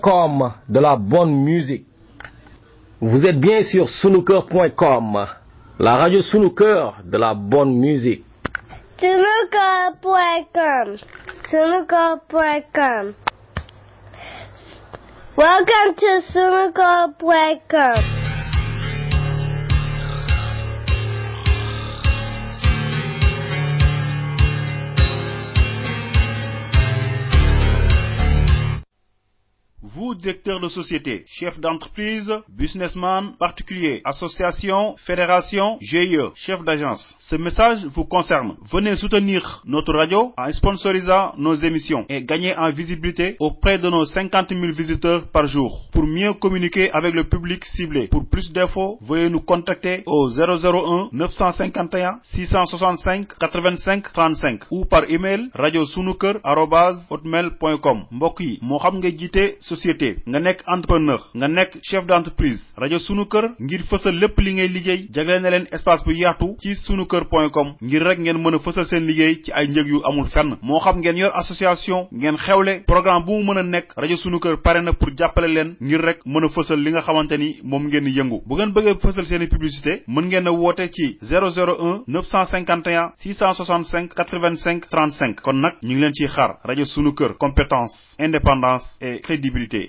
Comme de la bonne musique. Vous êtes bien sur sunooker.com, la radio Sunooker de la bonne musique. Sunooker.com, sunooker.com. Welcome to sunooker.com. directeur de société, chef d'entreprise, businessman, particulier, association, fédération, GIE, chef d'agence. Ce message vous concerne. Venez soutenir notre radio en sponsorisant nos émissions et gagner en visibilité auprès de nos 50 000 visiteurs par jour. Pour mieux communiquer avec le public ciblé, pour plus d'infos, veuillez nous contacter au 001 951 665 85 35 ou par email radio Mboki Mohamed société société nga nekk entrepreneur nga nekk chef d'entreprise rajo sunu kër ngir fësal lépp li ngay liggéey jagleel na leen espace bu yaatu ci sunu kër point com ngir rek ngeen mën a fësal seen liggéey ci ay njëg yu amul fenn moo xam ngeen yor association ngeen xewle programme bu mu mën a nekk rajo sunu kër pare na pour jàppale leen ngir rek mën a fësal li nga xamante ni moom ngeen yëngu bu ngeen bëggee fësal seeni publicité mën ngeen a woote ci 001 951 665 85 35 kon nag ñu ngi leen ciy xaar rajo sunu kër compétence indépendance et crédibilité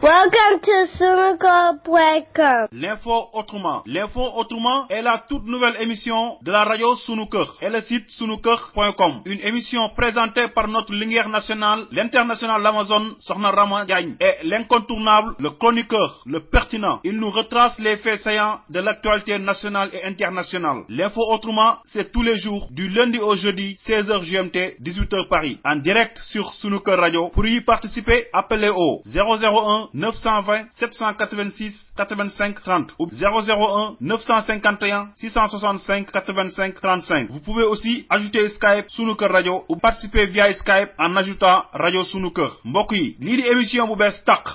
Welcome to L'info autrement. L'info autrement est la toute nouvelle émission de la radio Sunuker et le site sunuker.com. Une émission présentée par notre lumière nationale, l'international Amazon Sornarama Gagne et l'incontournable, le chroniqueur, le pertinent. Il nous retrace les faits saillants de l'actualité nationale et internationale. L'info autrement, c'est tous les jours du lundi au jeudi, 16h GMT, 18h Paris, en direct sur Sunuker Radio. Pour y participer, appelez au 001 920 786 85 30 ou 001 951 665 85 35. Vous pouvez aussi ajouter Skype Sunuker Radio ou participer via Skype en ajoutant Radio sunu kër mbokk yi di émission bu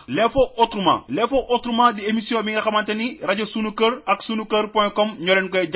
l'info autrement l'info autrement di émission bi Radio Sunuker ni sunu kër ak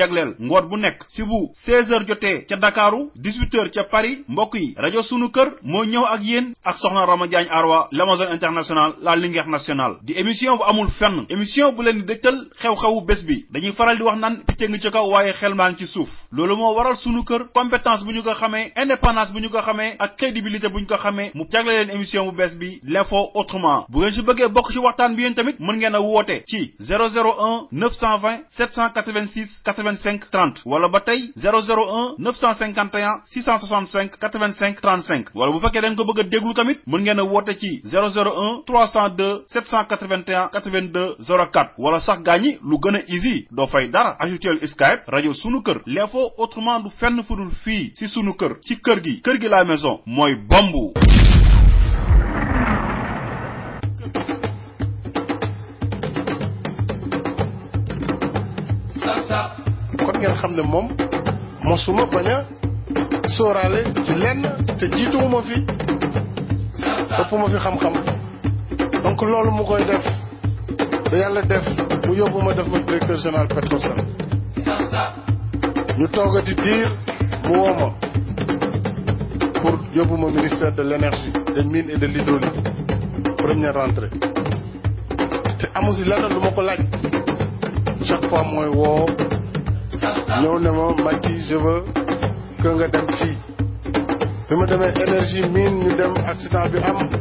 sunu si 16h jotee ca 18h à Paris mbokk Radio rajo sunu kër ñëw ak ak Arwa Lamazon international la linga international di émission bu amul fenn émission bu leen di dëkkal xew-xewu bés bi dañuy faral di wax naan picc ngi ci kaw waaye xel maa ngi ci suuf loolu moo waral sunu kër compétence bu ñu ko xamee indépendance bu ñu ko xamee ak crédibilité bu ñu ko xamee mu jagle leen émission bu bees bi l'info autrement bu ngeen si bëggee bokk ci waxtaan bi yéen tamit mën ngeen a woote ci 001 920 786 85 30 wala ba tey 001 951 665 85 35 wala bu fekkee dañ ko bëgg a déglu tamit mën ngeen a woote ci 001 302 781 82 04 wala sax gaa lu gën a easy doo fay dara ajuteel skype rajo sunu kër l'info autrement du fenn fudul fii si sunu kër ci kër gi kër gi la maison mooy bombu kon ngeen xam ne moom suma bañ a sóoraale ci lenn te jiituwuma fi ëppuma fi xam-xam donc loolu mu koy def ba yàlla def mu yobuma def ma directeur général Petrosen ñu toogati diir mu woo pour yobuma ministre ministère de l'énergie, des mines et de l'hydraulique première rentrée te amusi la lu ma laaj chaque fois mooy woo ñëw ne ma Macky je veux que nga dem fi bi ma demee énergie mine ñu dem accident bi am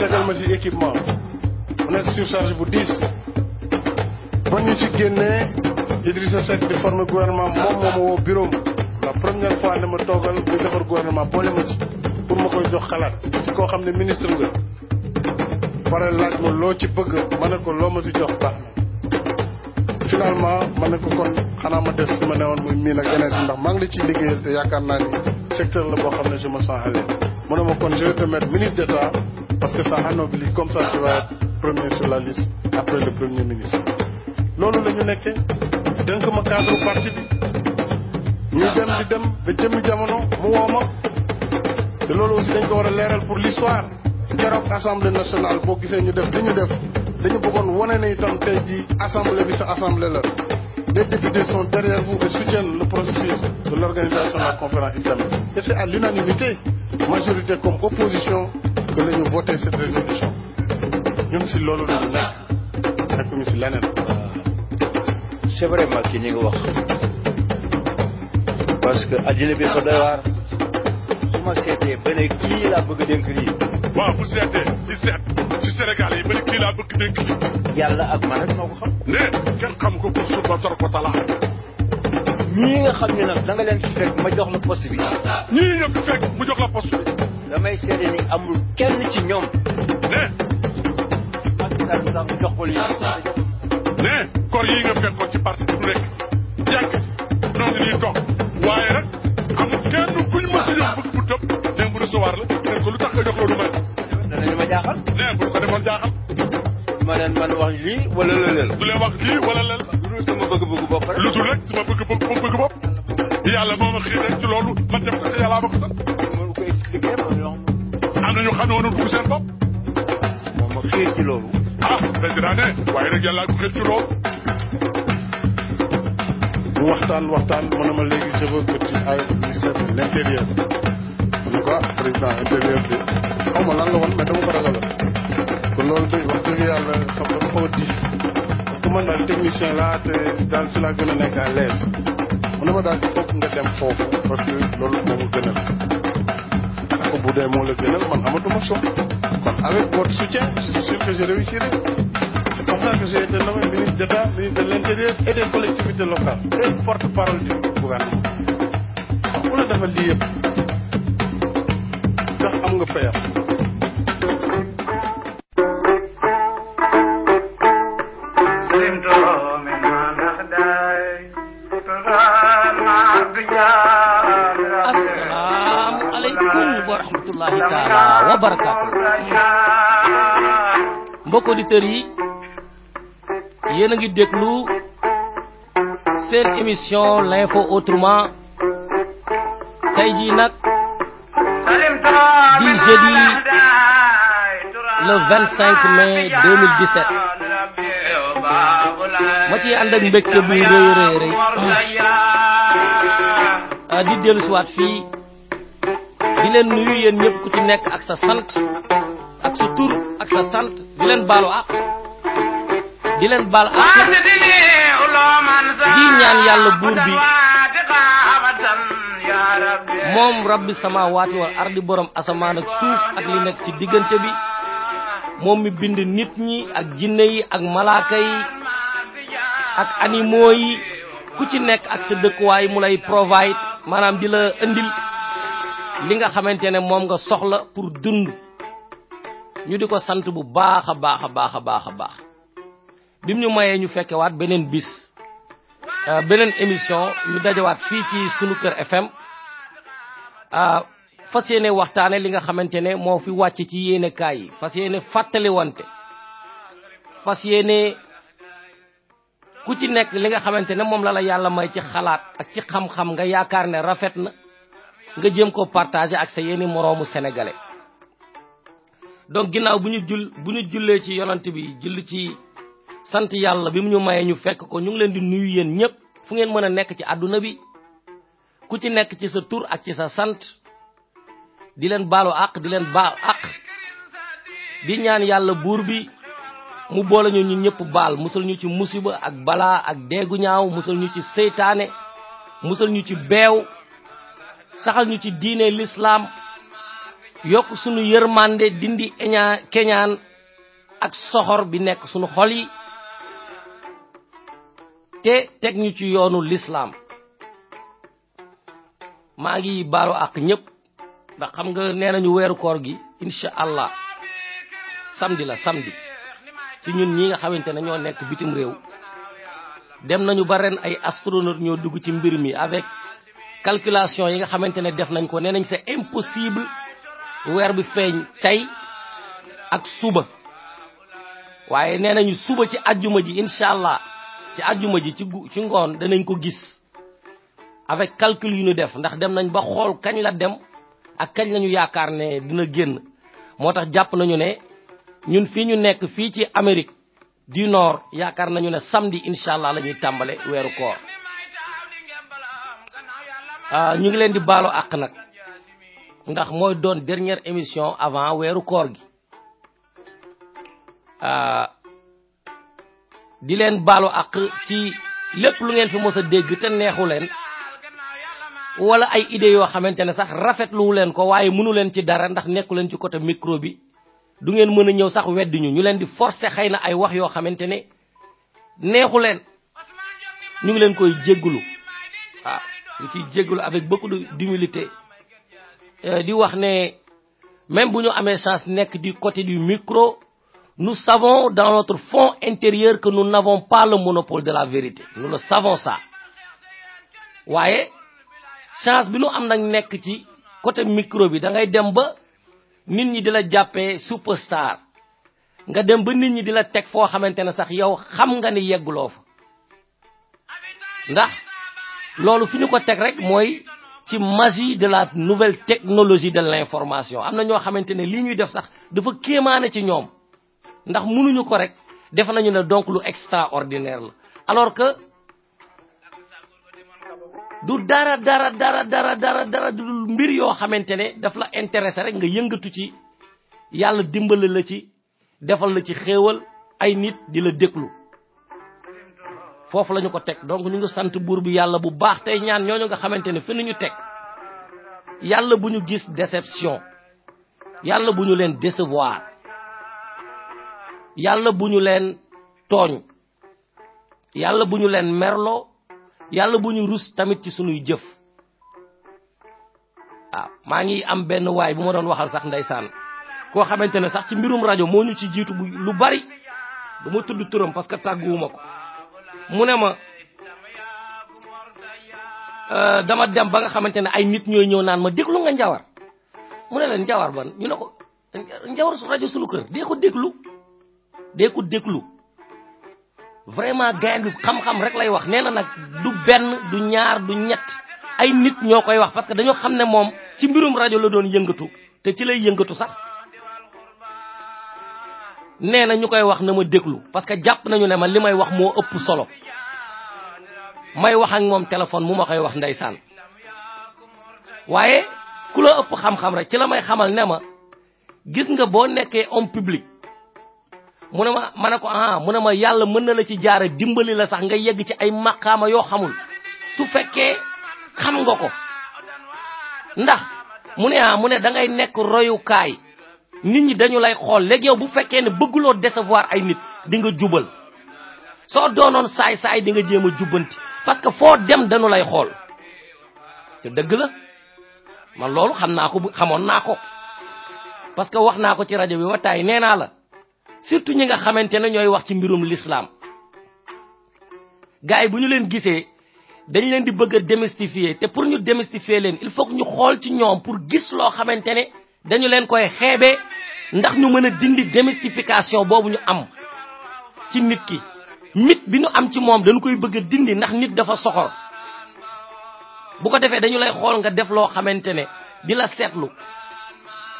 tegal ma si équipement mu nekk surcharge bu 10 bon ñu ci génnee Idrissa Seck di former gouvernement moom moo bureau la première fois ne ma toogal muy defar gouvernement boole ma ci pour ma koy jox xalaat ci koo xam ne ministre nga pare laaj ma loo ci bëgg ma ne ko loo ma si jox baax finalement ma ne ko kon xanaa ma def li ma newoon muy miin ak yeneen ndax maa ngi ci ciy liggéeyal te yaakaar naa ni secteur la boo xam ne je me sens à l'aise mu ne ma kon je vais te mettre ministre d'état parce que ça anoblit comme ça tu vas être premier sur la liste après le premier ministre loolu le que nous cadre parti Nous dem dem nous aussi pour l'histoire assemblée nationale def def assemblée les députés sont derrière vous et soutiennent le processus de l'organisation de la conférence islamique et c'est à l'unanimité majorité comme opposition danañu voté cette résolution ñun si loolu la ñu nekk nekkuñu si leneen. c'est vraiment ki ñu ngi wax parce que àddina bi fa doy waar su ma seetee ba ne kii laa bëgg a dénk lii. waaw bu seetee di seet ci Sénégal yi ba ne kii laa bëgg dénk lii. yàlla ak man rek noo ko xam. mais kenn xam ko pour suba tor ko talaa. ñii nga xam ne nag da nga leen fi fekk ma jox la poste bi. ñii nga fi fekk mu jox la poste bi. damay seede ni amul kenn ci ñoom. nee. Macky Sall sax mu jox ko lii. nee kor yi nga fekk ko ci parti bu nekk. yàgg noonu ñuy toog waaye nag amul kenn kuñ mos a jox bëgg bu tëb. nee mu recevoir la nee ko lu tax nga jox loolu man. danañ ma jaaxal. nee bu ko defoon jaaxal. ma leen man wax lii wala lëleel. du leen wax lii wala lëleel. lu dul sama bëgg-bëggu bopp rek. lu dul rek sama bëgg-bëggu bopp. yàlla moo ma xëy rek ci loolu man def ko yàlla ma ko sax. moom moo xiir ci loolu. ah président ne waaye nag yàlla ko xiir ci loolu. waxtaan waxtaan mu ne ma léegi je veux que tu ailles ministère de l' intérieur. ma intérieur bi xaw ma lan la ko loolu day wax dëgg yàlla xam nga dafa diis parce que man technicien laa te daal si laa gën a nekk à l'aise mu ma daal il faut nga dem foofu parce que loolu moo gën a. Au bout d'un moo la gënal man choix avec votre soutien je suis sûr que j'ai réussi. c'est comme ça que j'ai été nommé ministre d'État ministre de l'Intérieur et des collectivités locales et porte-parole du gouvernement Pour la defal lii yëpp ndax barakaatu mbokk auditeurs yi émission l'info autrement jeudi le 25 mai 2017 ma ciy di nuyu yéen ñep ku ci nek ak sa sante ak sa tour ak sa sante di leen baalu ak di leen ak di ñaan yalla bur bi Mom rabbi samawati wal ardi borom asaman ak suuf ak li nek ci diggante bi mom mi bind nit ñi ak jinne yi ak malaaka yi ak animo yi ku ci nek ak sa way mu lay provide manam di la li nga xamantene mom nga soxla pour dund ñu diko ko sant bu baaxa baaxa baaxa baaxa baax bim ñu maye ñu waat benen bis euh, benen émission ñu waat fi ci sunu kër fm euh, fas fasiyene waxtane li nga xamantene mo fi wacc ci yene kay yi fasiyene fatali wante fas ku ci nek li nga xamantene mom la la yalla may ci xalaat ak ci xam-xam nga yaakar ne rafet nga jëm ko partagé ak sa yenn moroomu sénégalais donc ginnaaw bu ñu jul ñu jullee ci yonant bi jull ci sant yàlla bi mu ñu mayee ñu fekk ko ñu ngi leen di nuyu yéen ñëpp fu ngeen mën a nekk ci àdduna bi ku ci nekk ci sa tur ak ci sa sant di leen baalu àq di leen baal àq di ñaan yàlla buur bi mu boole ñu ñun ñëpp baal musal ñu ci musiba ak balaa ak deegu ñaaw musal ñu ci seytaane musal ñu ci beew saxal ñu ci diine l'islam yokk sunu yërmande dindi eña kenyan ak soxor bi nekk sunu xol yi te teg ñu ci yoonu l'islam maa ngi baalu ak ñëpp ndax xam nga nee nañu koor gi insha allah samedi la samedi ci ñun ñi nga xamante ne ñoo nekk bitim réew dem nañu ba ren ay astronaute ñoo dugg ci mbir mi avec calculation yi nga xamantene def nañ ko nenañ c'est impossible wer bi feñ tay ak suba waye nenañu suba ci aljuma ji inshallah ci aljuma ji ci ci ngone danañ ko gis avec calcul yu ñu def ndax dem nañ ba xol kañ la dem ak kañ lañu yaakar ne dina gin. motax japp nañu ne ñun fi ñu nekk fi ci amerique du nord yaakar nañu ne samedi inshallah lañuy la wéru Ah, ñu ngi leen di baalo àq nag ndax mooy doon dernière émission avant weeru koor gi ah, di leen baalu àq ci lépp lu ngeen fi mos a dégg te neexu leen wala ay idées yoo xamante ne sax rafetluwu leen ko waaye mënu leen ci dara ndax nekku leen ci côté micro bi du ngeen mën a ñëw sax weddi ñu ñu leen di forcer xay na ay wax yoo xamante ne neexu leen ñu ngi leen koy jéggulu waaw ah. ci ciy avec beaucoup d'humilité euh, di wax né même buñu amé amee chance nek du côté du micro nous savons dans notre fond intérieur que nous n'avons pas le monopole de la vérité nous le savons ça wayé chance bi ñu am nak nek ci côté micro bi da ngay dem ba nit ñi di la jàppee superstar nga dem ba nit ñi di la teg foo xamante sax yow xam nga ni fa ndax lolou fi ko tek rek moy ci magie de la nouvelle technologie de l'information amna ño xamantene li ñuy def sax dafa kémané ci ñom ndax mënuñu ko rek def nañu ne donc lu extraordinaire la alors que du dara dara dara dara dara dara du mbir yo xamantene daf la intéresser rek nga yëngatu ci yalla dimbali la ci defal la ci xéewal ay nit di la déglu fofu lañu ko tek donc ñu ngi sant bur bi yalla bu baax tay ñaan ñooñu nga xamantene fi ñu tek yalla buñu gis déception yalla buñu len décevoir yalla buñu len togn yalla buñu len merlo yalla buñu rus tamit ci sunuy jëf ah ma ngi am benn way bu ma doon waxal sax ndaysan ko xamantene sax ci mbirum radio moo ñu ci jitu lu bari duma tuddu turam parce que taguuma ko mu ne ma euh, dama dem ba nga xamantene ay nit ñoy ñew naan ma deglu nga njawar mu ne njawar ban ñu ne ko njawar su radio sulu keur de ko deglu de ko deglu vraiment gayan bi xam-xam rek lay wax neena nak du ben du ñaar du ñet ay nit ñokoy lo wax parce que dañu xamne mom ci mbirum radio la doon yëngatu te ci lay yëngatu sax neena na wax na ma déglu parce que japp nañu ne man limay wax mo ëpp solo may wax ak mom téléphone mu ma koy wax ndaysan waye ku la ëpp xam-xam rek ci lamay xamal ne ma gis nga bo nekké en public mu ne ma manako ah mu ne ma yalla mën na la ci jaara dimbali la sax nga yegg ci ay maqama yo xamul su fekke xam nga ko ndax mu ne ah mu ne da ngay nekk kay nit ñi dañu lay xol leg yow bu fekkee ne bëggulo décevoir ay nit di nga jubal soo doonoon saay saay di nga jéem a parce que foo dem dañu lay xool te dëgg la man loolu xam naa ko xamoon naa ko parce que wax naa ko ci rajo bi wataay nee naa la surtout ñi nga xamante ne ñooy wax ci mbirum l'islam gaay bu ñu leen gisee dañ leen di bëgg démystifier te pour ñu démystifier leen il faut que ñu xool ci ñoom pour gis loo xamante ne dañu leen koy xeebee ndax ñu mëna dindi démystification bobu ñu am ci nit ki nit bi ñu am ci mom dañ koy bëgg dindi ndax nit dafa soxor bu ko défé dañu lay xol nga def lo xamantene di la sétlu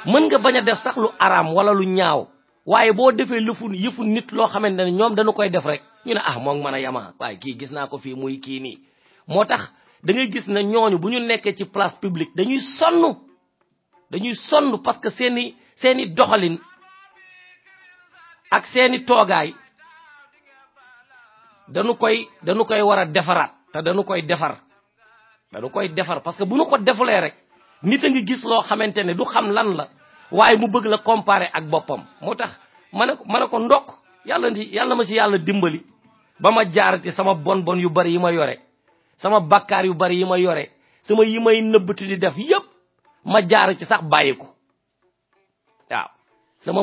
mën nga baña def sax lu aram wala lu ñaaw waaye boo defee lëfu yëfu nit lo xamantene ñom ñoom dañu koy def rek ñu ne ah mo ngi mëna yama ah. waye ki gis na ko fi muy ki ni motax da ngay gis na ñooñu bu ñu nekkee ci place publique dañuy sonn dañuy sonn parce que seeni seeni doxalin ak seeni toogaay dañu koy dañu koy war a defaraat te dañu koy defar dañu koy defar parce que bu nu ko defulee rek nit a ngi gis loo xamante ne du xam lan la waaye mu bëgg la comparer ak boppam moo tax ma ne ma ko ndokk yàlla ma ci yàlla dimbali ba jaar ci sama bon bon yu bari yi ma sama bakkaar yu bari yi ma sama yi may nëbbati di def yépp ma jaar ci sax bàyyi waaw sama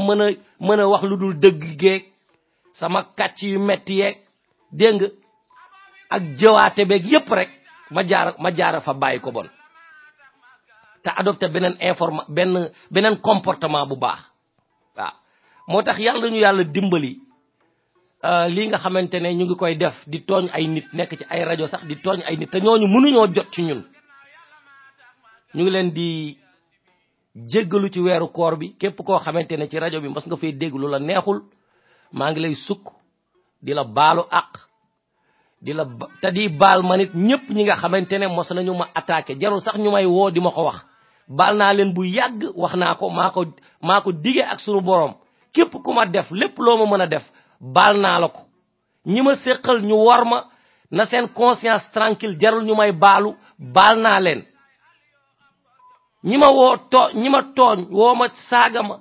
mën a wax luddul deug geek sama katch yu metti yek dégg ak jewate beeg yep rek ma jaar ma jaar fa bayiko bon ta adopter benen informa ben benen comportement bu baax waaw motax yalla ñu yalla dimbali euh, li nga xamantene ñu ngi koy def di togn ay nit nek ci ay radio sax di togn ay nit te mënu ñoo jot ci ñun ñu ngi leen di jéggalu ci wéru koor bi képp koo xamante ne ci rajo bi mas nga fay dégg lu la neexul maa ngi lay sukk di la baalu àq di la te di baal ma nit ñëpp ñi nga xamante ne mos nañu ma attaqué jarul sax ñu may woo di ma ko wax baal naa leen bu yàgg wax naa ko maa ko maa ak sunu borom képp ku ma def lépp loo ma mën def baal naa la ko ñi ma séqal ñu war ma na seen conscience tranquille jarul ñu may balu, baal naa leen ñi ma woo too tooñ woo ma saaga ma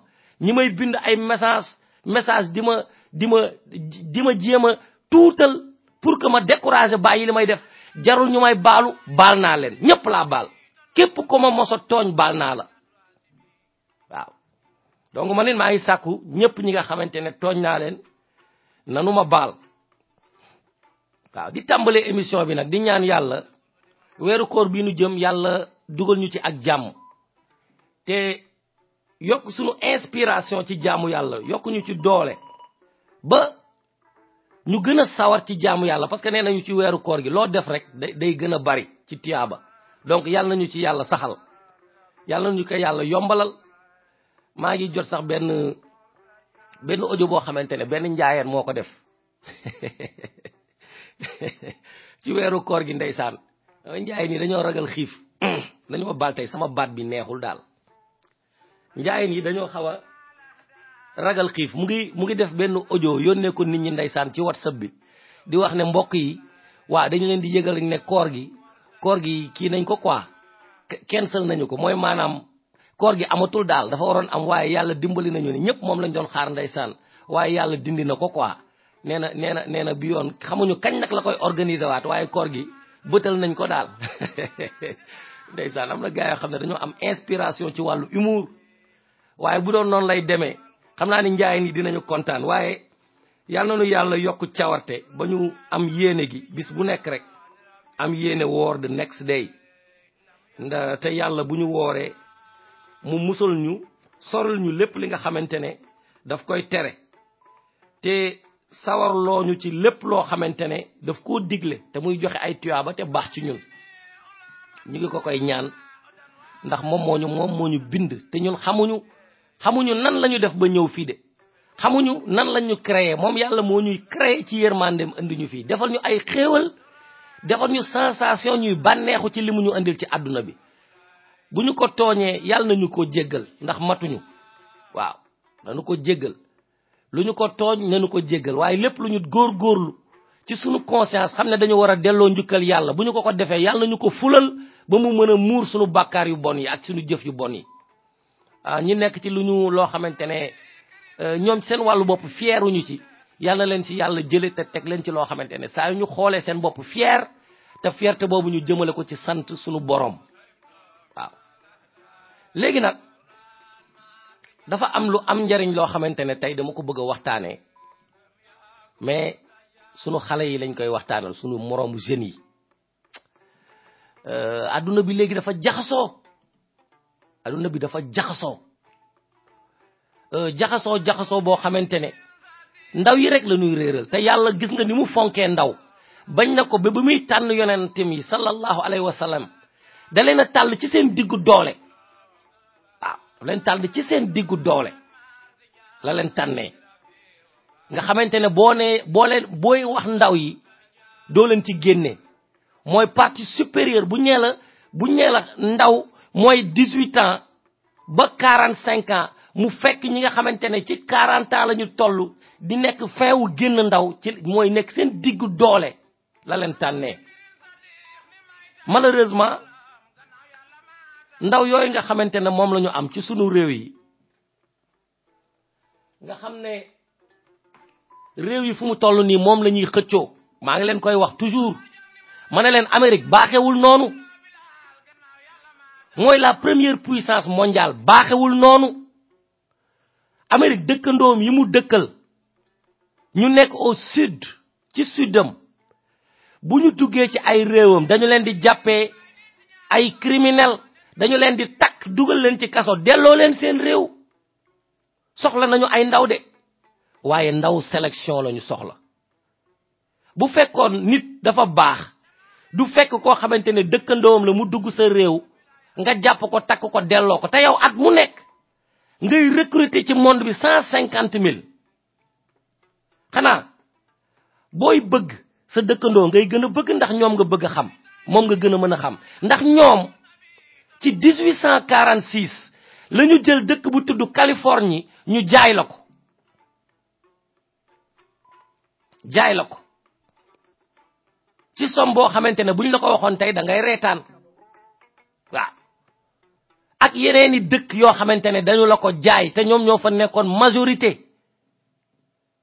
ñi may bind ay message message di ma di ma di ma jéem a tuutal pour que ma découragé bàyyi li may def jarul ñu may baalu baal naa leen ñépp laa baal képp ko ma mosa tooñ baal naa la waaw donc ma it maa ngi sàkku ñépp ñi nga xamante ne tooñ naa leen nanu ma baal waaw di tàmbalee émission bi nag di ñaan yàlla weeru koor bii nu jëm yàlla dugal ñu ci ak jàmm te yok sunu inspiration ci jaamu yalla yok ñu ci doole ba ñu gëna sawar ci jaamu yalla parce que nee ñu ci weeru koor gi lo def rek day gëna bari ci tiyaba donc yalla ñu ci yalla saxal yalla ñu ko yalla yombalal ma ngi jot sax ben ben audio bo xamantene ben benn moko def ci weeru koor gi ndeysaan njaay ni dañoo ragal xif nañu ma sama baat bi neexul dal njaayeen yi dañoo xaw a ragal xiif mu ngi mu ngi def benn audio yónnee ko nit ñi ndeysaan ci whatsapp bi di wax ne mbokk yi waa dañu leen di yëgal ne koor gi koor gi kii nañ ko quoi cancel nañu ko mooy maanaam koor gi amatul daal dafa waroon am waaye yàlla dimbali nañu ne ñëpp moom lañ doon xaar ndeysaan waaye yàlla dindi na ko quoi nee na nee na nee na bi yoon xamuñu kañ nag la koy organiser waat waaye koor gi bëtal nañ ko daal ndeysaan am na gars xam ne dañoo am inspiration ci wàllu waaye bu doon noonu lay demee xam naa ni njaay ni dinañu kontaan waaye yàlla na nu yàlla yokk cawarte ba ñu am yéene gi bis bu nekk rek am yéene woor the next day nda te yàlla bu ñu wooree mu musal ñu soril ñu lépp li nga xamante ne daf koy tere te sawarloo ñu ci lépp loo xamante ne daf ko digle te muy joxe ay tuyaaba te baax ci ñun ñu ngi ko koy ñaan ndax moom moo ñu moom moo ñu bind te ñun xamuñu xamuñu nan la ñu def ba ñëw fii de xamuñu nan lañu créer moom yàlla moo ñuy créé ci yërmandeem indi ñu fii defal ñu ay xéewal defal ñu sensation ñuy bànneexu ci li mu ñu indil ci àdduna bi bu ñu ko tooñee yàlla nañu ko jéggal ndax matuñu waaw nañu ko jéggal lu ñu ko tooñ nañu ko jéggal waaye lépp lu ñu góor góorgóorlu ci sunu conscience xam ne dañu war a delloo njukkal yàlla bu ñu ko ko defee yàlla nañu ko fulal ba mu mën a muur sunu bàkkaar yu bon yi ak jëf yu bon yi Ah, ñi nekk ci lu ñu loo xamante ne euh, ñoom seen wàllu bopp fieruñu ci yàlla leen ci yàlla jële te teg leen ci loo xamante ne saa yu ñu xoolee seen bopp fier te fierté boobu ñu jëmale ko ci sant suñu borom waaw léegi nag dafa am lu am njariñ loo xamante ne tey dama ko bëgg a waxtaanee mais sunu xale yi lañ koy waxtaanal sunu moroomu jeunes yi euh, adduna bi léegi dafa jaxasoo aduna bi dafa jaxasoo euh, jaxasoo jaxasoo boo xamante ne ndaw yi rek la ñuy réeral te yàlla gis nga ni mu fonkee ndaw bañ na ko ba ba muy tànn yonentam yi sallallahu alayhi wa sallam da leen a tàll ci seen diggu doole a da leen tàll ci seen diggu doole la leen tànnee nga xamante ne boo leen booy wax ndaw yi doo leen ci génne mooy partie supérieure bu ñee la ndaw mooy dix huit ans ba quarante cinq ans mu fekk ñi nga xamante ne ci quarante ans la ñu toll di nekk fin génn ndaw ci mooy nekk seen diggu doole la leen tànnee malheureusement ndaw yooyu nga xamante ne moom la ñu am ci sunu réew yi nga xam ne réew yi fu mu toll nii moom la ñuy xëccoo maa ngi leen koy wax toujours ma ne leen Amérique baaxewul noonu mooy la première puissance mondiale baaxewul noonu Amérique dëkkandoom yi mu dëkkal ñu nekk au sud ci sudam bu ñu duggee ci ay réewam dañu leen di jàppee ay criminel dañu leen di takk dugal leen ci kaso delloo leen seen réew soxla nañu ay ndaw de waaye ndaw sélection lañu soxla bu fekkoon nit dafa baax du fekk koo xamante ne dëkkandoom la mu dugg sa réew nga jàpp ko takk ko delloo ko te yow at mu nekk ngay recruter ci monde bi cent cinquante mil xanaa booy bëgg sa dëkkandoo ngay gën a bëgg ndax ñoom nga bëgg a xam moom nga gën a mën a xam ndax ñoom ci 1846 la lañu jël dëkk bu tudd Californie ñu jaay la ko jaay la ko ci som boo xamante ne bu ñu la ko waxoon tey da ngay reetaan waaw ak yeneeni dëkk yoo xamante ne dañu la ko jaay te ñoom ñoo fa nekkoon majorité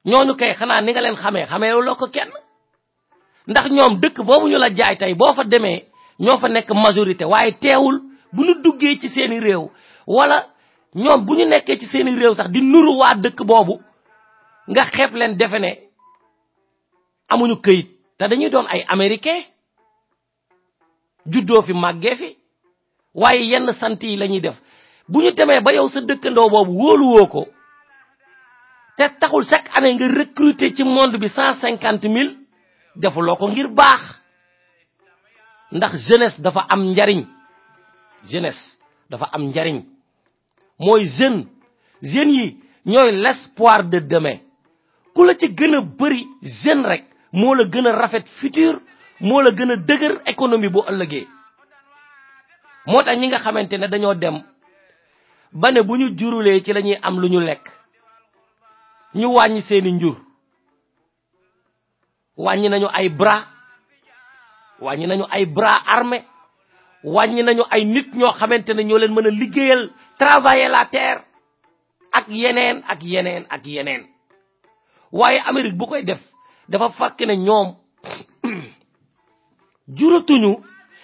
ñooñu kay xanaa ni leen xamee xamee loo ko kenn ndax ñoom dëkk boobu ñu la jaay tey boo fa demee ñoo fa nekk majorité waaye teewul bu ñu duggee ci seeni réew walla ñoom bu ñu nekkee ci seeni réew sax di nuru waa dëkk boobu nga xeeb leen defe ne amuñu këyit te dañuy doon ay américain juddoo fi màggee fi waaye yenn sant yi la ñuy def bu ñu demee ba yow sa dëkkandoo boobu wóoluwoo ko te taxul chaque année nga recruter ci monde bi cent cinquante mille defuloo ko ngir baax ndax jeunesse dafa am njariñ jeunesse dafa am njariñ mooy jeune jeunes yi ñooy l'espoir de demain ku la ci gën a bëri jeune rek moo la gën a rafet futur moo la gën a dëgër économie bu ëllëgee motax ñi nga xamantene ne dañoo dem ba ne bu ñu jurulee ci lañuy am lu ñu lekk ñu wàññi seeni njur wàññi nañu ay bras wàññi nañu ay bras armé wàññi nañu ay nit ñoo xamante ne ñoo leen mën a liggéeyal travailler la terre ak yeneen ak yeneen ak yeneen waaye amérique bu koy def dafa fàkk ne ñoom juratuñu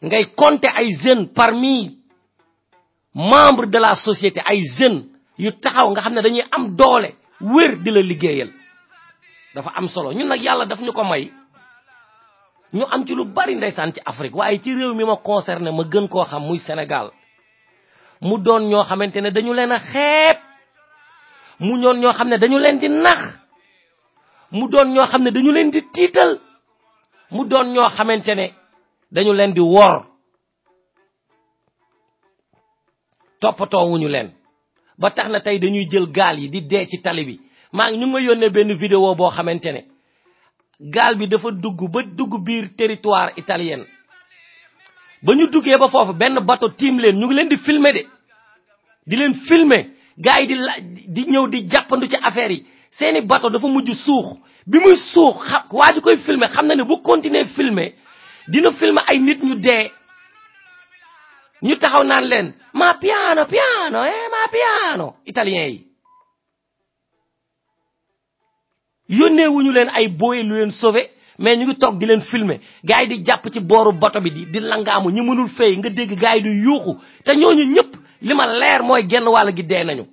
ngay compter ay jeune parmi membre de la société ay jeune yu taxaw nga xam dañuy am doole wër di la liggéeyal dafa am solo ñun nak yalla daf ñu ko may ñu am ci lu bari ndaysan ci afrique waye ci réew mi ma concerné ma gën ko xam muy sénégal mu doon ño xamante ne dañu leena xépp mu ñoon ño xam dañu leen di nax mu doon ño xam dañu leen di tital mu doon ño xamante dañu leen di wor toppatoowuñu leen ba tax na tey dañuy jël gaal yi di dee ci tali bi maa ngi ñu ngi ma yónnee benn vidéo boo xamante ne gaal bi dafa dugg ba dugg biir territoire italien ba ñu duggee ba foofu benn bato tiim leen ñu ngi leen di filmer de di leen filmer gars yi di la di ñëw di jàppandu ci affaire yi seeni bato dafa mujj suux bi muy suux waa ji koy filmer xam na ne bu continuer filme dina filmer ay nit ñu dee ñu taxaw naan leen ma piano piano eh ma piano italien yi yónnee leen ay booy lu leen sauvé mais ñu ngi toog di leen filmer gars di jàpp ci booru bato bi di di langaamu ñu mënul fay nga dégg gars yi di yuuxu te ñooñu ñëpp li ma leer mooy genn wàll gi dee nañu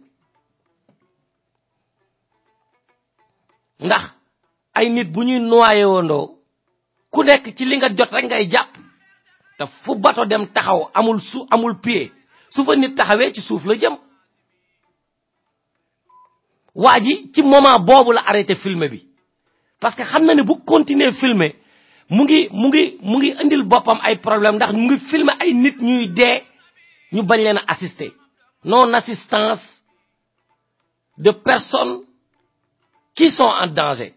ndax ay nit bu ñuy noyyeewandoo ku nek ci li nga jot rek ngay japp ta fu bato dem taxaw amul su amul pied su fa nit taxawé ci suuf la jëm waji ci moment bobu la arrêté filmer bi parce que xam na ne bu continuer filmer mu ngi mu ngi mu ngi indil boppam ay problème ndax mu ngi filmer ay nit ñuy dé ñu bañ leen assister non assistance de personnes qui sont en danger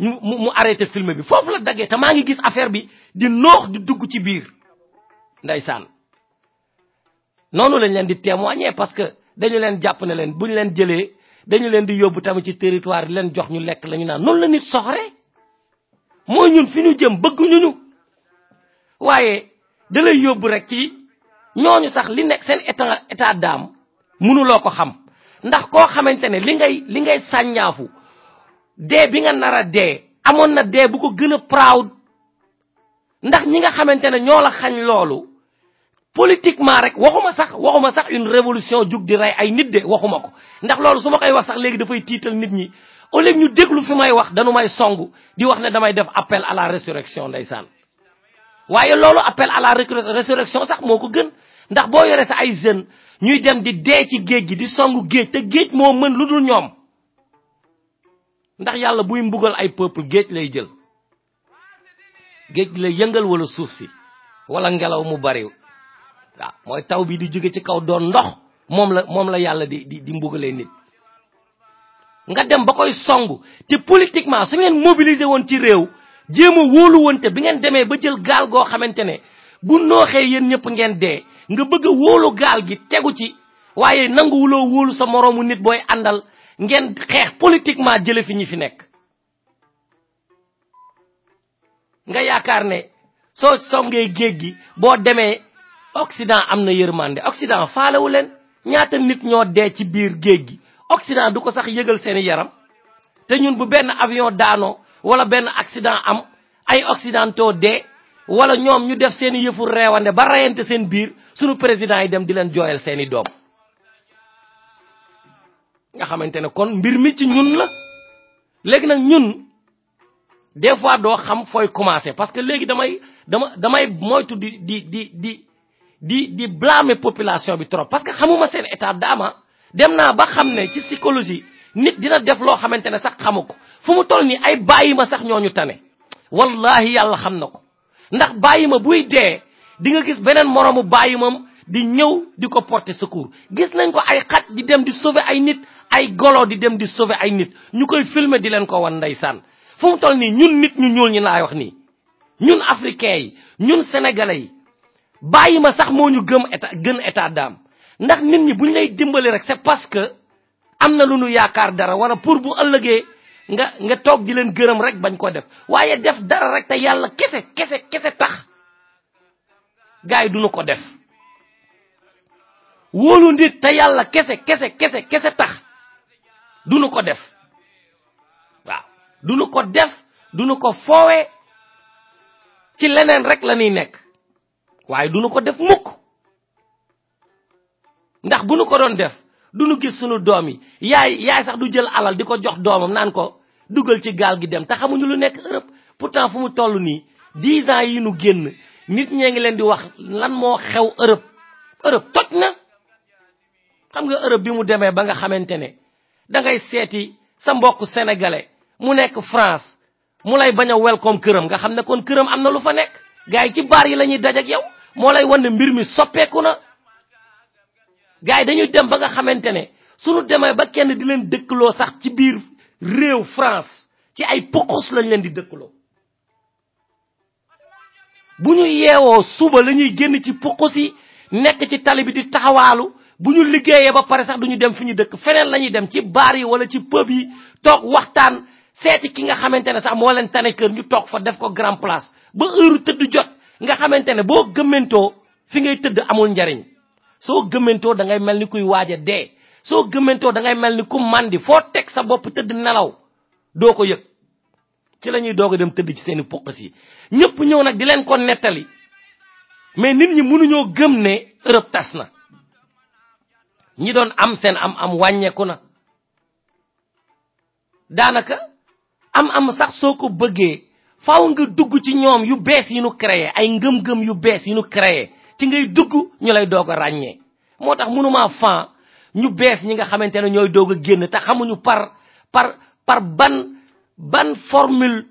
ñu mu arrêté film bi foofu la daggee te maa ngi gis affaire bi di noox di dugg ci biir ndeysaan noonu lañ leen di témoigner parce que dañu leen jàpp ne leen bu ñu leen jëlee dañu leen di yóbbu tamit ci territoire di leen jox ñu lekk lañu ñu naan noonu la nit soxore mooy ñun fi ñu jëm bëgguñu ñu waaye da yóbbu rek ci ñooñu sax li nekk seen état état d'âme mënuloo ko xam ndax koo xamante ne li ngay li ngay sàññaafu dee bi nga nar a dee amoon na dee bu ko gën a proud ndax ñi nga xamante ne ñoo la xañ loolu politiquement rek waxuma sax waxuma sax une révolution jug di rey ay nit de waxuma ko ndax loolu su ma koy wax sax léegi dafay tiital nit ñi au ñu déglu fi may wax dañu may songu di wax ne damay def appel à la résurrection ndeysaan waaye loolu appel à la résurrection sax moo ko gën ndax boo yoree sa ay jeunes ñuy dem di dee ci géej gi di songu géej te géej moo mën lu dul ñoom ndax yalla buy mbugal ay peuple geej lay jël geej lay yëngal wala suuf si wala ngelaw mu bari wa moy taw bi di jóge ci kaw doon ndox mom la mom la yalla di di di nit nga dem ba koy song te politiquement su ngeen mobiliser won ci réew jéem wolu won te bi ngeen demee ba jël gal go xamantene bu noxé yeen ñëpp ngeen dé nga bëgg wolu gal gi téggu ci waaye nanguwuloo wolu sa moroomu nit boy andal ngeen xeex politiquement jële fi ñi fi nekk nga yaakaar ne soo songee géej gi boo demee oxident am na yërmande Occident faalewu leen ñaata nit ñoo dee ci biir géej gi Occident du ko sax yëgal seeni yaram te ñun bu benn avion daanoo wala benn accident am ay Occidentaux dee wala ñoom ñu def seeni yëfu reewande ba reyante seen biir sunu président yi dem di leen jooyal seeni doom nga xamante ne kon mbir mi ci ñun la léegi nag ñun des fois doo xam fooy commencer parce que léegi damay dama damay moytu di di di di di di blâmer population bi trop parce que xamuma seen état d'âme dem naa ba xam ne ci psychologie nit dina def loo xamante ne sax xamu ko fu mu toll nii ay bàyyi ma sax ñooñu tane wallahi yàlla xam na ko ndax bàyyi ma buy dee di nga gis beneen moroomu bàyyi mam di ñëw di ko porter secours gis nañ ko ay xaj di dem di sauver ay nit ay golo di dem di sauver ay nit ñukoy filmer di len ko won ndaysan fu mu toll ni, ñun nit ñu ñool ñi laay wax ni ñun africain yi ñun sénégalais yi bàyyi sax moo ñu gëm état gën état d'am ndax nit ñi buñ lay dimbali rek c'est parce que am na lu nu yaakaar dara wala pour bu nga nga tok di len gëreum rek bañ ko def waye def dara rek te yalla kese kese kese tax gaay duñu ko def wolu nit te yalla kese kese kese kese tax duñu ko def waaw duñu ko def duñu ko foowe ci leneen rek la ñuy nekk waaye duñu ko def mukk ndax bu nu ko doon def duñu gis sunu doom yi yaay yaay sax du jël alal di ko jox doomam naan ko dugal ci gaal gi dem te xamuñu lu nekk Europe pourtant fu mu toll nii dix ans yi nu génn nit ñee ngi leen di wax lan moo xew Europe Europe toj na xam nga Europe bi mu demee ba nga xamante ne da ngay séti sa mbokk sénégalais mu nek France mu lay baña welcome kërëm nga xamné kon kërëm amna lu fa nek gaay ci bar yi lañuy daj ak yow mo lay wone ne mbir mi soppeeku na gaay dañu dem ba nga xamantene suñu demee ba kenn di leen dekklo sax ci bir réew France ci ay pokos lañ leen di dekklo buñu yéwo suba lañuy génn ci pokos yi ci tali di taxawalu buñu ñu liggéeyee ba pare sax duñu dem fi ñu dëkk feneen lañuy dem ci baar yi wala ci pub yi toog waxtaan seeti ki nga xamante ne sax moo leen tane kër ñu toog fa def ko grand place ba heure tëdd jot nga xamante ne boo gëmmentoo fi ngay tëdd amul njariñ soo gëmmentoo da ngay mel ni kuy waaja dee soo gëmmentoo da ngay mel ku mandi foo teg sa bopp tëdd nelaw doo ko yëg ci lañuy ñuy doog dem tëdd ci seeni puqas yi ñëpp ñëw di leen ko nettali mais nit ñi mënuñoo gëm ne Europe tas ñi doon am seen am am wàññeeku na daanaka am am sax soo ko bëggee faw nga dugg ci ñoom yu bees yi nu créer ay ngëm-ngëm yu bees yi nu créer ci ngay dugg ñu lay doog a ràññee moo tax mënumaa fan ñu bees ñi nga xamante ne ñooy doog a génn te xamuñu par par par ban ban formule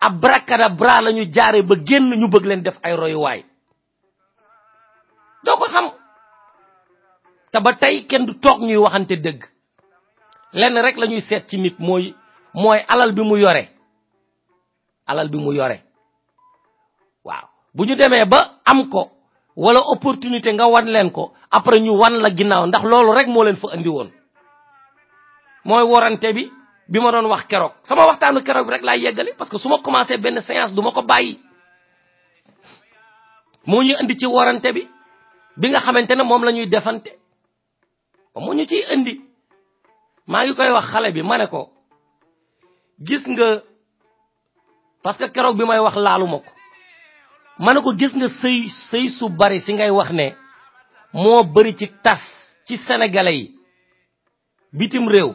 abracadabra la ñu jaare ba génn ñu bëgg leen def ay royuwaay doo ko xam te ba tey kenn du toog ñuy waxante dëgg lenn rek la ñuy seet ci nit mooy mooy alal bi mu yore alal bi mu yore waaw bu ñu demee ba am ko wala opportunité nga wan leen ko après ñu wan la ginnaaw ndax loolu rek moo leen fa andi woon mooy warante bi bi ma wax keroog sama waxtaanu keroog rek laay yeggale parce que su ma commencé benn séance du ma ko bàyyi moo ñu andi ci warante bi bi nga xamante ne moom la ñuy defante ko mu ñu ciy indi maa ngi koy wax xale bi ma ne ko gis nga parce que keroog bi may wax laaluma ko ma ne ko gis nga sëy sëy su bari si ngay wax ne moo bari ci tas ci sénégalais yi bitim réew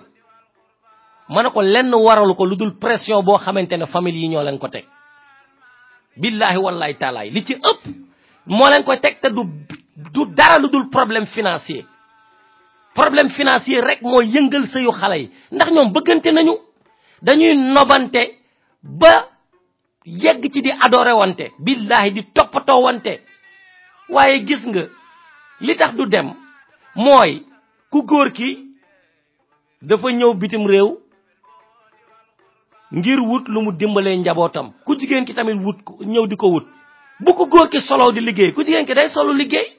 ma ne ko lenn waralu ko lu dul pression boo xamante ne famille yi ñoo leen ko teg billahi wallahi taalaay li ci ëpp moo leen ko teg te du du dara lu dul problème financier problème financier rek mo yëngël sa yu xalé ndax ñom bëggante nañu dañuy nobante ba yegg ci di adoré wante billahi di topato wanté waaye gis nga li tax du dem moy ku gor ki dafa ñëw bitim réew ngir wut lu mu dimbalé njabotam ku jigen ki tamit wut ñëw di kowut, wut bu ko gor ki solo di liggéey ku jigen ki day solo liggéey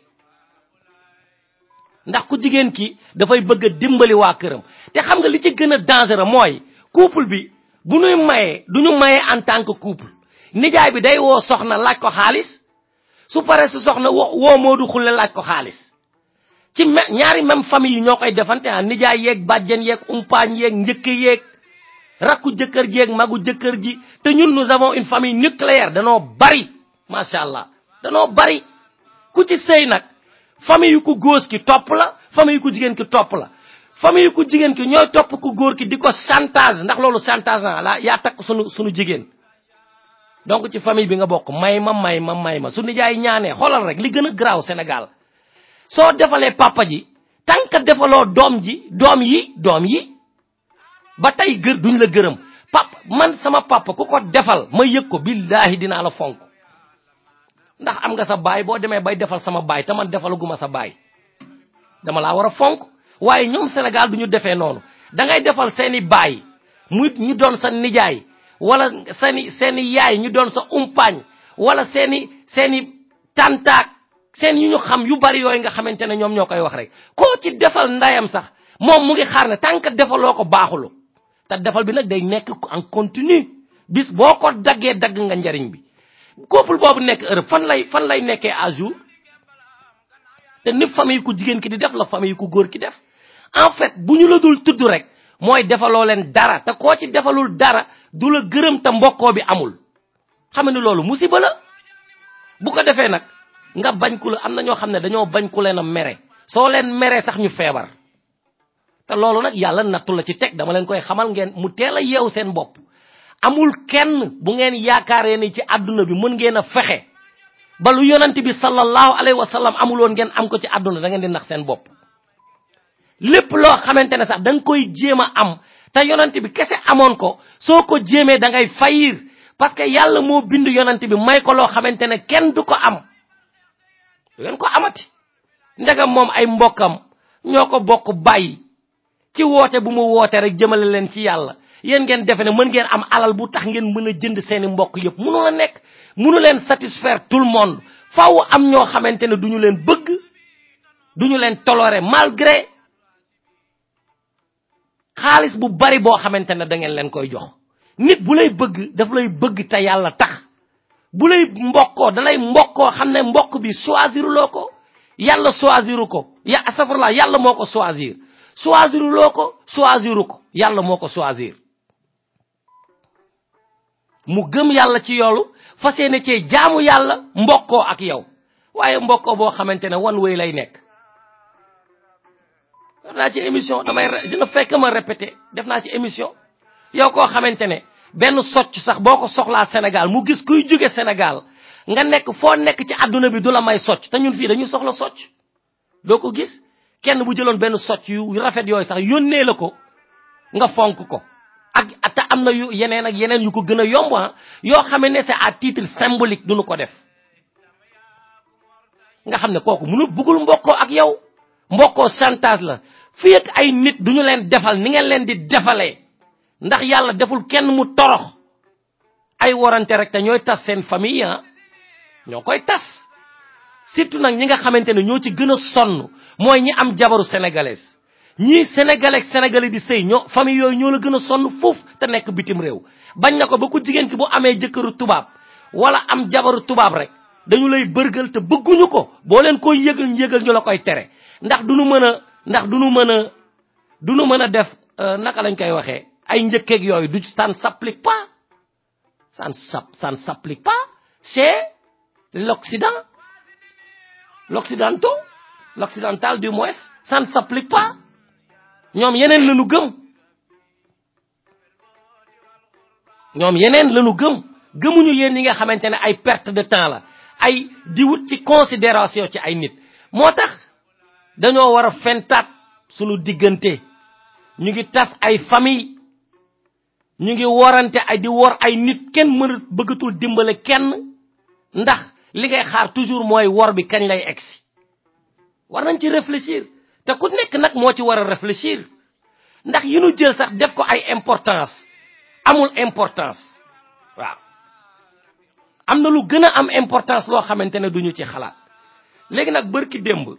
ndax ku jigéen ki dafay bëgg a dimbali waa këram te xam nga li ci gën a dangereux mooy couple bi bu ñuy mayee du ñu mayee en tant que couple nijaay bi day woo soxna laaj ko xaalis su pare su soxna woo woo Moodu Xulle laaj ko xaalis ci ñaari même famille yi ñoo koy defante ah nijaay yeeg bàjjen yeeg umpaañ yeeg njëkk yeeg rakku jëkkër ji yeeg magu jëkkër ji te ñun nous avons une famille nucléaire danoo bari macha allah danoo bari ku ci sëy nag. famille yu ko góos ki top la famille yu ko ki top la famille yu ko ki ñoy top ku goor ki di santage ndax lolu santage la ya tak sunu sunu jigen. donc ci famille bi nga bok may ma may ma may ma sunu nijaay ñaanee xoolal rek li gëna graw sénégal so défalé papa ji tank défalo dom ji dom yi dom yi ba tay gër duñ la pap man sama papa ku ko defal ma yëg ko billahi dina la fonk ndax am nga sa bay bo demé bay defal sama bay te man defaluguma sa bay dama la wara fonk waye ñom sénégal duñu défé da ngay defal seni bay muy ñi doon sa nijaay wala seni seeni yaay ñu doon sa umpaañ wala seni seni tantak, sen ñu ñu xam yu bari yoy nga xamantene ñom ñokay wax rek koo ci defal ndayam sax mom mu ngi xaar na tank defaloo defal bi nak day nekk en continu bis boko dagge dag nga njariñ bi couple boobu nekk Europe fan lay fan lay nekkee à jour te ni famille ku jigéen ki di def la famille ku góor ki def en fait bu ñu la dul tudd rek mooy defaloo leen dara te koo ci defalul dara du la gërëm te mbokkoo bi amul xam ne loolu musiba la bu ko defee nag nga bañ ku la am na ñoo xam ne dañoo bañ ku leen a mere soo leen meree sax ñu feebar te loolu nag yàlla nattu la ci teg dama leen koy xamal ngeen mu teel a yeewu seen bopp amul kenn bu ngeen yaakaaree ni ci àdduna bi mën ngeen a fexe ba lu yonante bi sallallahu alayhi wa sallam amul woon ngeen am ko ci àdduna da ngeen di nax seen bopp lépp loo xamante ne sax dang koy jéem am te yonante bi kese amoon ko soo ko jéemee da ngay fayir parce que yàlla moo bind yonante bi may ko loo xamante ne kenn du ko am ngeen ko amati ndagam moom ay mbokkam ñoo ko bokk bàyyi ci woote bu mu woote rek jëmale leen ci yàlla yen ngeen defe ne mën ngeen am alal bu tax ngeen mën jënd seen mbokk yëpp mënu la nekk mënu leen satisfaire tout le monde faaw am ño xamantene duñu leen bëgg duñu leen tolore malgré xaaliss bu bari bo xamantene da ngeen leen koy jox nit bu lay bëgg daf lay bëgg ta yalla tax bu lay mbokko da lay mbokkoo mbokk bi choisir loko yalla choisir ko ya asafurla yàlla moko ko choisir choisiru loko ko choisiru ko choisir mu gëm yalla ci yoolu fas yéene cee jaamu yalla mbokkoo ak yow waaye mbokkoo bo xamante wan wéy lay nek def ci émission damay dina fekk ma répéter def na ci émission yow ko benn socc sax boko soxla sénégal mu gis kuy jóge sénégal nga nek fo nek ci aduna bi dula may socc te ñun fi dañu soxla socc doko gis kenn bu jëloon benn socc yu rafet yoy sax yonne lako nga fonk ko ak te am na yu yeneen ak yeneen yu ko gën a yomb ah yoo xam ne c'est à titre symbolique duñu ko def nga xam ne kooku mënul bëggul mbokkoo ak yow mbokkoo chantage la fii ay nit duñu leen defal ni ngeen leen di defalee ndax yàlla deful kenn mu torox ay warante rek te ñooy tas seen famille ah ñoo koy tas surtout nag ñi nga xamante ne ñoo ci gën a sonn mooy ñi am jabaru sénégalaise ñi sénégal ak sénégalais di sey ñoo famille yoy ñoo la gëna sonn fuuf te bitim réew bañ nako ba ku jigen ci bu amé jëkëru tubab wala am jabaru tubab rek dañu lay bërgël te bëgguñu ko bo leen koy yëgël yëgal ñu la koy téré ndax duñu mëna ndax duñu mëna duñu mëna def euh, naka lañ koy waxé ay ak yoy du ça san s'applique pas san sap san s'applique pas c'est l'occident l'occidentaux l'occidental du moins ça ne s'applique pas ñom yenen lañu gëm ñom yenen lañu gëm gëmuñu yeen yi nga xamantene ay perte de temps la ay di wut ci considération ci ay nit motax dañu wara fentat suñu digënté ñu ngi tass ay famille ñu ngi worante ay di wor ay nit kenn mëna bëggatul dimbalé kenn ndax li ngay xaar toujours mooy wor bi kañ lay egsi war nañ ci réfléchir te ku nek nak mo ci wara réfléchir ndax yu nu jël sax def ko ay importance amul importance waaw am lu gëna am importance loh xamantene duñu ci xalaat légui nak bërki demb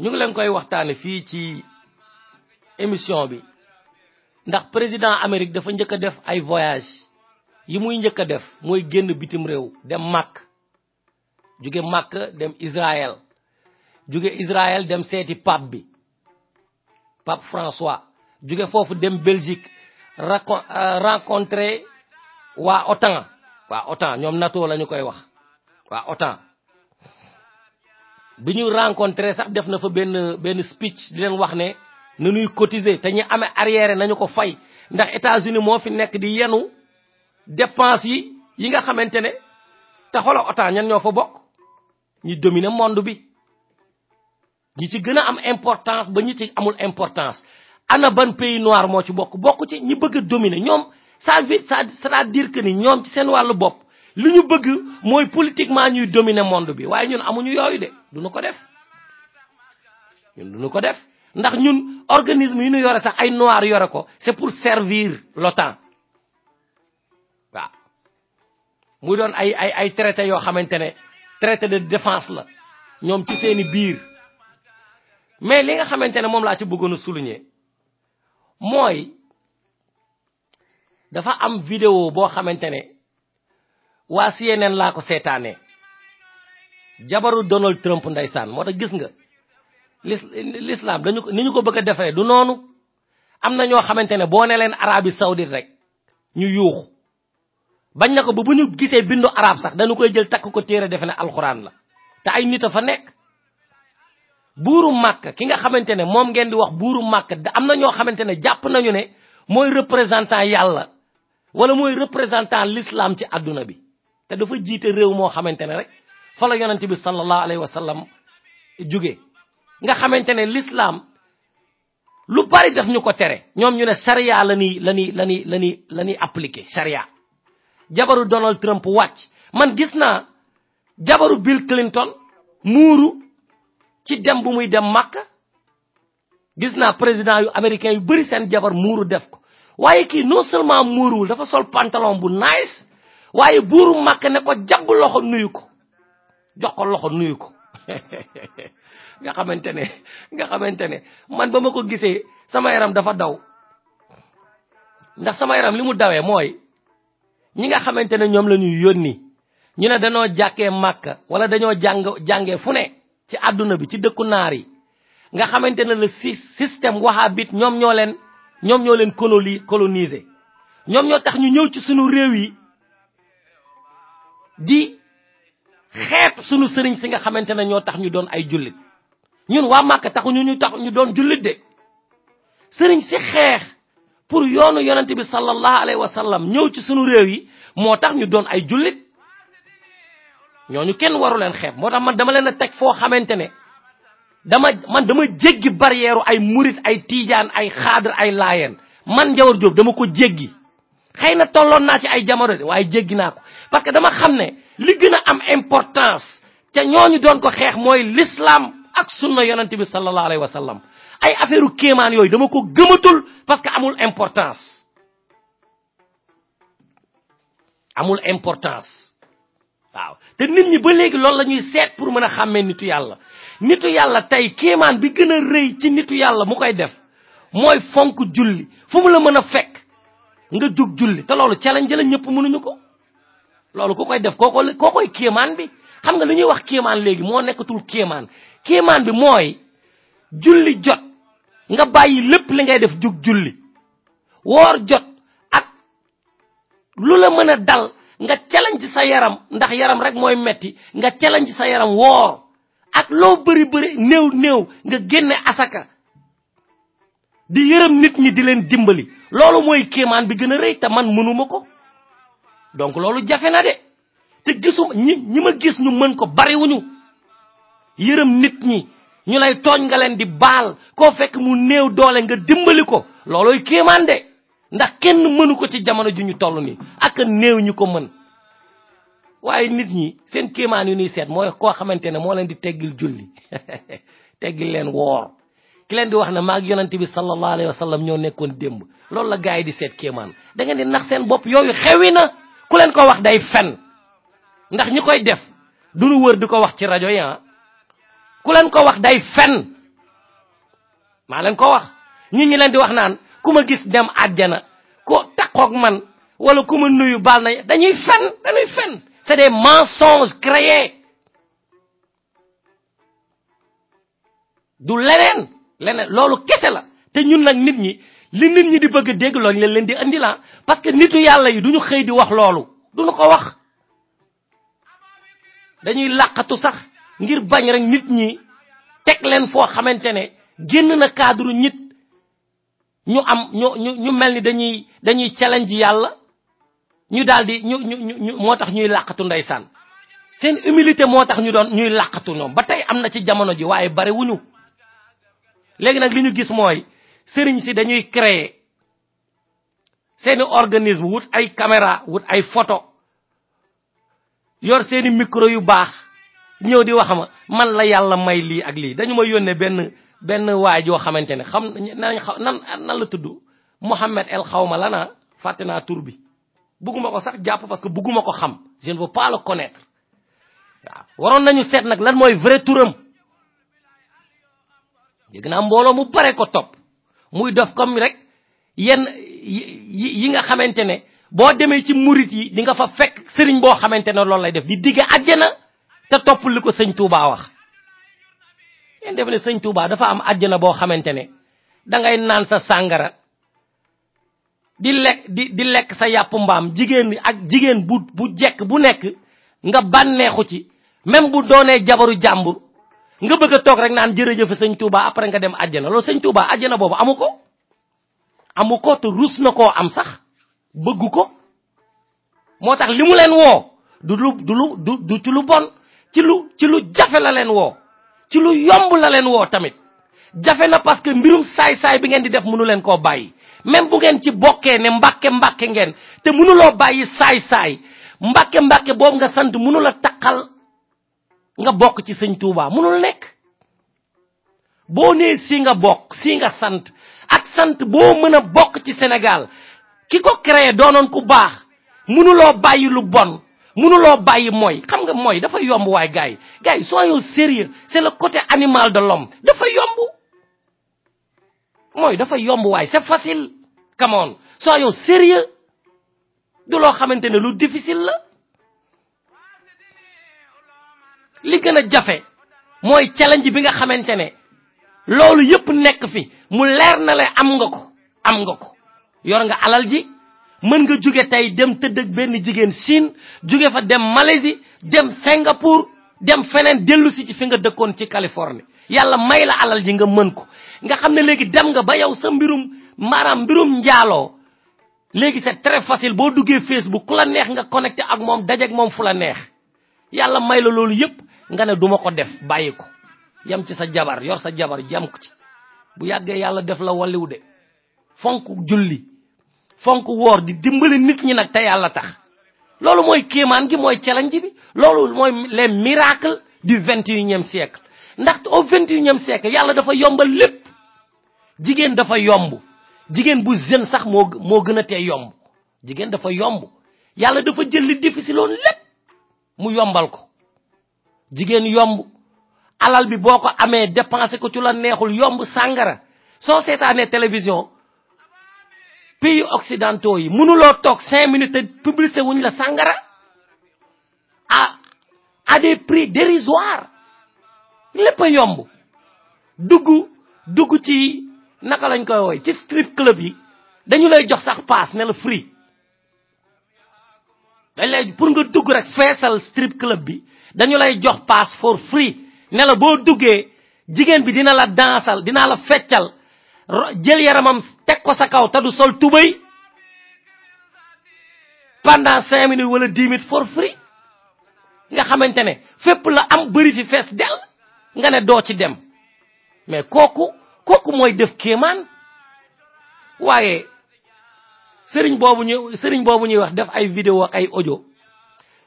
ñu ngi lañ koy waxtaane fi ci émission bi ndax président amérique dafa njëkk def ay voyage yi muy def moy génn bitim réew dem mak jóge mak dem israël juge Israël dem seeti pape bi pape François juge foofu dem Belgique racon euh, rencontré waa OTAN waa OTAN ñoom NATO la ñu koy wax waa OTAN bi ñu rencontré sax def na fa benn benn speech di leen wax ne na nuy cotiser ta ñu amee arrière nañu ko fay ndax États-Unis moo fi nekk di yenu dépense yi yi nga xamante ne te xoolal OTAN ñan ñoo fa bokk ñu dominer monde bi. ñi ci gën a am importance ba ñi ci amul importance ana ban pays noir moo ci bokk bokk ci ñi bëgg a ñoom ça veut c'est-à-dire que ni ñoom ci seen wàllu bopp li ñu bëgg mooy politiquement ñuy dominer monde bi waaye ñun amuñu yooyu de duñu ko def ñun duñu ko def ndax ñun organisme yi nu yore sax ay noir yore ko c'est pour servir l'OTAN waaw muy doon ay ay ay traité yoo xamante ne traité de défense la ñoom ci seeni biir mais li nga xamante ne moom laa ci bëggoon a souligner mooy dafa am video boo xamante ne waa yeneen laa ko seetaanee jabaru Donald Trump ndeysaan moo tax gis nga l'islam dañu ko ni ñu ko bëgg a defee du noonu am na ñoo xamante ne boo ne leen Arabie Saoudite rek ñu yuuxu bañ na ko ba bu ñu gisee bindu arab sax dañu koy jël takk ko téere defe ne alxuraan la te ay nit a fa nekk buru makka ki nga xamantene Mom ngeen di wax buru makka da amna ño xamantene japp nañu ne moy representant yalla wala moy representant l'islam ci aduna bi te dafa jité rew mo xamantene rek fa la yonente bi salallahu alayhi wa sallam nga xamantene l'islam lu bari daf ñuko téré tere ñu ne sharia lani lani la ni la ni la sharia jabaru donald trump watch. man gis jabaru bill clinton muru ci dem bu muy dem makka gis na président yu américain yu bari seen jabar muuru def ko waaye kii non seulement muuruwul dafa sol pantalon bu nice waaye buuru makka ne ko jabb loxo nuyu ko jox ko loxo nuyu ko nga xamante ne nga xamante ne man ba ma ko gisee sama yaram dafa daw ndax sama yaram li mu dawee mooy ñi nga xamante ne ñoom la ñuy yónni ñu ne dañoo jàkkee wala dañoo jàng jàngee fu ci àdduna bi ci dëkku naar yi nga xamante ne le système wahhabite ñoom ñoo leen ñoom ñoo leen coloni coloniser ñoom ñoo tax ñu ñëw ci sunu réew yi di xeeb sunu sëriñ si nga xamante ne ñoo tax ñu doon ay jullit ñun waa Màkka taxuñu ñu tax ñu doon jullit de sëriñ si xeex pour yoonu yonent bi sallallahu alayhi wa sallam ñëw ci sunu réew yi moo tax ñu doon ay jullit ñooñu kenn waru leen xeeb moo tax man dama leen a teg foo xamante ne dama man dama jéggi barrière ay murit ay tijaan ay xaadr ay laayeen man njawar job dama ko jéggi xëy na tolloon ci ay jamono de waaye jéggi naa ko parce que dama xam ne li gën am importance ca ñooñu doon ko xeex mooy l'islam ak sunna yonent bi sallallahu alayhi wa sallam ay affaire kéemaan yooyu dama ko gëmatul parce que amul importance amul importance waaw te nit ñi ba léegi loolu la ñuy seet pour mën a xàmmee nitu yàlla nitu yàlla tey kéemaan bi gën a rëy ci nitu yàlla mu koy def mooy fonk julli fu mu la mën fekk nga julli te loolu challenge la ñëpp mënuñu ko loolu ku koy def kooko kookoy kéemaan bi xam nga lu ñuy wax kéemaan léegi moo nekkatul kéemaan kéemaan bi mooy julli jot nga bàyyi lépp li ngay def jóg julli woor jot ak lu la dal nga challenge sa yaram ndax yaram rek moy metti nga challenge sa yaram woor ak lo beuri beuri new new nga genné asaka di yërëm nit ñi di leen dimbali lolu moy kéman bi gëna reey ta man mënuma ko donc lolu jafé na dé te gisum ñi ñi ma gis ñu mën ko wuñu yërëm nit ñi ñu lay nga leen di bal ko fekk mu new doole nga dimbali ko loloy kéemaan de ndax kenn mënu ko ci jamono ju ñu toll nii ak néew ñu ko mën waaye nit ñi seen kéemaan yu ñuy seet mooy koo xamante ne moo leen di teggil julli teggil leen woor ki leen di wax na ne maag yonante bi sallallahu alayhi wa sallam ñoo nekkoon démb loolu la gars yi di seet kéemaan da di nax seen bopp yooyu xewi na ku leen ko wax day fen ndax ñi koy def du wër di ko wax ci rajo yi ah. ku leen ko wax day fen maa leen ko wax ñun ñi leen di wax naan ku gis dem aljana ko takok man wala kuma nuyu balna na dañuy fen dañuy fen c'est des mensonges créés du lenen lenen loolu kese la té ñun nak nit ñi li nit ñi di bëgg dégg lool ñu leen di andi la parce que nitu yalla yi duñu xey di wax loolu duñu ko wax dañuy laqatu sax ngir bañ rek nit ñi tek leen fo xamantene ne na cadre nit ñu am ñu ñu mel ni dañuy dañuy challenge yàlla ñu daal di ñu ñu ñu moo tax ñuy làqatu ndeysaan seen humilité moo tax ñu doon ñuy làqatu ñoom ba tey am na ci jamono ji waaye bare wuñu léegi nag li ñu gis mooy sëriñ si dañuy créer seeni organisme wut ay caméra wut ay photo yor seeni micro yu baax ñëw di wax ma man la yàlla may lii ak lii dañu ma yónnee benn benn waay joo xamante ne xam nan nan nan la tudd mohammed el xawma lana fàtte naa tur bi bugguma ko sax jàpp parce que bugguma ko xam je ne veux pas le connaître waaw waroon nañu seet nag lan mooy vrai turam dégg naa mu bare ko topp muy dof comme rek yenn yi nga xamante ne boo demee ci murit yi di nga fa fekk sëriñ boo xamante ne loolu lay def di digge àjjana te topp li ko sëñ wax ngeen def ne sëñ Touba dafa am àjjana boo xamante ne da ngay naan sa sàngara di lekk di di lekk sa yàpp mbaam jigéen ak jigéen bu bu jekk bu nekk nga bànneexu ci même bu doonee jabaru jàmbur nga bëgg a toog rek naan jërëjëf sëñ Touba après nga dem àjjana loolu sëñ Touba àjjana boobu amu ko amu ko te rus na koo am sax bëgg ko moo tax li mu leen woo du lu du lu du du ci lu bon ci lu ci lu jafe la leen woo ci lu yomb la leen woo tamit jafe na parce que mbirum saay-saay bi ngeen di def mënu leen koo bàyyi même bu ngeen ci bokkee ne mbàkke mbàkke ngeen te mënuloo bàyyi saay-saay mbàkke mbàkke boobu nga sant la taqal nga bokk ci sëñ Tuubaa mënul nekk boo nee si nga bokk si nga sant ak sant boo mën a bokk ci senegal ki ko créé doonoon ku baax mënuloo bàyyi lu bon mënuloo bàyyi mooy xam nga mooy dafa yomb waay gars yi gars yi soyons sérieux c'est le côté animal de l'homme dafa yomb mooy dafa yomb waay c'est facile come on soyons sérieux du loo xamante ne lu difficile la li gën a jafe mooy challenge bi nga xamante ne loolu yëpp nekk fi mu leer na le am nga ko am nga ko yor nga alal ji mën nga jóge tey dem tëdd ak benn jigéen Chine jóge fa dem Malaisie dem Singapour dem feneen dellu si ci fi nga dëkkoon ci Californie yàlla may la alal ji nga mën ko nga xam ne dem nga ba yow sa mbirum maanaam mbirum njaaloo léegi c'est très facile boo duggee facebook ku la neex nga connecté ak moom dajeeg moom fu la neex yàlla may la loolu yépp nga ne duma ko def bàyyi yam ci sa jabar yor sa jabar jam ko ci bu yàggee yàlla def la walliw de fonk julli fonk wor di dimbali nit ñi nak ta yalla tax lolu moy kéemaan gi moy challenge bi lolu moy les miracles du 21e siècle ndax au 21e siècle yalla dafa yombal lepp Jigen dafa yomb Jigen bu jeune sax mo mo gëna té yomb jigen dafa yomb yalla dafa jël li difficile won lepp mu yombal ko jigen yomb alal bi boko ko dépenser ko ci la neexul yomb sangara so sétane télévision pays occidentaux yi mënuloo toog 5 minutes te publicité wuñ la sangara à à des prix dérisoires lépp a yomb dugg dugg ci naka lañ koy woy ci strip club yi dañu lay jox sax pass ne la free dañ lay pour nga dugg rek feesal strip club bi dañu lay jox pass for free ne la boo duggee jigéen bi dina la dansal dina la feccal jël yaramam teg ko sa kaw te du sol tubéy pendant cinq minutes wala dix minutes for free nga xamante ne fépp la am bëri fi fees dell nga ne doo ci dem mais kooku kooku mooy def kéemaan waaye sëriñ boobu ñu sëriñ boobu ñuy wax def ay vidéo ak ay ojo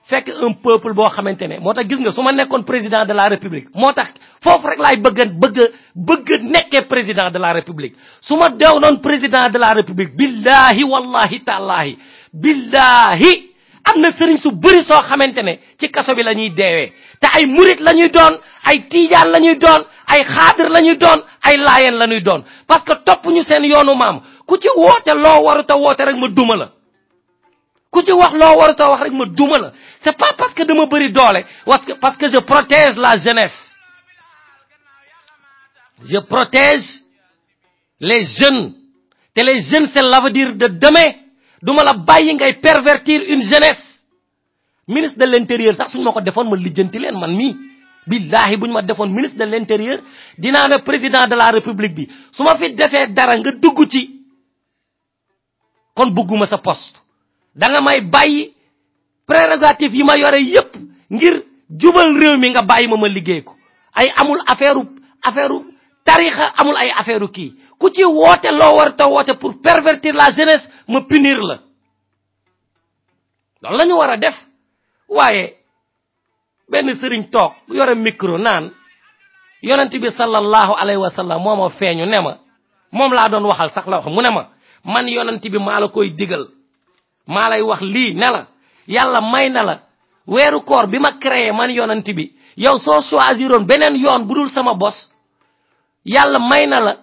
fekk un peuple boo xamante ne moo tax gis nga su ma nekkoon président de la république moo tax foofu rek laay bëgg bëgg bëgg nekkee président de la république su ma deew président de la république billahi wallahi tallahi billahi am na sëriñ su bëri soo xamante ne ci kaso bi la ñuy deewee te ay murit la ñuy doon ay tiijaan la ñuy doon ay xaadir la ñuy doon ay laayeen la doon parce que topp ñu yoonu maam ku ci woote loo woote rek ma duma la ku ci wax loo warutoo wax rek ma duma la c'est pas parce que dama bëri doole parce que parce que je protège la jeunesse je protège les jeunes te les jeunes c'est l'avenir de demain duma la bàyyi ngay pervertir une jeunesse ministre de l'intérieur sax suñ ma ko defoon ma lijjanti leen man mii billahi buñ ma defoon ministre de l'intérieur dinaa ne président de la république bi su ma fi defee dara nga dugg ci kon bëgguma sa poste da nga may bayyi prérogative yi ma yore yépp ngir jubal réew mi nga bayyi ma ma liggéey ko ay amul affaireu affaireu tarixa amul ay affaireu kii ku ci woote loo war ta woote pour pervertir la jeunesse ma punir la loolu la ñu war a def waaye benn sëriñ toog yore micro naan yonent bi sallallahu alayhi wa sallam moo ma feeñu ne ma moom laa doon waxal sax la wax mu ne man yonent bi maa koy digal maa lay wax lii ne la yàlla may na la weeru koor bi ma créé man yonanti bi yow soo beneen yoon bu sama bos yàlla may na la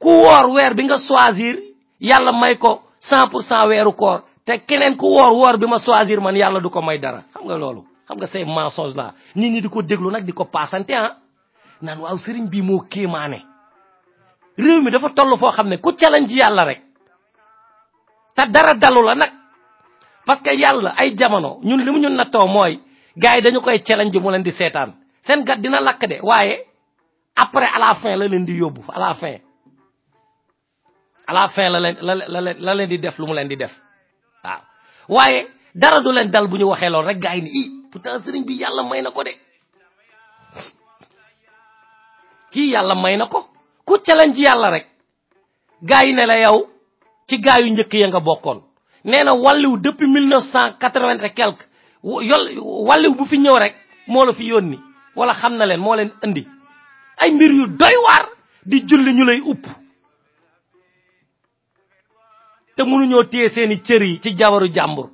ku woor weer bi nga choisir yàlla may ko 100 pour cent weeru koor te keneen ku woor woor bi ma choisir man yàlla du ko may dara xam nga loolu xam nga say mensonge la nit ñi di ko déglu nag di ko ah naan waaw sëriñ bi moo kéemaane réew mi dafa toll foo xam ku challenge yàlla rek te dara dalu la nag parce que yalla ay jamono ñun limu ñun natto moy gaay dañu koy challenge mu leen di setan. Sen gat dina lak de waaye après à la fin la leen di yobbu à la fin à la fin la leen la di def lu mu leen di def dara du leen dal buñu waxé lool rek gaay ni i pourtant sëriñ bi yalla may nako de may nako ku challenge yalla rek gaay ne la yow ci yu ya nga nee na wu depuis 1980 rek quelque yol wàlliw bu fi ñëw rek moo la fi yónni wala xam na leen moo leen andi ay mbir yu doy waar di julli ñu lay upp te ñoo téye seeni cër yi ci jabaru jàmbur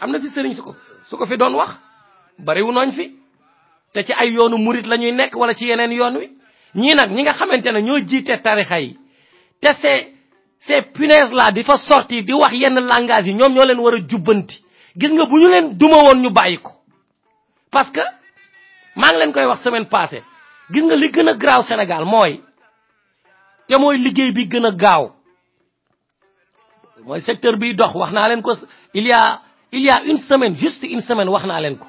am na fi sëriñ su ko fi doon wax bariwu noñ fi te ci ay yoonu murit la ñuy nekk wala ci yeneen yoon wi ñii nag ñi nga xamante ne ñoo jiite tarixa yi te see ces punaises là di fa sorti di wax yenn langage yi ñoom ñoo leen gis nga buñu leen duma won ñu bayiko parce que ma ngi leen koy wax semaine passée gis nga li gëna graw Sénégal moy té moy liggéey bi gëna gaaw moy secteur bi dox wax naa leen ko il y a il y a une semaine juste une semaine wax naa leen ko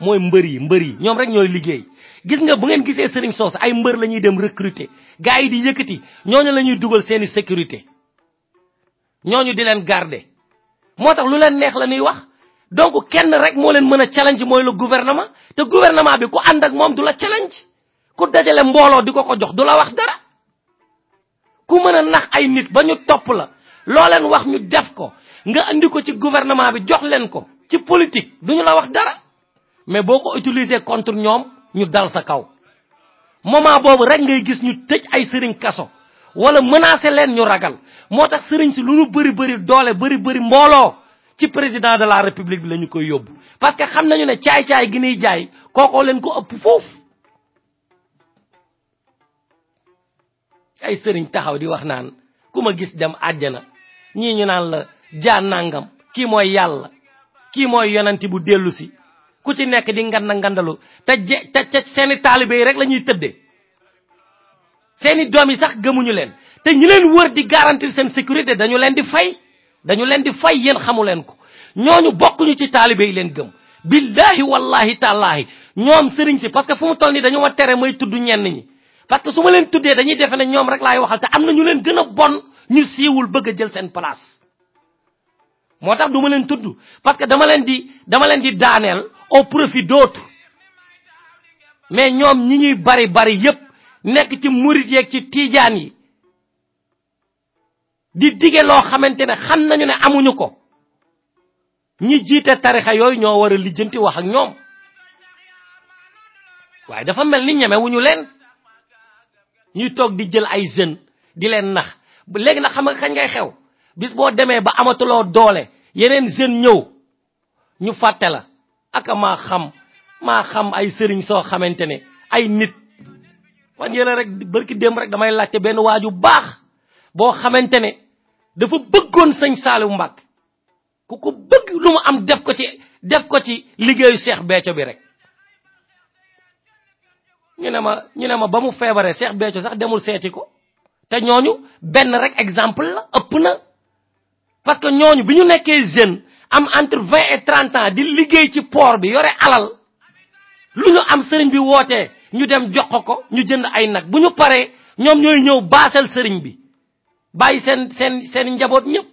moy mbeur yi mbeur yi ñom rek ñoy liggéey gis nga bu ngeen gisee Serigne Sos ay mbeur lañuy dem recruter gaay yi di yëkëti ñooñu lañuy duggal seeni sécurité ñooñu di leen garder moo tax lu leen neex la ñuy wax donc kenn rek moo leen mën a challenge mooy la gouvernement te gouvernement bi ku ànd ak moom du la challenge ku dajale mbooloo di ko ko jox du la wax dara ku mën a nax ay nit ba ñu topp la loo leen wax ñu def ko nga indi ko ci gouvernement bi jox leen ko ci politique ñu la wax dara mais boo ko utiliser contre ñoom ñu dal sa kaw moment boobu rek ngay gis ñu tëj ay sëriñ kaso wala menacer len ñu ragal motax serigne ci si lu nu beri doole bëri bëri mbolo ci président de la république bi lañu koy yob parce que xam nañu ne chay chay gi ni jaay koko len ko upp fof ay serigne taxaw di wax naan kuma gis dem aljana ñi ñu naan la jaa ki moy yalla ki moy yonanti bu delusi ku ci nek di nganda ngandalu te te seni rek lañuy seeni doom yi sax gëmuñu leen te ñi leen wër di garantir seen sécurité dañu leen di fay dañu leen di fay yeen xamu leen ko ñooñu ñu ci talibé yi leen gëm billahi wallahi tallahi ñoom sëriñ si parce que fu mu toll ni dañu ma tere may tudd ñenn ñi parce que su ma leen tuddee dañuy defe ne ñoom rek laay waxal te am na ñu leen gën a bon ñu siiwul bëgg a jël seen place moo tax du ma leen tudd parce que dama leen di dama leen di daaneel au profit d' mais ñoom ñi ñuy bari bari yépp Nek ci mouride yeeg ci tidiane yi di digge lo xamantene ne xam nañu ne amuñu ko ñi jité tarixa yoy ño wara lijeenti wax ak ñom waye dafa mel ni wuñu len tok di jël ay jeune di len nax legi na xam nga xañ ngay xew bis bo démé ba lo doole yeneen jeune ñew ñu fàtte la ak ma xam ma xam ay sëriñ so xamantene ay nit wan yële rek barki démb rek damay laajte benn waaju baax boo xamante ne dafa bëggoon sëñ Saaliw Mbàkke ku ko bëgg lu mu am def ko ci def ko ci liggéeyu seex Béthio bi rek ñu ne ma ñu ne ma ba mu feebaree Cheikh Béthio sax demul seeti ko te ñooñu benn rek exemple la ëpp na parce que ñooñu bi ñu nekkee jeune am entre vingt et trente di liggéey ci poor bi yore alal lu ñu am sëriñ bi wootee ñu dem jox ko ñu jënd ay nag bu ñu paree ñoom ñooy ñëw baasal sëriñ bi bàyyi seen seen njaboot ñëpp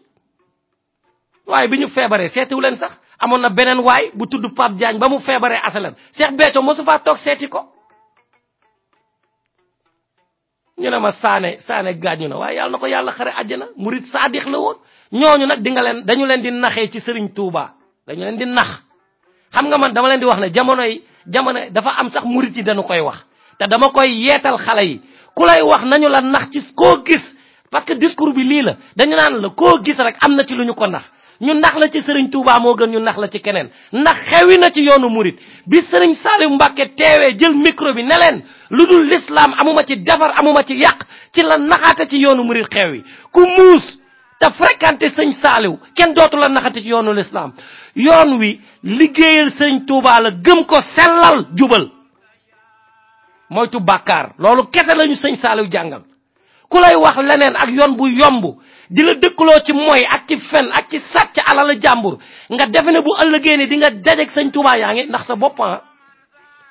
waaye bi ñu feebaree seetiwu leen sax amoon na beneen waay bu tudd Pape Diagne ba mu feebaree asalam Cheikh Béthio mosu faa toog seeti ko ñu ne ma saane saane gaañu na waaye yàlla na ko yàlla xare àjjana murit saadix la woon ñooñu nag di nga leen dañu leen di naxee ci sëriñ tuubaa dañu leen di nax xam nga man dama leen di wax ne jamono yi jamono dafa am sax murit yi dañu koy wax te dama koy yeetal xale yi ku lay wax nañu la nax ci koo gis parce que discours bi lii la dañu naan la koo gis rek am na ci lu ñu ko nax ñu nax la ci sëriñ tuubaa moo gën ñu nax la ci keneen ndax xewi na ci yoonu murit bi sëriñ Saliou Mbacke teewee jël micro bi ne leen lu dul lislaam amuma ci defar amuma ci yàq ci la naxaate ci yoonu murit xew yi ku muus te fréquenté sëñ saaliw kenn dootu la naxati ci yoonu l'islam yoon wi liggéeyal sëñ Touba la gëm ko sellal jubal moytu bakar loolu kété lañu sëñ saaliw jàngal ku lay wax leneen ak yoon bu yomb di la dëkkaloo ci moy ak ci fen ak ci sàcc alal jàmbur nga defe bu ëllëgee ni di nga dajeg sëñ tuuba yaa ngi ndax sa bopp ah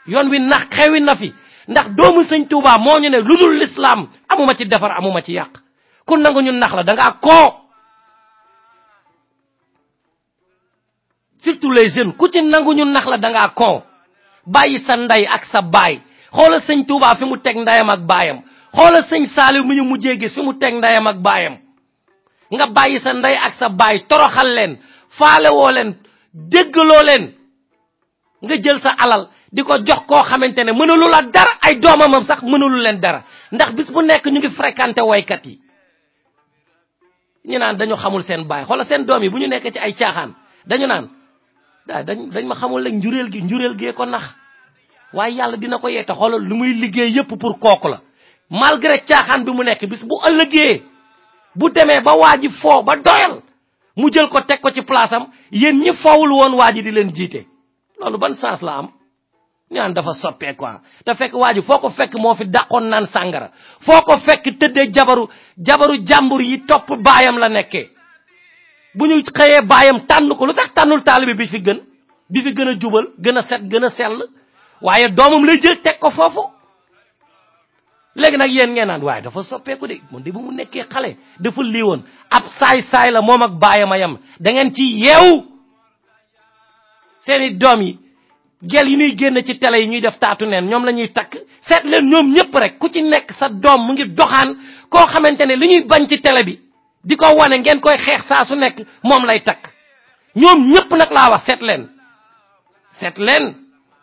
yoon wi nax xewi na fi ndax doomu sëñ Touba moo ñu ne l'islam amuma ci defar amuma ci yàq ku nangu ñun nax la da ngaa ko surtout les jeunes ku ci nangu ñun nax la da ngaa ko bayyi sa nday ak sa bay xoolal sëñ Touba fi mu tek ndayam ak bayam xoolal sëñ Saliou mu ñu mujjé gis fi mu tek ndayam ak bayam nga bayyi sa nday ak sa bay toroxal leen faale len degg lo len nga jël sa alal diko jox ko xamantene ne mënalu la dara ay domam sax mënalu dara ndax bis bu nekk ñu ngi fréquenté kat yi ñu naan dañu xamul seen baay xoola seen doom yi bu ñu nekkee ci ay caaxaan dañu naan dañ ma xamul rek njureel gi njureel gee ko nax waaye yàlla dina ko yee te lu muy liggéey yépp pour kooku la malgré caaxaan bi mu nekk bis bu ëllëgee bu demee ba waa ji foo ba doyal mu jël ko teg ko ci place am yéen ñi foowul woon waa ji di leen jiite loolu ban sens la am ñaan dafa quoi ta fekk waju foko fekk mo fi dakon nan sangara foko fekk tëddee jabaru jabaru jàmbur yi top bayam la nekké buñu xeyé bayam tan ko lutax tanul talib bi fi gën bi fi gëna jubal set gëna sel. waye waaye lay jël tek ko fofu légui nak yeen ngeen nan way dafa soppeeku de mon de bu mu nekké xalé dafa liwon ab say say la mom ak bayam ayam da ngeen ci yew seeni domi gel yi ñuy génn ci tele yi ñuy def taatu neen ñoom la ñuy takk seet leen ñoom ñëpp rek ku ci nekk sa doom mu ngi doxaan koo xamante ne li ñuy bañ ci tele bi di ko wane ngeen koy xeex saa su nekk moom lay takk ñoom ñëpp nag laa wax seet leen seet leen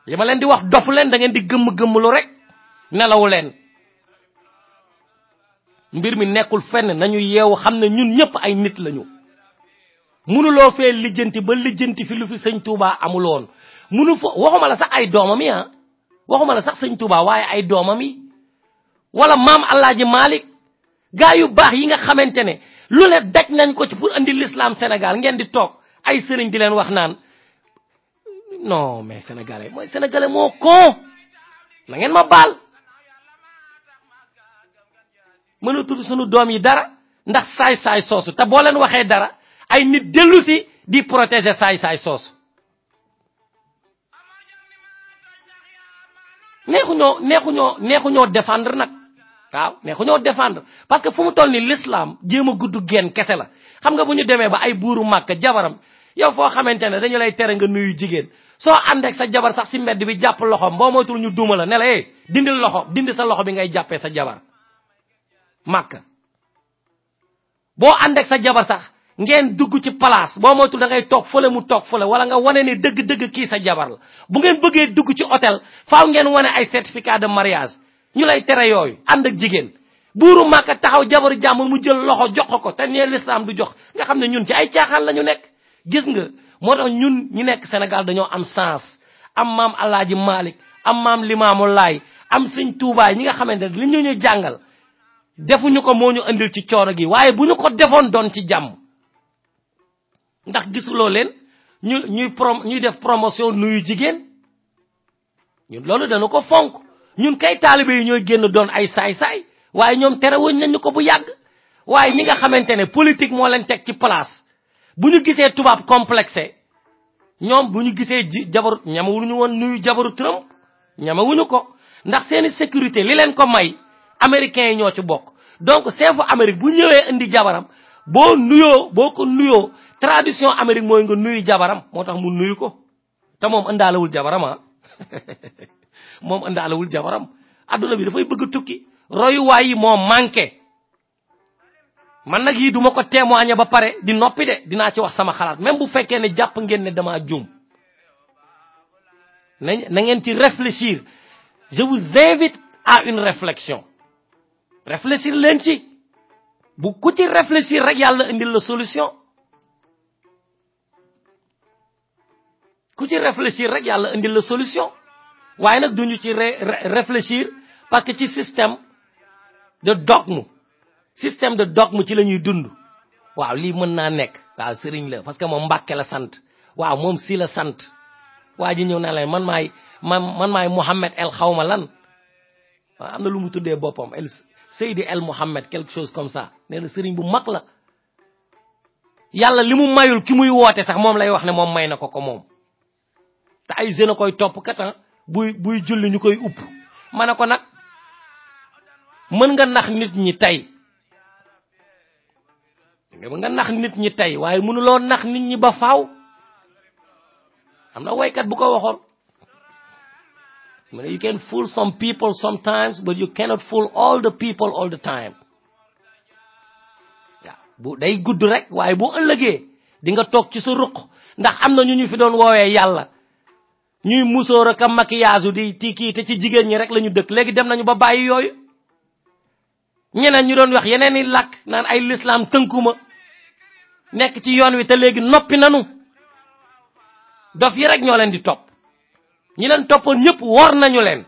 li ma leen di wax dofu leen da ngeen di gëmm-gëmm lu rek nelawu leen mbir mi nekkul fenn nañu yeewu xam ne ñun ñëpp ay nit lañu mënuloo fee lijjanti ba lijjanti fi lu fi sëñ Tuubaa amuloon munu fo waxuma la sax ay domam ya waxuma la sax seigne Touba waaye ay domam yi wala Mam Alaaji Malik ga yu bax yi nga xamantene ne lu ne daj nañ ko ci pour andi l'islam senegal ngeen di tok ay sëriñ di len wax naan non mais senegalais moy senegalais mo ko na ngeen ma bal mën tuddu sunu dom yi dara ndax say say sosu ta bo len waxe dara ay nit delusi di protéger say say sosu. neexuñoo neexuñoo neexuñoo défendre nak, waaw neexuñoo défendre parce que fumu tolni l'islam jéem a gudd kessé la xam nga buñu démé ba ay bourou màkk jabaram yow fo xamantene dañu lay téré nga nuyu jigen so ànd ak sa jabar sax ci mbedd bi japp loxom bo moytul ñu duma la ne la eh dindil loxo dindi sa loxo bi ngay jappé sa jabar màkk bo ànd ak sa jabar sax ngeen dugg ci place boo moytul da ngay tok fele mu tok fele wala nga wane ni deug deug ki sa jabar la bu ngeen beugé dugg ci hôtel faaw ngeen wane ay certificat de mariage ñu lay téré yoy and ak jigen buru maka taxaw jabaru jàmbur mu jël loxo jox ko te nee l'islam du jox nga xamne ñun ci ay caaxaan lañu nek gis nga moo tax ñun ñi nek sénégal dañoo am sens am mam alaaji malik am mam mulai, lay am sëñ touba ñi nga xamne li ñu ñu jangal defuñu ko moñu andil ci cioro gi waye buñu ko defon don ci ndax gisuloo leen ñu ñuy prom ñuy def promotion nuyu jigéen ñu loolu dana ko fonk ñun kay taalibe yi ñooy génn doon ay saay-saay waaye ñoom tere terewuñ nañu ko bu yàgg waaye ñi nga xamante ne politique moo leen teg ci place bu ñu gisee tubaab complexé ñoom bu ñu gisee ji jabaru ñamawuñu woon nuyu jabaru Trump ñamawuñu ko ndax seeni sécurité li leen ko may américains yi ñoo ci bokk donc chef Amérique bu ñëwee indi jabaram boo nuyoo boo ko nuyoo tradition amerique moy nga nuyu jabaram motax mu nuyu ko ta mom andalawul jabaram ah. mom andalawul jabaram aduna bi fay bëgg tukki way yi mom manqué man nak yi duma ko témoigner ba paré di nopi dé dina ci wax sama xalaat même bu yang né japp ngeen né dama juum na ngeen ci réfléchir je vous invite à une réflexion réfléchir leen ci bu ku ci réfléchir rek yalla andil la solution ku ci réfléchir rek yàlla indil la solution waaye nag duñu ci réfléchir parce que ci système de dogme système de dogme ci la ñuy dund waaw lii mën naa nekk waaw sëriñ la parce que moom Mbàkke la sant waaw moom si la sant waa ji ñëw naa la man maay man man maay Mohammed el xawma lan waaw am na lu mu tuddee boppam el Seydi el Mohammed quelque chose comme ça nee na sëriñ bu mag la yàlla li mu mayul ki muy woote sax moom lay wax ne moom may na ko ko moom ta ay jeune koy top kat ah, buy buy julli ñukoy upp ma ne ko mën nga nax nit ñi tay nga nax nit ñi waye mënu lo nax nit ñi ba faaw amna way kat bu ko waxoon you can fool some people sometimes but you cannot fool all the people all the time bu day gudd rek waye bu ëllëgé di nga tok ci su ruq ndax amna ñu ñu fi doon wowe yalla ñuy musoor ak maquillage di tiki te ci jigéen ñi rek lañu dëkk léegi dem nañu ba bàyyi yooyu ñeneen ñu doon wax yeneen i làkk naan ay lislaam tënkuma nekk ci yoon wi te léegi noppi nanu dof yi rek ñoo leen di topp ñi leen toppoon ñëpp wor nañu leen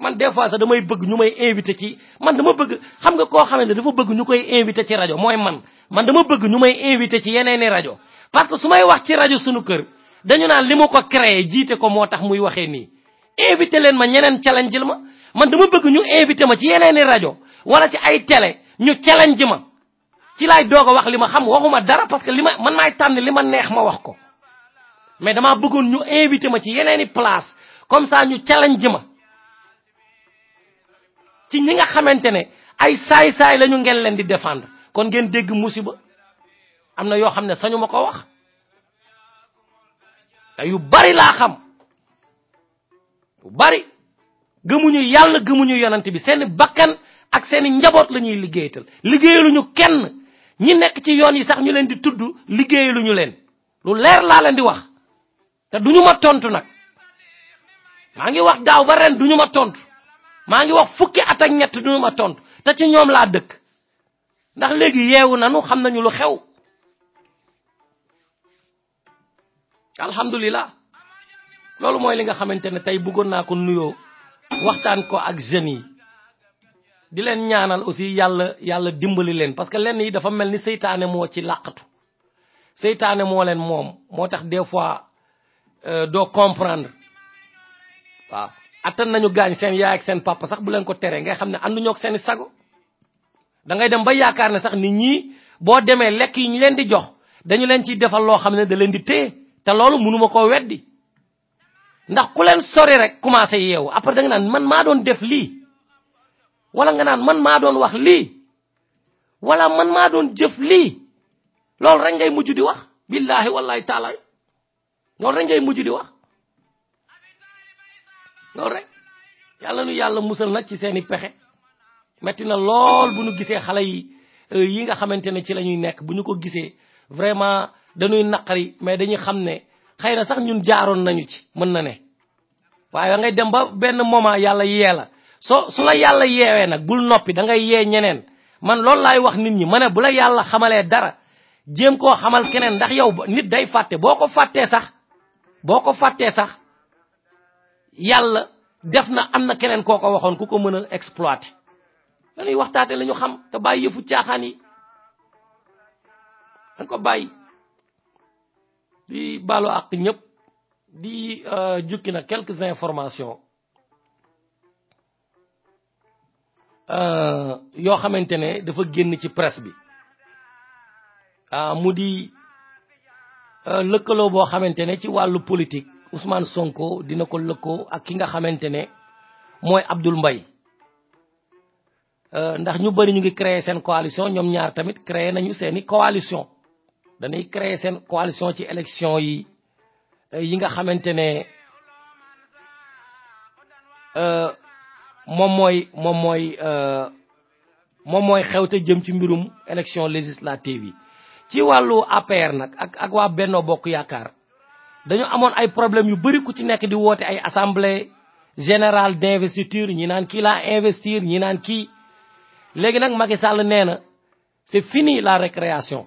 man des fois sax damay bëgg ñu may invité ci man dama bëgg xam nga koo xamante dafa bëgg ñu koy ci rajo mooy man man dama bëgg ñu may ci yeneen i parce que su wax ci rajo sunu kër dañu naan limu ko créé jité ko motax muy waxé ni len ma ñeneen challenge ma man dama bëgg ñu invité ma ci yeneeni rajo wala ci ay télé ñu challenge ma ci lay doog wax lima xam waxuma dara parce que lima man may tan lima ma neex ma wax ko mais dama bëggoon ñu invité ma ci yeneeni place comme ça ñu challenge ma ci ñi nga xamantene ne ay say say lañu ngeen len di défendre kon ngeen dégg musiba amna yo xamne sañu mako wax la yu bari la xam yu bari gëmuñu yalla gëmuñu yonante bi seen bakkan ak seen njabot lañuy ñuy liggéeyatal liggéeyaluñu kenn ñi nekk ci yoon yi sax ñu leen di tudd liggéeyaluñu leen lu leer laa leen di wax te duñu ma tontu nag maa ngi wax daaw ba ren duñu ma tontu maa ngi wax fukki at ak ñett duñu ma tontu te ci ñoom laa dëkk ndax léegi yeewu nanu xam nañu lu xew alhamdulillah loolu moy li nga xamantene tay bëggon bëggoon nuyo ko waxtaan ko ak jeune yi di len ñaanal aussi yalla yalla dimbali len parce que len yi dafa melni ni mo ci laqatu seytane mo len mom motax des fois euh, do comprendre wa atan nañu gañ seen yaay ak seen papa sax bu len ko téré ngay xam andu ñok ak sago da ngay dem ba yaakar ne sax nit ñi bo démé lek yi ñu len di jox dañu len ci defal lo xam da len di téye te loolu munuma ko weddi ndax ku leen sori rek commencé yeewu après da nga naan man maa doon def lii wala nga naan man maa doon wax lii wala man maa doon jëf lii loolu rek ngay mujj di wax billahi wallahi taala loolu rek ngay mujj di wax loolu rek yàlla nu yàlla musal nag ci seeni pexe metti na lool bu nu gisee xale yi euh, yi nga xamante ne ci la ñuy nekk bu ñu ko gisee vraiment dañuy naqari mais dañuy xam ne xëy na sax ñun jaaroon nañu ci mën na ne waaye da ngay dem ba benn moment yàlla yee la so su la yàlla yeewee nag bul noppi dangay ngay yee ñeneen man loolu laay wax nit ñi ma ne bu la yàlla xamalee dara jéem koo xamal keneen ndax yow nit day fàtte boo ko fàttee sax boo ko fàttee sax yàlla def na am na keneen koo ko waxoon ku ko mën a exploiter dañuy waxtaate lañu xam te bàyyi yëfu caaxaan yi dañ ko bàyyi di balo ak ñep di euh, jukki na quelques informations euh yo ne dafa génn ci presse bi ah, mu di euh boo bo ne ci walu politique Ousmane Sonko dina ko lëkkoo ak ki nga xamantene ne mooy Abdoul Mbaye euh, ndax ñu bari ñu ngi créer sen coalition ñom ñaar tamit créer nañu seeni coalition dañuy créer seen coalition ci élection yi euh, yi nga xamante ne euh, moom mooy moom mooy euh, moom mooy xewte jëm ci mbirum élection législative yi ci wàllu APR nag ak ak waa Benno Bokk Yaakaar dañu amoon ay problème yu bëri ku ci nekk di woote ay assemblée générale d'investiture ñi naan kii laa investir ñi naan kii léegi nag Macky Sall nee na c'est fini la récréation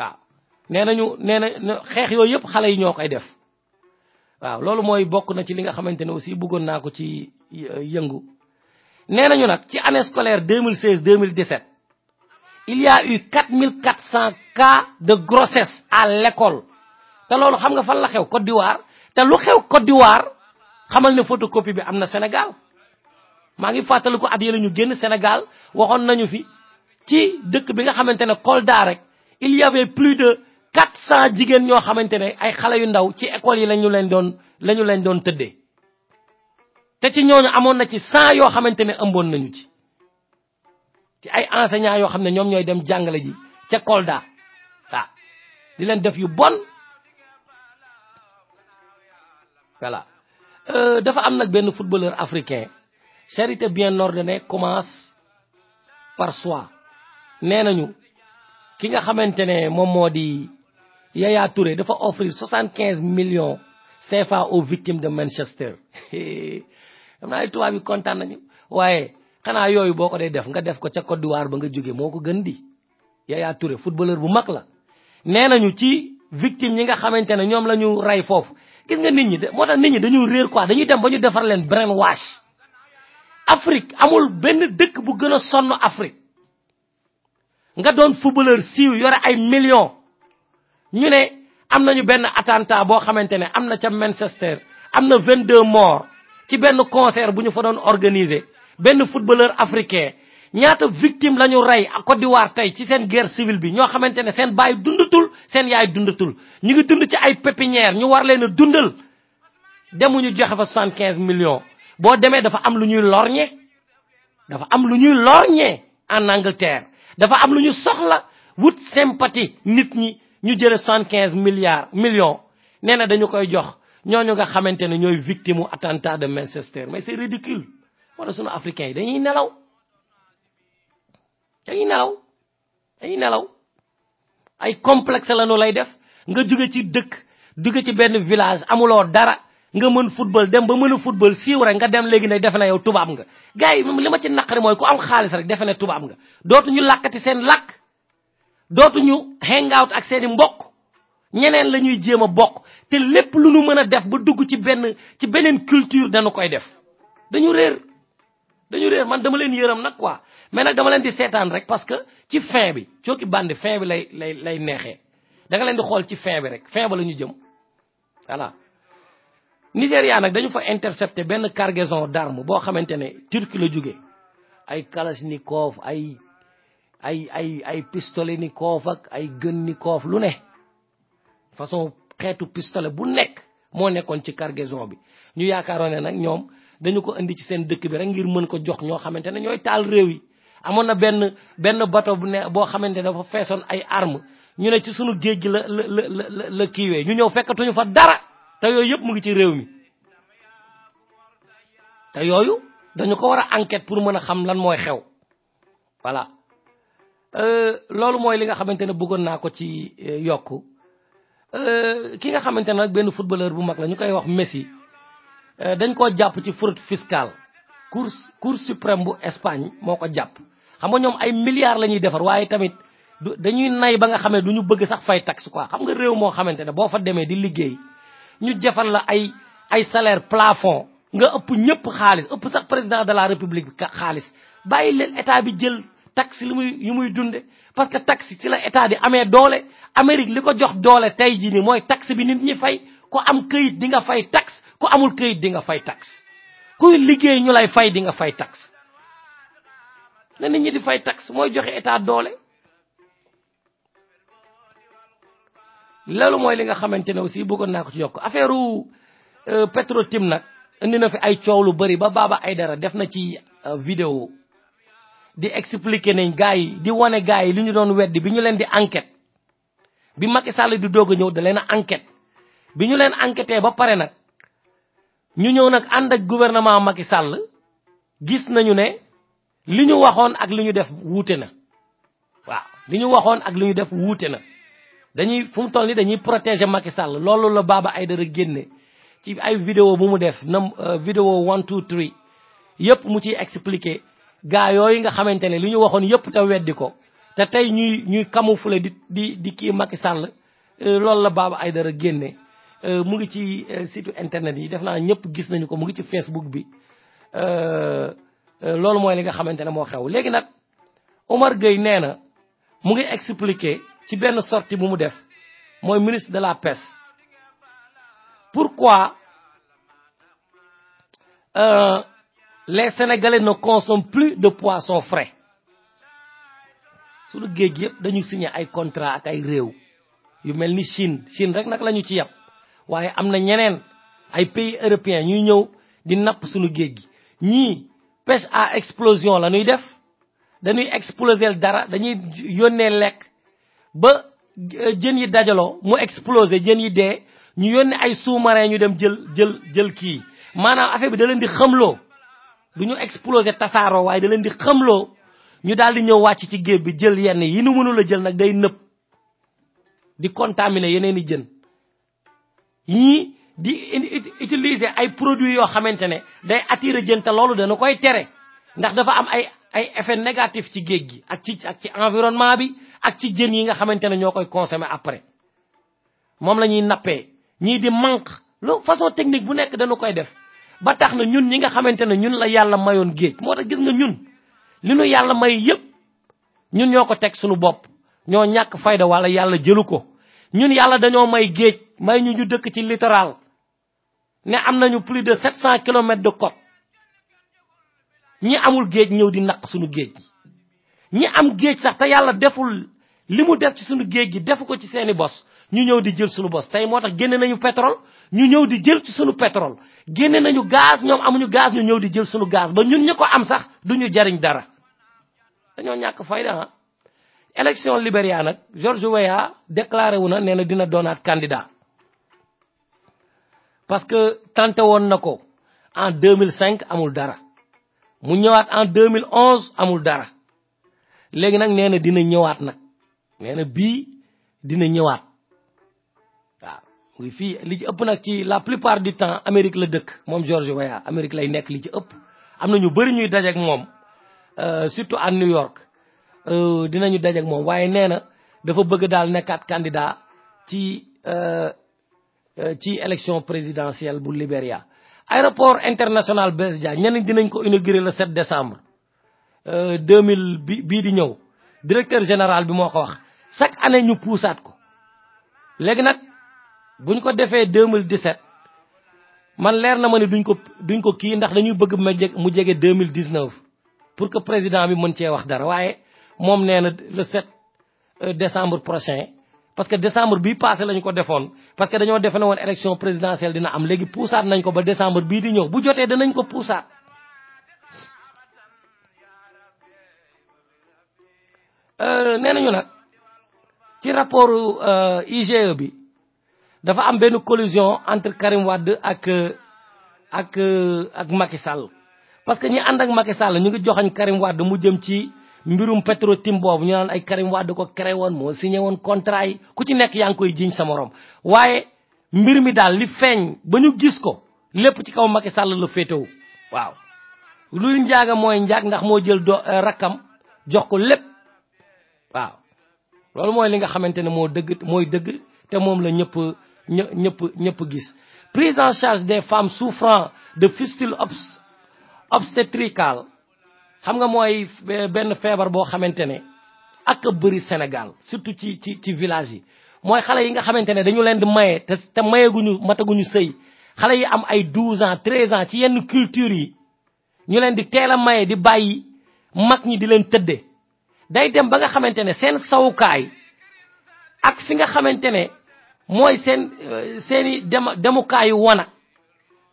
waaw nee nañu nee na xeex yooyu yëpp xale yi ñoo koy def waaw loolu mooy bokk na ci li nga xamante ne aussi bëggoon naa ko ci euh, yëngu nee nañu ci année scolaire 2016 2017 il y a eu 4400 cas de grossesse à l'école te loolu xam nga fan la xew Côte d'Ivoire te lu xew Côte d'Ivoire xamal ne photocopie bi am na Sénégal maa ngi fàttaliku at yële ñu génn Sénégal waxoon nañu fi ci dëkk bi nga xamante ne Kolda rek il y avait plus de 400 jigen ñoo xamantene ay xalé yu ndaw ci école yi lañu leen doon lañu leen doon tëddee té ci ñoñu amon na ci 100 yo xamantene ne nañu ci ci ay enseignants yo xam ñom ñoy dem jangale ji ci Kolda ta di leen def yu bon euh dafa am nak ben footballeur africain charité bien ordonnée commence par soi nenañu ki nga xamantene mom modi Yaya Touré dafa offrir 75 millions CFA aux victimes de Manchester amna ay tuwa bi contane nañu waye xana yoyu boko day def nga def ko ca Côte d'Ivoire ba nga joggé moko gën di Yaya Touré footballeur bu mak la nenañu ci victime yi nga xamantene ñom lañu ray ñu gis nga nit ñi motax nit ñi dañu rër quoi dañuy dem bañu défar len brainwash Afrique amul benn dëkk bu gëna sonu Afrique nga doon footballeur siiw yore ay millions ñu ne am nañu benn attentat boo xamante ne am na ca Manchester am na deux morts ci benn concert bu ñu fa doon organiser benn footballeur africain ñaata victime la ñu rey Côte d'Ivoire tey ci seen guerre civile bi ñoo xamante ne seen baay dundatul seen yaay dundatul ñu ngi dund ci ay pépinière ñu war leen a dundal demuñu joxe fa 75 millions boo demee dafa am lu ñuy lorñe dafa am lu ñuy lorñe en Angleterre. dafa am lu ñu soxla wut sympathie nit ñi ñu jële soixante quinze milliards millions nee na dañu koy jox ñooñu nga xamante ne ñooy victime attentat de Manchester mais c'est ridicule wala sunu africains yi dañuy nelaw dañuy nelaw dañuy nelaw ay complexe la ñu lay def nga juge ci dëkk jóge ci benn village amuloo dara nga mën football dem ba mën a football siiw rek nga dem léegi ne defe na yow tubaab nga gars yi li ma ci naqari mooy ku am xaalis rek defe ne tubaab nga dootuñu làkkati seen làkk dootuñu hang out ak seeni i mbokk ñeneen la ñuy jéem a bokk te lépp lu nu mën a def ba dugg ci benn ci beneen culture danu koy def dañu réer dañu réer man dama leen yërëm nag quoi mais nag dama leen di seetaan rek parce que ci fin bi Cooki Bandi fin bi lay lay lay neexee da leen di xool ci fin rek fin ba la ñu jëm Nigéria nag dañu fa intercepté benn cargaison d'armes boo xamante ne Turquie la jóge ay kalachnikov ay ay ay ay pistoletnikov ak ay gënnikov lu ne façon xeetu pistolet bu nekk moo nekkoon ci cargaison bi ñu yaakaaroon ne nag ñoom dañu ko indi ci seen dëkk bi rek ngir mën ko jox ñoo xamante ne ñooy taal réew yi amoon na benn benn bateau bu ne boo xamante ne dafa feesoon ay armes ñu ne ci sunu géej gi la la la la kiiwee ñu ñëw fekkatuñu fa dara te yooyu yëpp mu ngi ci réew mi te yooyu dañu ko war a enquête pour mën a xam lan mooy xew voilà euh, loolu mooy li nga xamante ne na naa ko ci euh, yokk euh, ki nga xamante ne nag benn footballeur bu mag la ñu koy wax Messi dañ koo jàpp ci fraude fiscale course course suprême bu Espagne moo ko jàpp xam nga ñoom ay milliards la ñuy defar waaye tamit dañuy nay ba nga xamee du ñu bëgg sax fay tax quoi xam nga réew moo xamante ne boo fa demee di liggéey ñu jafal la ay ay salaire plafond nga ëpp ñëpp xaalis ëpp sax président de la république bi xaalis bàyyi leen état bi jël taxe li muy yu muy dunde parce que taxe ci la état di amee doole Amérique li ko jox doole tey jii ni mooy taxe bi nit ñi fay ko am këyit di nga fay taxe ku amul këyit di nga fay taxe kuy liggéey ñu lay fay di nga fay taxe na nit ñi di fay taxe mooy joxe état doole Lalu moy li nga xamantene aussi bëggon na ko ci yokk affaire euh, tim nak andi na fi ay ciow lu bari ba Baba dara def na ci euh, vidéo di expliquer nañ gaay di woné gaay li ñu doon wedd bi ñu leen di enquête bi Macky Sall di dogu ñew da leen enquête bi ñu leen enquêté ba paré nak ñu ñew nak and ak gouvernement Macky Sall gis nañu ne li ñu ak li ñu def wuté na waaw li ñu ak li def wuté na dañuy fu mu toll ni dañuy protéger Macky Sall loolu la Baba Aïdara génne ci ay vidéo bu mu def nam euh, vidéo one two three yépp mu ciy expliquer gaa yooyu nga xamante ne li ñu waxoon yépp te weddi ko te tey ñuy ñuy camoufler di di di kii Macky Sall euh, loolu la Baba Aïdara génne euh, mu ngi ci site internet yi def naa ñëpp gis nañu ko mu ngi ci facebook bi loolu mooy li nga xamante ne moo xew léegi nag Omar Gueye nee na mu ngi expliquer ci benn sortie bu mu def mooy ministre de la paix pourquoi euh, les sénégalais ne consomment plus de poissons frais sunu géej yëpp dañu signé ay contrat ak ay réew yu mel ni chine chine rek nag lañu ci yab waaye am na ñeneen ay pays européens ñuy ñëw di napp suñu géej gi ñii pêche à explosion la ñuy def dañuy exploser dara dañuy yónnee lekk ba euh, jën yi dajaloo mu explosé jën yi dee ñu yónni ay sous ñu dem jël jël jël kii maanaam affaire bi da leen di xëmloo du ñu explosé tasaaroo waaye da leen di xamloo ñu daal di ñëw wàcc ci géej bi jël yenn yi nu mënul a jël nag day nëb di contaminer yeneen i jën ñii di utiliser ay produits yoo xamante ne day attirer jën te loolu dana koy tere ndax dafa am ay ay effet négatif ci géej gi ak ci ak ci environnement bi ak ci jën yi nga xamante ne ñoo koy consommer après moom la ñuy nappee ñii di manque loolu façon technique bu nekk dañu koy def ba tax na ñun ñi nga xamante ne ñun la yàlla mayoon géej moo tax gis nga ñun li nu yàlla may yépp ñun ñoo ko teg sunu bopp ñoo ñàkk fayda wala yàlla jëlu ko ñun yàlla dañoo may géej may ñu ñu dëkk ci littoral ne am nañu plus de 700 kilomètres de côte ñi amul géej ñëw di naq suñu géej ñi am géej sax te yàlla deful li mu def ci suñu géej gi defu ko ci seeni bos ñu ñëw di jël suñu bos tey moo tax génne nañu pétrole ñu ñëw di jël ci suñu pétrole génne nañu gaz ñoom amuñu gaz ñu ñëw di jël suñu gaz ba ñun ñi ko am sax du ñu jariñ dara dañoo ñàkk fayda ah élection Libéria nag George Weah déclaré wu na nee na dina doonaat candidat parce que tenté woon na ko en 2005 amul dara mu ñëwaat en 2011 amul dara léegi nag nee na dina ñëwaat nag nee na bii dina ñëwaat waaw muy fii li ci ëpp nag ci la plupart du temps amérique la dëkk moom george waya amérique lay nekk li ci ëpp am na ñu bëri ñuy dajeeg moom euh, surtout à new york euh, dinañu dajeeg moom waaye nee na dafa bëgg daal nekkaat candidat ci euh, ci élection présidentielle bu libéria aéroport international Blaise Diagne ñeneen dinañ ko inaugurer le 7 décembre euh, mille bi bii di ñëw directeur général bi moo ko wax chaque année ñu puusaat ko léegi nag buñ ko defee 2017 man leer na ma ne duñ ko duñ ko kii ndax dañuy bëgg ma jege mu jege 2019 pour que président bi mën cee wax dara waaye moom nee na le 7 euh, décembre prochain parce que décembre bi passé la ko defoon parce que dañoo defe ne woon élection présidentielle dina am léegi puusaat nañ ko ba décembre bii di ñëw bu jotee danañ ko puusaat euh, nee nañu nag ci rapport euh, IGE bi dafa am benn collision entre Karim Wade ak ak ak Macky Sall parce que ñi ànd ak Macky ñu ngi joxañ Karim Wade mu jëm ci mbirum Petro-Tim boobu ñu naan ay Karim Wade ko créé woon moo signé woon contrat ku ci nekk yaa ngi koy jiiñ sa morom waaye mbir mi daal li feeñ ba ñu gis ko lépp ci kaw Macky Sall la féetewu waaw luy njaaga mooy njaag ndax moo jël do eh, rakkam jox ko lépp waaw loolu mooy li nga xamante ne moo dëgg mooy dëgg te moom la ñëpp ñëpp ñëpp gis prise en charge des femmes souffrant de fistule obstétricale xam nga mooy euh, benn feebar boo xamante ne ak a bëri Sénégal surtout ci ci ci village yi mooy xale yi nga xamante ne dañu leen di maye te te mayeguñu mataguñu sëy xale yi am ay 12 ans 13 ans ci yenn culture yi ñu leen di teel a maye di bàyyi mag ñi di leen tëdde day dem ba nga xamante ne seen sawukaay ak fi nga xamante ne mooy seen euh, seeni dem demukaayu wana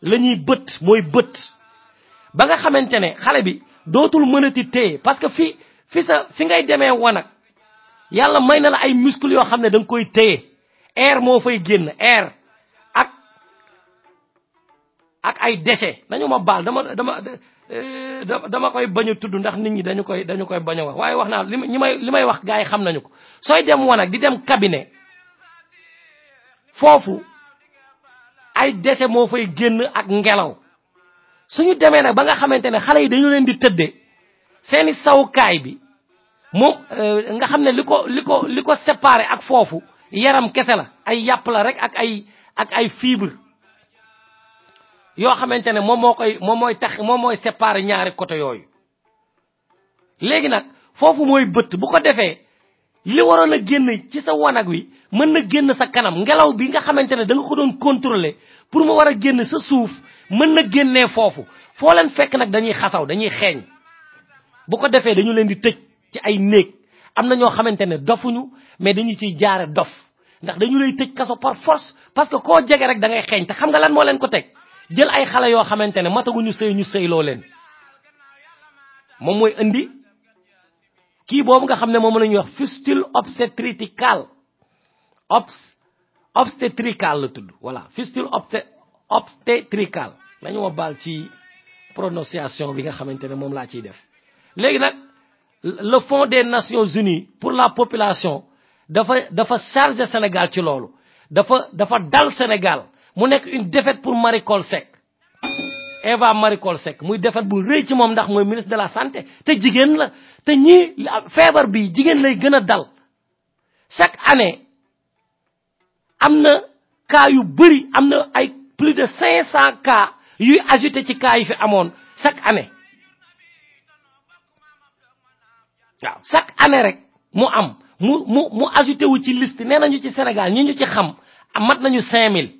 la ñuy bët mooy bët ba nga xamante ne xale bi dootul mënati téye parce que fi fi sa fi ngay demee wanag yàlla may na la ay muscle yoo xam ne da nga koy téye air moo fay génn air ak ak ay déchets nañu ma baal dama dama eh, dama koy bañu a tudd ndax nit ñi dañu koy dañu koy bañ a wax waaye wax naa li may li may wax gars yi xam nañu ko sooy dem wanag di dem cabinet foofu ay dese moo fay génn ak ngelaw suñu demee nag ba nga xamante ne xale yi dañu leen di tëddee seeni sawukaay bi moom euh, nga xam ne li ko li ko li ko séparé ak foofu yaram kese la ay yàpp la rek ak ay ak ay fibre yoo xamante ne moom moo koy moom mooy tax moom mooy séparé ñaari côté yooyu léegi nag foofu mooy bët bu ko defee li waroon a génn ci sa wanag wi mën na génn sa kanam ngelaw bi nga xamante ne da ko doon contrôler pour mu war a génn sa suuf mën na génnee foofu foo leen fekk nag dañuy xasaw dañuy xeeñ bu ko defee dañu leen di tëj ci ay néeg am na ñoo xamante ne dofuñu mais dañu ciy jaare dof ndax dañu lay tëj kaso par force parce que koo jege rek da ngay xeeñ te xam nga lan moo leen ko teg jël ay xale yoo xamante ne mataguñu sëy ñu sëyloo leen moom mooy indi kii boobu nga xam ne moom la ñuy wax fistule obstétrical obs obstétrical la tudd voilà fistule obsté Obstétrical. Je vais vous ci prononciation bi nga le fonds des nations unies pour la population dafa dafa le Sénégal ci loolu dafa dafa dal Sénégal C'est une défaite pour Marie Coll Eva Marie sec C'est muy défaite pour rëy ci moom ndax ministre de la santé te jigéen la te ñii feebar bi jigéen lay gën a dal chaque année il y cas yu bëri am plus de 500 cas yu ajouté ci cas yi fi amone chaque année chaque année rek mu am mu mu mu ajouté wu ci liste nenañu ci Sénégal ñi ñu ci xam mat nañu 5000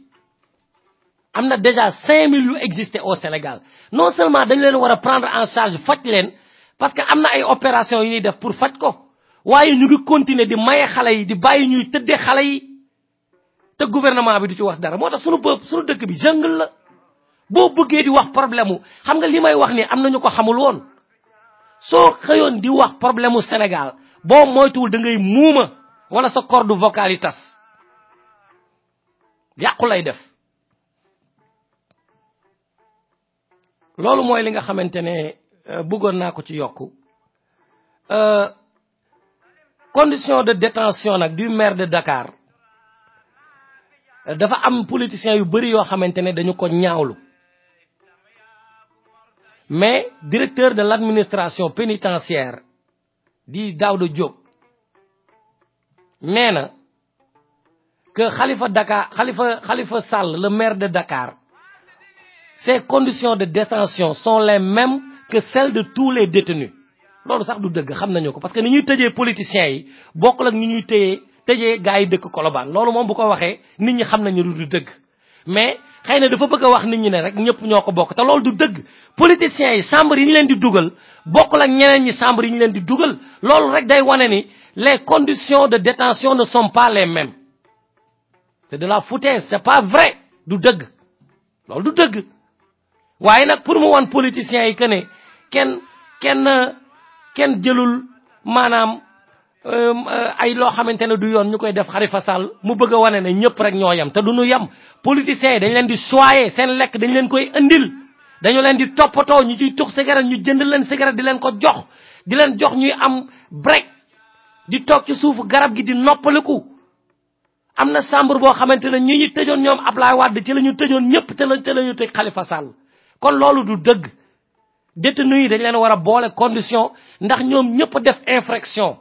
amna déjà 5000 yu existé au Sénégal non seulement dañu leen wara prendre en charge fajj leen parce que amna ay opération yu ñuy def pour fajj ko waaye ñu ngi continuer di maye xalé yi di bàyyi ñuy tëddee xalé yi. te gouvernement bi du ci wax dara motax sunu peuple sunu dëkk bi jëngal la bo bëggee di wax problème xam nga limay wax ni amna nañu ko xamul won so xeyon di wax problème sénégal bo moytuul da ngay muuma wala sa corde vocale tas yàqu lay def loolu mooy li nga xamantene euh, bëggoon naa ko ci yokk euh, condition de détention nag du maire de dakar dafa am politiciens mais directeur de l'administration pénitentiaire dit Daouda Diop que Khalifa Dakar Khalifa Sall le maire de Dakar ses conditions de détention sont les mêmes que celles de tous les détenus parce que nous ñuy des politiciens yi bokkul ak tëjee gars yi dëkk kolobaan loolu moom bu ko waxee nit ñi xam nañu du dëgg mais xëy na dafa bëgg a wax nit ñi ne rek ñëpp ñoo ko bokk te loolu du dëgg politiciens yi sambar yi ñu leen di dugal bokkul la ñeneen ñi sambar yi ñu leen di dugal loolu rek day wane ni les conditions de détention ne sont pas les mêmes c'est de la foutaise c'est pas vrai du dëgg loolu du dëgg waaye nag pour mu wan politiciens yi que ne kenn kenn kenn jëlul maanaam Eh, ay loo xamante ne du yoon ñu koy def Khalifa Sall mu bëgg a wane ne ñëpp rek ñoo yem te du ñu yem politiciens yi dañ leen di soye seen lekk dañ leen koy indil dañu leen di toppatoo ñu ciy tux cigarette ñu jënd leen cigarette di leen ko jox di leen jox ñuy am break di toog ci suufu garab gi di noppaliku am na chambre boo xamante ne ñu tëjoon ñoom Ablaye Wade ci la ñu tëjoon ñëpp te la te la ñu tëj Khalifa Sall kon loolu du dëgg détenu yi dañ leen war a boole condition ndax ñoom ñëpp def infraction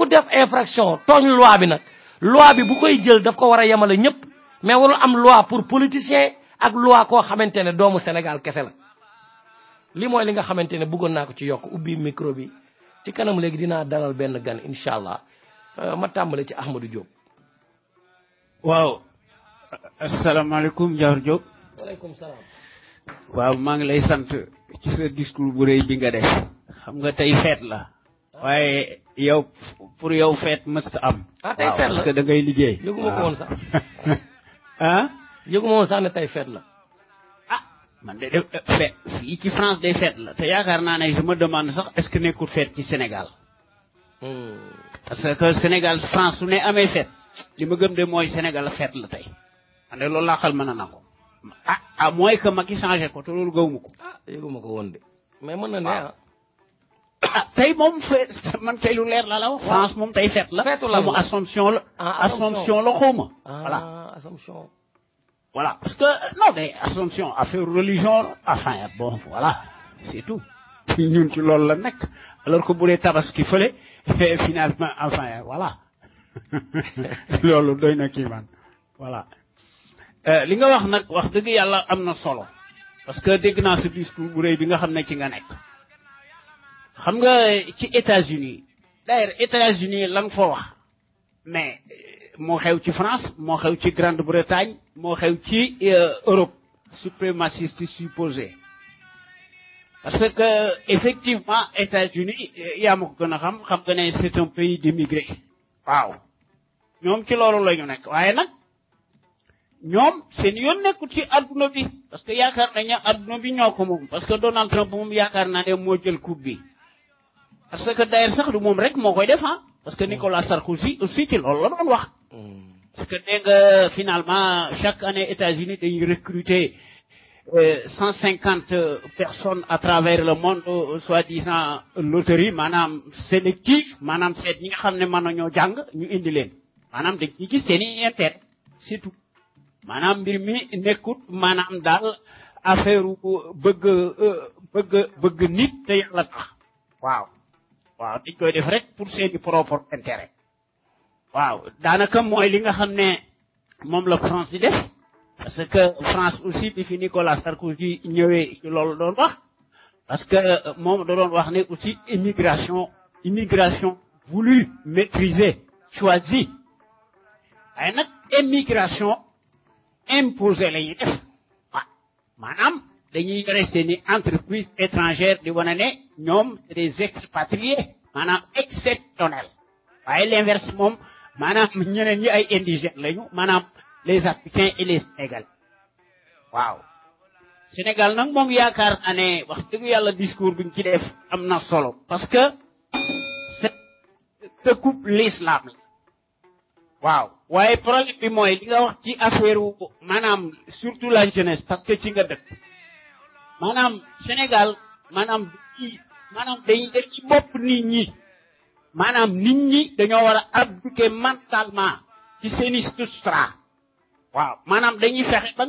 ku def infraction togn loi bi nak loi bi bu koy jël daf ko wara yamale ñep mais warul am loi pour politicien ak loi ko xamantene doomu senegal kessel li moy li nga xamantene bëggon bëggoon ko ci yok ubi micro bi ci kanam legi dina dalal ben gan inshallah allah euh, ma tàmbale ci ahmadou diop waaw alaykum jawar diop alaykum salam waaw ma ngi lay sante ci sa discours bu reuy bi nga def xam nga tay la ah. waye yow pour yow feet mës am. ah tey parce que da liggéey. waaw yëgu ma ko woon sax. ah. tey feet la. ah man de de feet fii ci France day feet la te yaakaar naa ne je sama demande sax est-ce que nekkul feet ci Sénégal. Hmm. parce que Sénégal France su ne amee feet li ma gëm de mooy Sénégal feet la tey. man de loolu laa xel mën na na ko. ah à moins que Macky changé ko te loolu gëwuma ko. ah ko woon de. mais mën na ne ah tey fait man tey lu leer la la France moom tay feet la fête la mu assomption la ah, assomption la xawma ah, voilà assomption voilà parce que non mais assomption affaire religion enfin bon voilà c'est tout ñun ci loolu la nekk alors que bu dee tabaski fële finalement enfin voilà loolu doy na kii man voilà euh, li nga wax nag wax dëgg yàlla am na solo parce que dégg naa sa discours bu rëy bi nga xam ne ci nga nekk xam nga eh, ci États-Unis d'ailleurs États-Unis lan fa wax mais eh, moo xew ci France moo xew ci Grande-Bretagne moo xew ci eh, Europe suprémaciste supposé parce que effectivement États-Unis yaa ma ko gën a xam xam nga ne c'est un pays d'immigrés waaw ñoom ci loolu la ñu nekk waaye nag ñoom seen yoon nekkul ci adduna bi parce que yaakaar nañu adduna bi ñoo ko moom parce que Donald Trump moom yaakaar na ne moo jël coupe bi parce que d'ailleurs sax du moom rek moo koy def ah parce que Nicolas Sarkozy aussi ci loolu la doon wax hmm. parce que dégg nga finalement chaque année États-Unis dañuy recruter euh, cent cinquante personnes à travers le monde euh, soi-disant loterie maanaam sélective maanaam seet ñi nga xam ne mën nañoo jàng ñu indi leen maanaam dañ ci gis seen i intérêt surtout maanaam mbir mi nekkut maanaam daal affaire bëgg euh, bëgg bëgg nit te yàlla tax waaw waaw dañ koy def rek pour seeni propre intérêt waaw daanaka mooy li nga xam ne moom la France di def parce que France aussi bi Nicolas Sarkozy ñëwee ci loolu doon wax parce que euh, moom da doon wax ne aussi immigration immigration voulue maîtrisée choisie waaye nag immigration imposée la ñuy def waaw maanaam dañuy yore seen entreprise étrangère di wane ne ñoom des expatriés maanaam exceptionnels waaye l'inverse moom maanaam ñeneen ñi ay indigènes lañu maanaam les africains et les sénégalais waaw Sénégal nag moom yaakaar naa ne wax dëgg yàlla discours bi ñu ci def am na solo parce que tëkkub l'islam la waaw waaye problème bi mooy li nga wax ci affaire wu maanaam surtout la jeunesse parce que ci nga dëkk Madame Sénégal Madame ci maanaam dañuy def ci bopp nit ñi maanaam nit ñi Madame war a mentalement ci Madame substrat Madame maanaam dañuy ba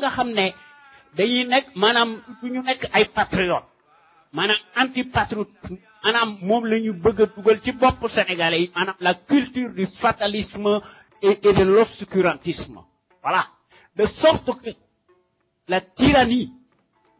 dañuy ñu ay la bëgg ci la culture du fatalisme et et de l'obscurantisme voilà de sorte que la tyrannie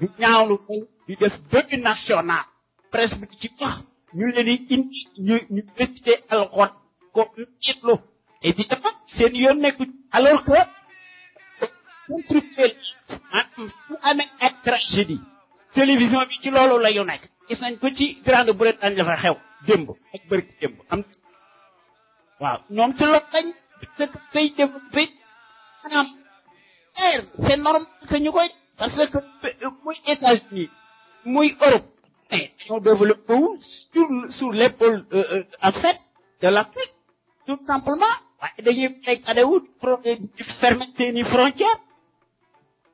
di ñaawlu di def dëgg national presse bi di ci wax ñu leen di indi ñu ñu décité alxot ko tiitlu et di dafa seen yoon nekku alors que contribuer maanaam amee ay tragédie télévision bi ci loolu la ñu gis nañ ko ci grande bretagne dafa xew démb ak bërki démb am waaw ñoom ci loolu lañ tey normal que ñu koy parce que muy États-Unis muy Europe sont développés où sur sur l'épaule euh, en fait de l'Afrique tout simplement dañuy nekk à des di fermer seeni frontières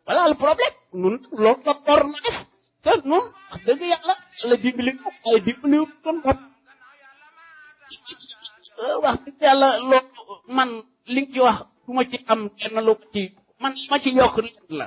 voilà le problème nun loolu la tor na def te nous wax dëgg yàlla la dimbali ko ay dimbali ko sun bopp wax dëgg yàlla loolu man li nga ci wax du ci am kenn lu ko ci man ma ci yokk la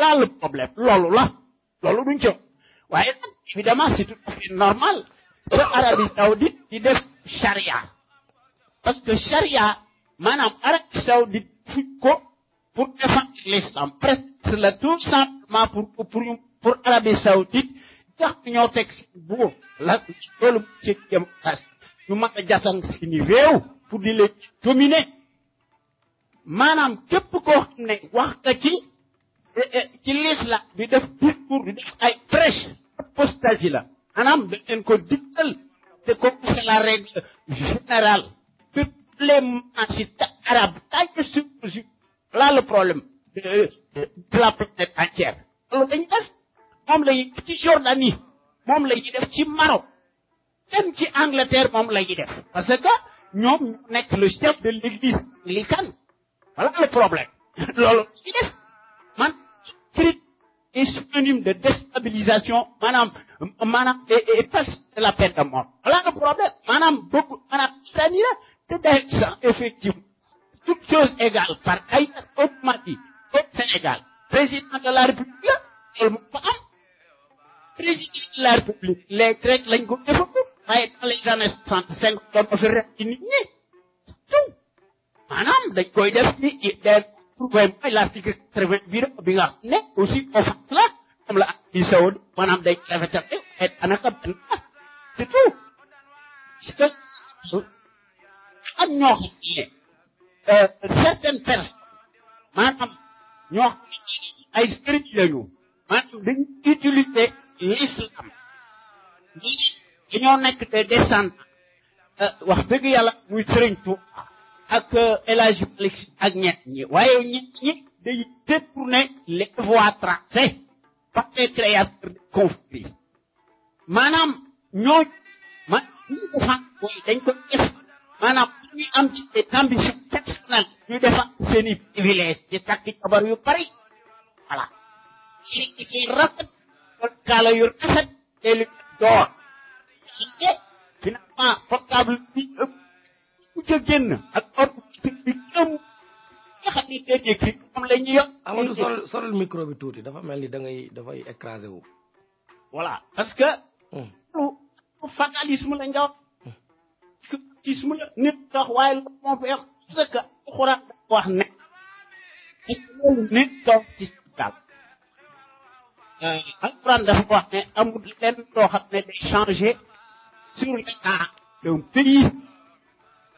Là, le problème, lolo lalu lolo duñ Waye évidemment, c'est normal que Arabie di def charia. Parce que charia, manam Arabie Saoudite ko pour défendre l'islam, presque la tout simplement pour pour pour, Arabie Saoudite tax ñoo tek bu la lolu ci dem xass ñu ma jassang ci ni manam ko xamne wax Eh, eh, ci la di def discours di def ay prêche apostasie la anam dañ leen ko diggal te comme c'est la règle générale pour les mensita arabes tàjj surgi là le problème de la planète entière loolu dañu def moom lay ñuy def ci Jordanie moom lay ñuy def ci Maroc kenn ci Angleterre moom lay ñuy def parce que ñoom ñu nekk le chef de l'église anglicane voilà le problème loolu ci def man crit est synonyme de déstabilisation manam manam et et de la peine de mort voilà le problème manam beaucoup madame ça i la te day effectivement toutes choses égales par ailleurs autrement au Sénégal président de la République la loolu président de la République les Grecs les ko defagu waaye dans les années 35 comme je ko fi rek ci nit tout madame les koy problème mooy l'article quatre-vingt bi rek bi nga ne aussi offense la moom la di day rafetal ne anaka benn c'est tout c'est que am ñoo xam ne certaines personnes maanaam ñoo ay sëriñ lañu maanaam dañu utiliser l'islam dañoo nekk des descendants wax muy ak El Hadj Malick ak ñett ñi waaye ñett ñi day détourner les voies tracées par les créateurs de conflit maanaam ñoo ma ñu defaan mooy dañ ko def maanaam ñu am ci des ambitions personnelles ñu defaan seen i privilèges di takk jabar yu bari voilà ci ci rafet kon kaala yu rafet te li door finalement portable bi ëpp bu ca ak orchestre bi am bi moom la ñuy yor. Amadou sol solul tuuti dafa mel ni dangay ngay dafay écrasé wu. voilà parce que. Hmm. lu fatalisme la nga wax. fatalisme la nit tax waaye lu moo fi wax parce que alxuraan dafa wax ne. loolu nit toog ci Sénégal. Euh, alxuraan dafa wax ne amul lenn loo xam ne day changé sur l'état d'un pays.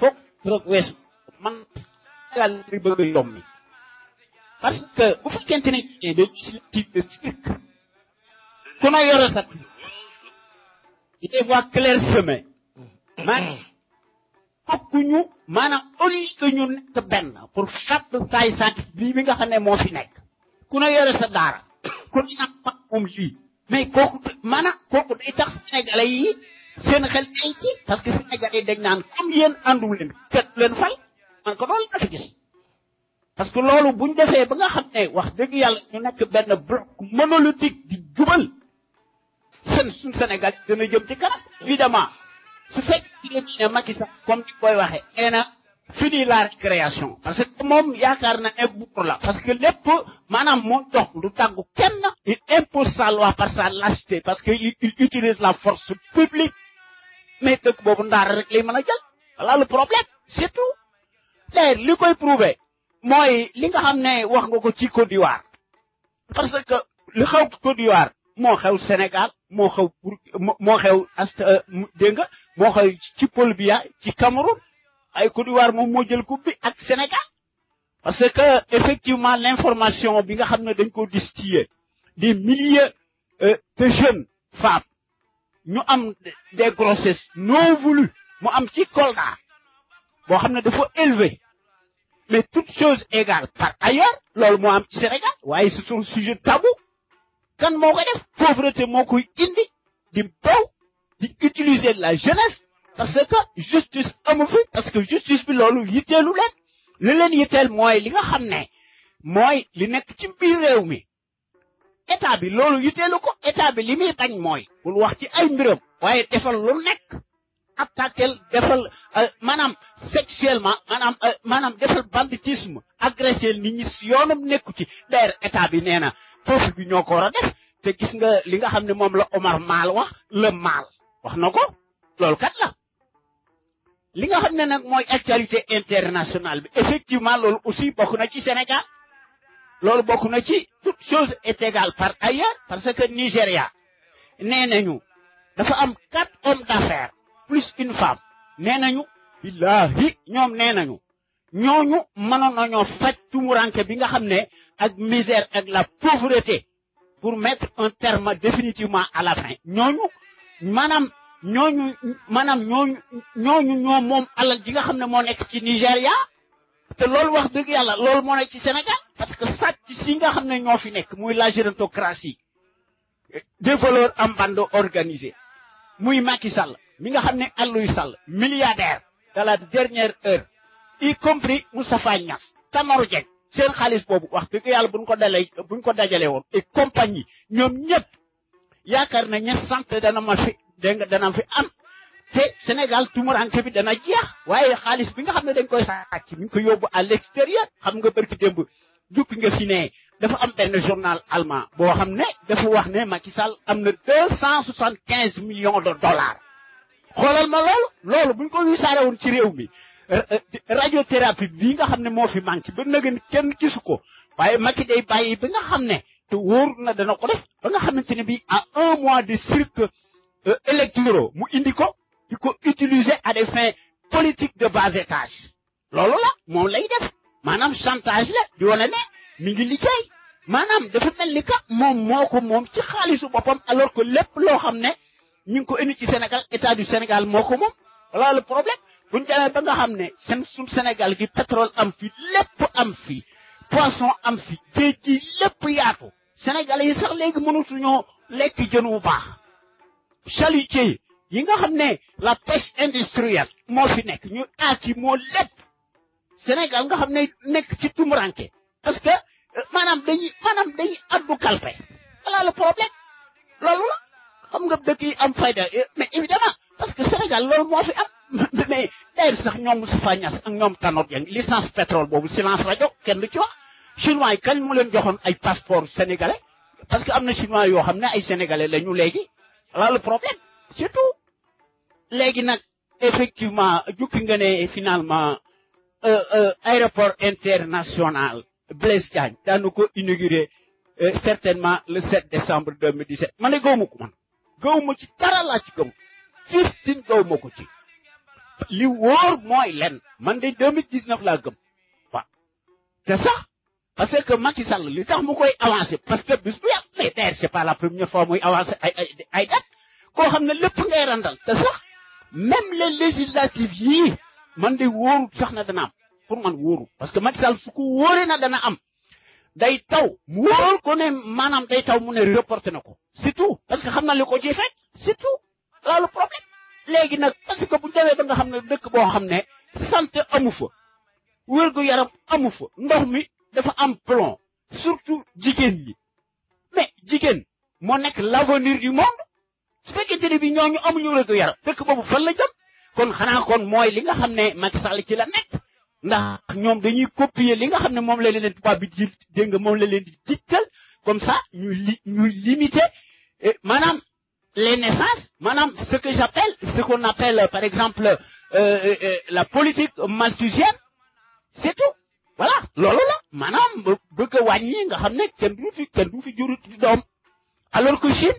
fok Reug wes man daal li bëgg yomb parce que bu fekkente ne ñee dañu si type de cirque ku ne yore sa il est voit clair chemin man fokkuñu maanaam au lieu que ñu nekk benn pour fàtt saay sant bii bi nga fi ku sa ku am mais kooku maanaam kooku day tax sénégalais yi seen xel ay ci parce que sénégalais dañ naan comme yeen àndu leen kat leen fay man ko loolu laa fi gis parce que lolou buñ defee ba nga xamné wax deug yalla ñu nekk ben bloc monolithique di jubal seen suñ sénégal dana jëm ci kanam évidemment su fekkee ne Macky Sall comme ci koy waxé ena fini la création parce que mom yaakar na ne buur la parce que lepp manam mo dox lu tàggu kenn il impose sa loi par sa lâcheté parce que il utilise la force publique mais dëkk boobu ndaara rek lay mën a jël voilà le problème c'est tout te li koy prouver mooy li nga xam ne wax nga ko ci Côte d'Ivoire parce que li xew Côte d'Ivoire moo xew Sénégal moo xew pour moo xew ast euh, dégg nga moo ci Bolivia ci Cameroun ay Côte d'Ivoire moom moo jël coupe bi ak Sénégal parce que effectivement l'information bi nga xam ne dañ ko distiller des milliers euh, de jeunes femmes ñu am des grossesses non voulues mu am ci Kolda boo xam ne dafa élevé mais toute chose égale par ailleurs loolu moo am ci Sénégal waaye ce sont sujet tabou kan moo ko def pauvreté moo koy indi di baw di utiliser la jeunesse parce que justice amu fi parce que justice bi loolu yitteelu leen li leen yitteel mooy li nga xam ne mooy li nekk ci biir réew mi état bi loolu yiteelu ko état bi li muy bañ mooy bul wax ci ay mbiram waaye defal lu nekk attaquel defal euh, maanaam sexuellement maanaam euh, maanaam defal banditisme agressé nit ñi yoonam nekku ci d'ailleurs état bi nee na foofu bi ñoo ko def te gis nga li nga xam ne moom la Omar Maal wax le Maal wax na ko loolu kat la li nga xam ne nag mooy actualité internationale bi effectivement loolu aussi bokk na ci Sénégal Toutes choses na ci toute chose est par ailleurs parce que Nigeria, nee quatre hommes d'affaires plus une femme Nous billahi ñom Nous ñoñu tumuranke bi nga misère ak la pauvreté pour mettre un terme définitivement à la fin ñoñu manam ñoñu manam ñoñu alal nga parce que ci si nga xam ño fi nek muy la gérontocratie des voleurs en bande organisée muy Macky Sall mi nga xam Alloy Sall milliardaire de la dernière heure y compris Moustapha Niass Tamaru Dieng seen xaliss bobu wax dëgg yalla buñ ko dalee buñ ko dajalé won et compagnie ñom yaakar na sante dana ma fi nga dana fi am te Sénégal tumor bi dana jeex waaye xaliss bi nga xam dañ koy sàcc mi ko yobbu à l'extérieur xam nga barki démb jukki nga fi ne dafa am benn journal allemand boo xam ne dafa wax ne Macky Sall am na deux cent soixante quinze millions de dollars xoolal ma loolu loolu buñ ko wisaare woon ci réew mi euh, radiothérapie bi nga xam ne moo fi manqué ba nëgën kenn gisu ko waaye Macky day bàyyi bi nga xam ne te wóor na dana ko def ba nga xamante ne bi à un mois de cirque euh, électoraux mu indi ko di ko utiliser à des fins politiques de bas étage loolu la moom lay def manam chantage la di wane ne mi ngi liggéey maanaam dafa mel ni que moom moo ko moom ci xaalisu boppam alors que lépp loo xam ne ñu ngi ko indi ci Sénégal état du Sénégal moo ko moom voilà le problème buñu demee ba nga xam ne seen suñu Sénégal gi pétrole am fi lépp am fi poisson am fi géej gi lépp yaatu Sénégalais yi sax léegi mënatuñoo lekk jën wu baax chalutier yi nga xam ne la pêche industrielle moo fi nekk ñu aaki moo lépp Sénégal nga xam ne nekk ci tumuranke parce que euh, maanaam dañuy maanaam dañuy addu kalpe voilà le problème loolu la xam nga dëkk yi am fayda euh, mais évidemment parce que Sénégal loolu moo fi am mais d'ailleurs sax ñoom Moustapha Niass ak ñoom Tanor Dieng licence pétrole boobu silence rajo kenn du ci wax chinois yi kañ mu leen joxoon ay passeport sénégalais parce que am na chinois yoo xam ne ay sénégalais la ñu léegi voilà problème surtout léegi nag effectivement jukki nga ne finalement Euh, euh, aéroport international Blaise Diagne inauguré euh, certainement le 7 décembre 2017 ma ne ko man gawma ci dara laa ci gëm fifteen gawma ko ci li wor moy lenn man de 2019 la gëm wa c'est ça parce que Macky Sall li tax mu koy avancer parce que bis bu yàgg c'est c'est pas la première fois muy avancé ay ay ay date koo xam ne ngay randal c'est ça même les législatives yi man de wóorut sax na dana am pour man wóorut parce que Macky Sall su ko wóoree na dana am day taw mu wóor ko ne maanaam day taw mu ne reporté na ko c'est tout parce que xam na li ko ci fekk c'est tout problème léegi nag parce que bu demee ba nga xam ne dëkk boo xam ne santé amu fa wér-gu-yaram amu fa ndox mi dafa am plomb surtout jigéen ñi mais jigéen moo nekk l'avenir du monde su fekkee ne bi ñooñu amuñu wér-gu-yaram dëkk boobu fan la jëm kon xanaa kon mooy li nga xam ne Macky Sall ci la nekk ndax ñoom dañuy copier li nga xam ne moom la leen di bi ji dégg nga moom la leen di jiital comme ça ñu li ñu limiter eh, maanaam les naissances maanaam ce que j'appelle ce qu'on appelle par exemple euh, euh, euh la politique malthusienne c'est tout voilà loolu la maanaam bëgg a wàññi nga xam ne kenn du fi kenn du fi juru doom alors que Chine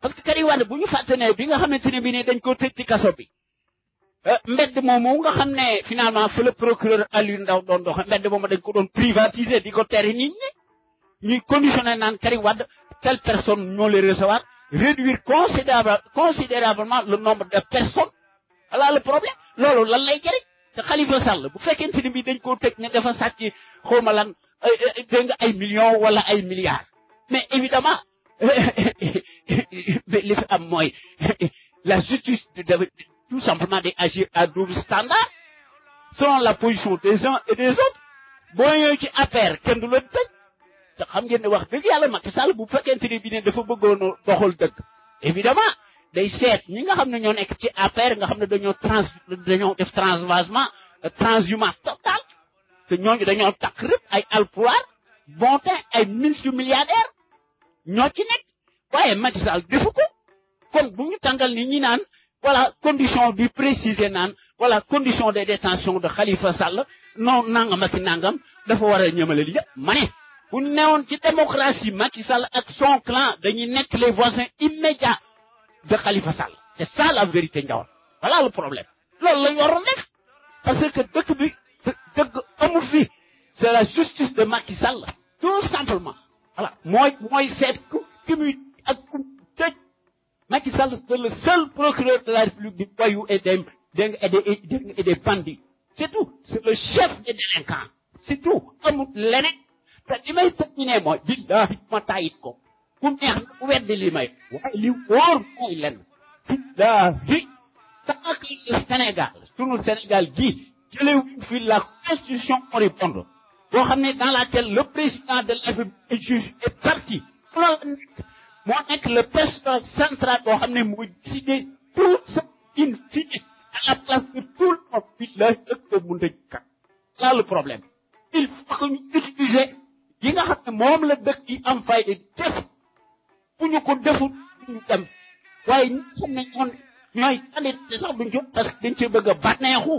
parce que Karim Wade bu ñu fàtte ne bi nga xamante ne bi ni dañ koo tëj ci kaso bi eh, mbedd moomu nga xam ne finalement fa la procureur Aliou Ndao doon doxe mbedd moomu dañ ko doon privatiser di ko tere nit ñi ñuy conditionné naan Karim Wade telle personne ñoo les recevoir réduire considérable considérablement le nombre de personnes voilà le problème loolu lan lay te Khalifa Sall bu fekkente ni bi dañ koo teg ne dafa sàcc xawma lan dégg nga ay millions wala ay milliards li fi à moi, la justice devait tout simplement di agir à double standard selon la position des uns et des autres boo ñëwee ci affaire kenn du le tëj te xam ngeen ne wax dëgg yàlla Macky Sall bu fekkente ne bi ne dafa bëggoon doxal dëgg évidemment day set ñi nga xam ñoo nek ci affaire nga xam dañoo trans dañoo def transvasement transhumance total te ñooñu dañoo takk rep ay alpulaar bon ay multimilliardaires ñoo ci nekk waaye Macky Sall defu ko kon bu ñu tàngal ni ñi naan voilà condition bi précisé naan voilà condition de détention de Khalifa Sall non nangam ak nangam dafa war a ñëmale li yëpp ma ne bu newoon ci démocratie Macky Sall ak son clan dañuy nekk les voisins immédiats de Khalifa Sall c'est ça la vérité njawal voilà le problème loolu la ñu def parce que dëkk bi dëgg amul fi c'est la justice de Macky Sall tout simplement voilà mooy mooy seet ku ku muy ak ku tëj Macky Sall c'est le seul procureur de la République di voyou et des dégg nga et des et des bandits c'est tout c'est le chef des délinquants c'est tout amul leneen te li may terminer mooy billaahi ma tàyyit ko ku neex na ku weddi li may waaye li wóor mooy lenn billaahi tant que le Sénégal sunu Sénégal gii jëlewu fi la constitution moribonde boo xam ne dans laquelle le président de la République est juge et partie loolu moo nekk le personnage central boo xam ne moo décidé tout ce in fine à la place de tout le monde billahi ak ko mun dañkat là le problème il faut que ñu utiliser yi nga xam ne moom la dëkk yi am fayda def bu ñu ko deful ñu dem waaye ñi xam ne ñoon ñooy candidat sax duñ ci parce que dañ ci bëgg a bànneexu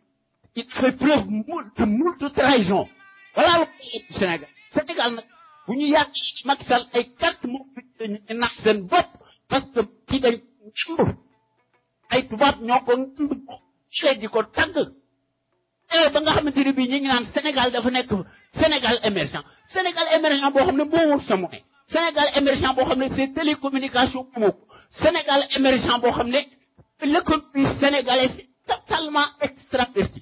il fait preuve de moult trahison voilà pays du Sénégal Sénégal ay une parce que ay nous ko eh, ba nga Sénégal dafa Sénégal émergent Sénégal émergent nous une Sénégal émergent nous c'est télécommunication Sénégal émergent nous xam les l'économie sénégalaise totalement extravertie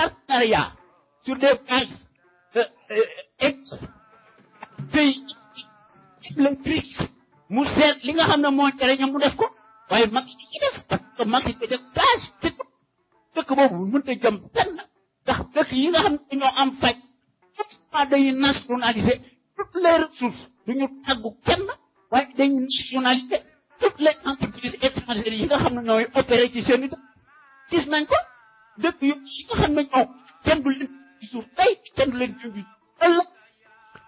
partenariat sur des bases et pays les mu seet li nga xam ne moo jëriñam mu def ko waaye mag yi ci def parce que mag yi def base te dëkk boobu mënut a jëm fenn ndax dëkk yi nga xam ne ñoo am faj absolument dañuy nationaliser toutes les ressources duñu tàggu kenn waaye dañuy nationaliser toutes les entreprises étrangères yi nga xam ne ñooy opérer ci seen i gis nañ ko dëkk yëpp su ñu xam nañ aw kenn du leen ci suuf tey kenn du leen ci biir ëllëg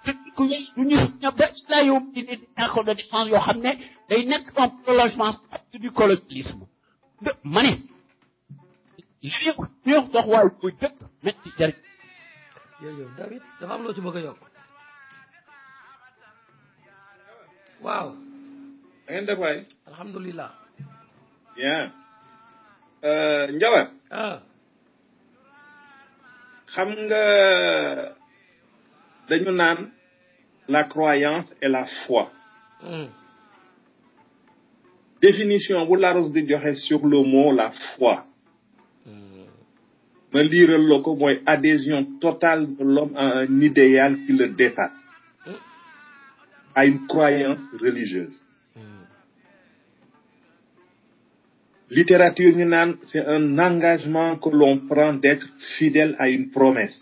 te ku ñu du ñu suñu ba laa yow di ne accord de défense yoo xam ne day nekk un prolongement du colonialisme de ma ne léegi ñëw dox waaye koy dëkk metti jariñ yooyu David dafa am loo ci bëgg a yokk waaw da ngeen def waay alhamdulilah bien euh, njawar ah. la croyance et la foi hmm. définition bu di sur le mot la foi hmm. ma ko adhésion totale de l'homme à un idéal qui le dépasse hmm. à une croyance religieuse littérature ñu c'est un engagement que l'on prend d'être fidèle à une promesse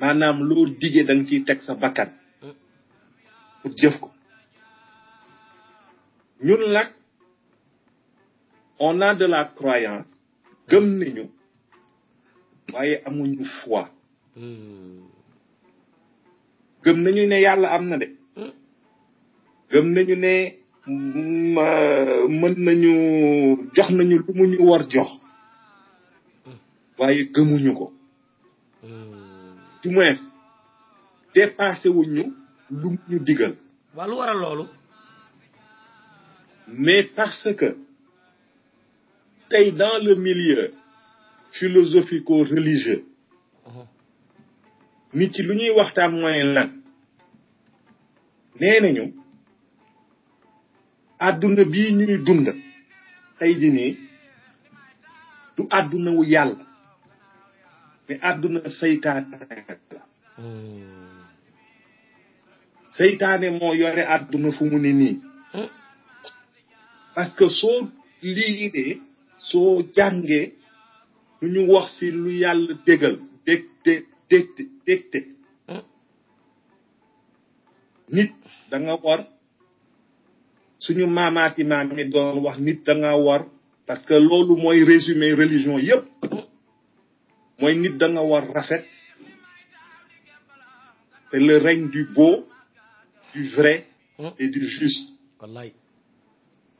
Manam loo digee da nga ciy sa bakkan pour jëf ko ñun nag on a de la croyance gëm nañu waye amuñu foi gëm nañu né yalla amna dé gëm nañu né mën nañu jox nañu lu mu ñu war jox waaye gëmuñu ko hmm. du moins dépassé wuñu lu mu ñu digal waa lu waral loolu mais parce que tey dans le milieu philosophico-religieux uh-huh. nit ci lu ñuy waxtaan mooy lan nee nañu aduna bi ñuy dund tay di ni du aduna wu yalla mais aduna seytane la seytaane moo yore aduna fu mu ne ni parce que soo liiree so jange lu ñu wax ci lu yalla dégal dég dég dég nit da nga war suñu maamaati maam mi doon wax nit da nga war parce que loolu mooy résumé religion yépp mooy nit da nga war rafet c'est le règne du beau du vrai hmm. et du juste wallaay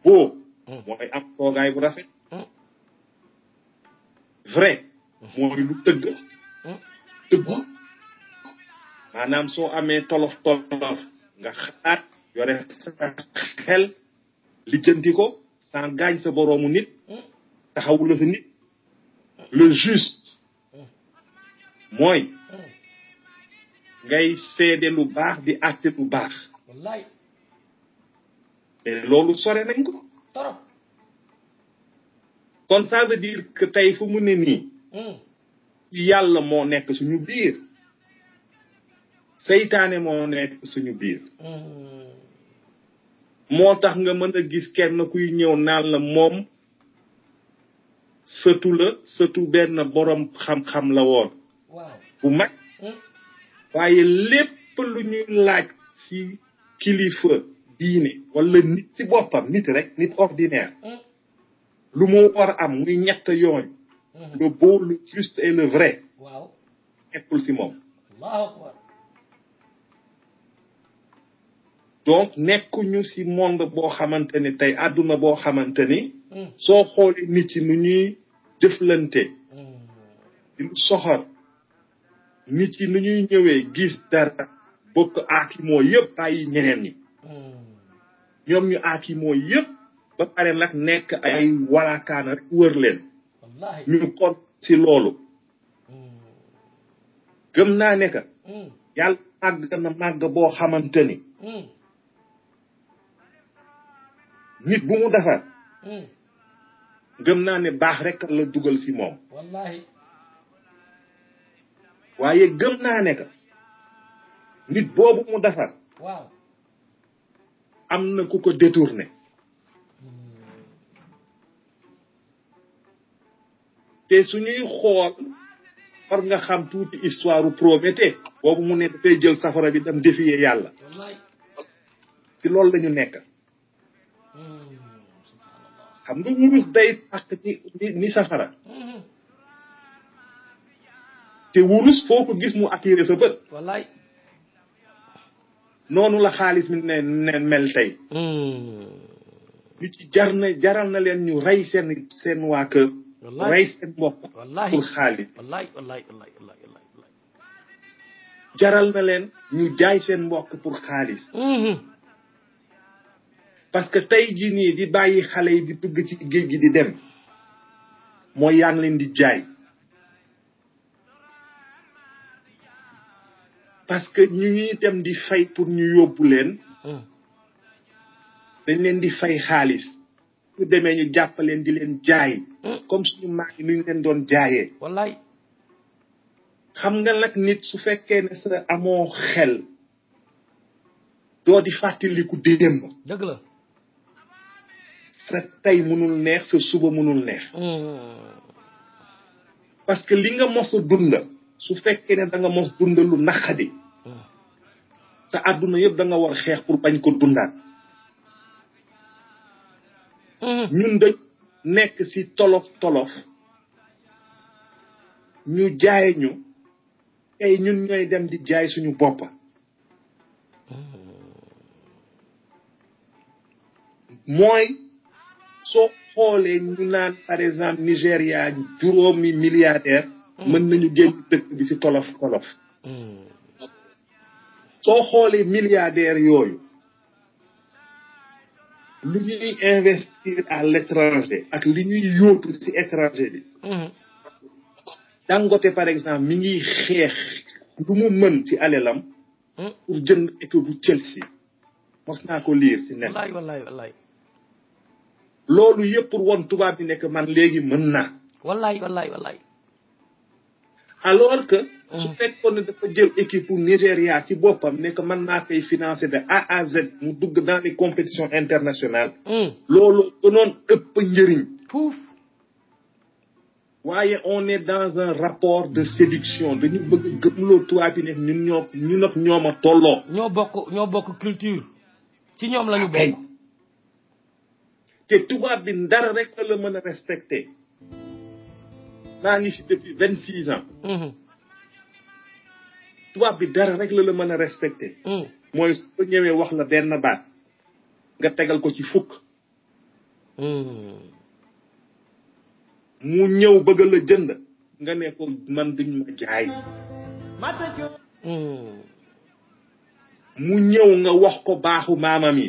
beau hmm. mooy am toogaay bu rafet hmm. vrai mooy lu tëgg tëggu maanaam soo amee tolof tolof nga xaat yore sa xel lijjanti ko sans gaañ sa boroomu nit taxawul si sa nit le juste mooy ngay seede lu baax di àtte lu baax wallaay loolu sore nañ ko kon ça veut dire que tey fu mu ne nii hmm. yàlla moo nekk suñu biir seytaane moo nekk suñu biir hmm. moo tax nga mën gis kenn kuy ñëw naan la moom sëtu la sëtu benn borom xam-xam la woon bu mag hmm. waaye lépp lu ñuy laaj ci kilifa diine wala nit ci boppam nit rek nit ordinaire hmm. lu mu war am muy ñett yooñ hmm. le beau le juste et le vrai nekkul ci moom donc nekkuñu ci monde boo xamante ni tey àdduna boo xamante ni. Hmm. soo xoolee nit yi ñuy jëflante. Hmm. di soxor nit yi nu ñuy ñëwee gis dara bokk aakimoo yëpp bàyyi ñeneen ñi. Hmm. ñoom ñu aakimoo yëpp ba pare nag nekk ay walaakaana rek wër leen. ñu kon ci loolu. gëm naa ne yàlla màgg na màgg boo xamante nit bu mu defar hmm. gëm naa ne baax rek la dugal fi moom wallaahi waaye gëm naa ne nit boobu mu defar waaw am na ku ko détourné te suñuy xool war nga xam tuuti histoire Prométhée boobu mu ne dafay jël safara bi dam défier yàlla ci loolu la ñu nekk xam nga wurus day tàkk ni safara mm-hmm. te wurus foo ko gis mu attiré sa bët wallaay noonu la xaalis mi ne ne mel tey mm. li ci jar na jaral na leen ñu rey seen seen waa kër rey seen pour xaalis jaral na leen ñu jaay seen mbokk pour xaalis mm-hmm. parce que tay ji ni di bayyi xalé yi di dugg ci geej gi di dem moy yaang leen di jaay parce que ñu ñuy dem di fay pour ñu yóbbu leen dañ leen di fay xaaliss bu demee ñu jàpp leen di leen jaay comme suñu maag yi ñu leen doon jaayé wallahi xam nga nak nit su fekké ne sa amo xel do di fatali fàttaliku dem deug la sa tay mënul neex sa suba mënul neex hmm. parce que li nga mos a dund su fekkee ne da nga mos dund lu naqadi hmm. sa àdduna yëpp da nga war xeex pour bañ ko dundaat hmm. ñun dañ nekk si tolof tolof ñu jaay ñu tey ñun ñooy dem di jaay suñu bopp mooy soo xoolee ñu naan par exemple Nigéria juróomi milliardaire mm. mën nañu génn dëkk bi ci tolof tolof mm. soo xoolee milliardaire yooyu lu ñuy investir à l'étranger ak li ñuy yóotu ci étranger bi mm. Dangote par exemple mi ngi xeex lu mu mën ci alalam pour jënd équipe bu Chelsea mos naa ko liir ci nekk loolu yëpp pour won tubaab bi nek man legui mën na wallahi wallahi wallahi alors que. Mm. su fekkoon dafa jël équipe pour nigeria ci bopam nek man maa fay financer de A à Z mu dugg dans les compétitions internationales. Mm. loolu gënoon ëpp njëriñ. tuuf. waaye on est dans un rapport de séduction dañu bëgg gëmloo tubaab bi nek ñun ñoo ñun ak ñoma a tolloo. ñoo bokk ñoo bokk culture. ci ñom lañu ñu bokk. te tubaab bi ndara rek la mën a respecté maa ngi fi depuis vingt six ans tubaab bi dara rek la la mën a respecté mm-hmm. mm. mooy soo ñëwee wax la benn baat nga tegal ko ci fukk mm. mu ñëw bëgg la jënd nga ne ko man duñ ma jaay mm. mu ñëw nga wax ko baaxu maamam yi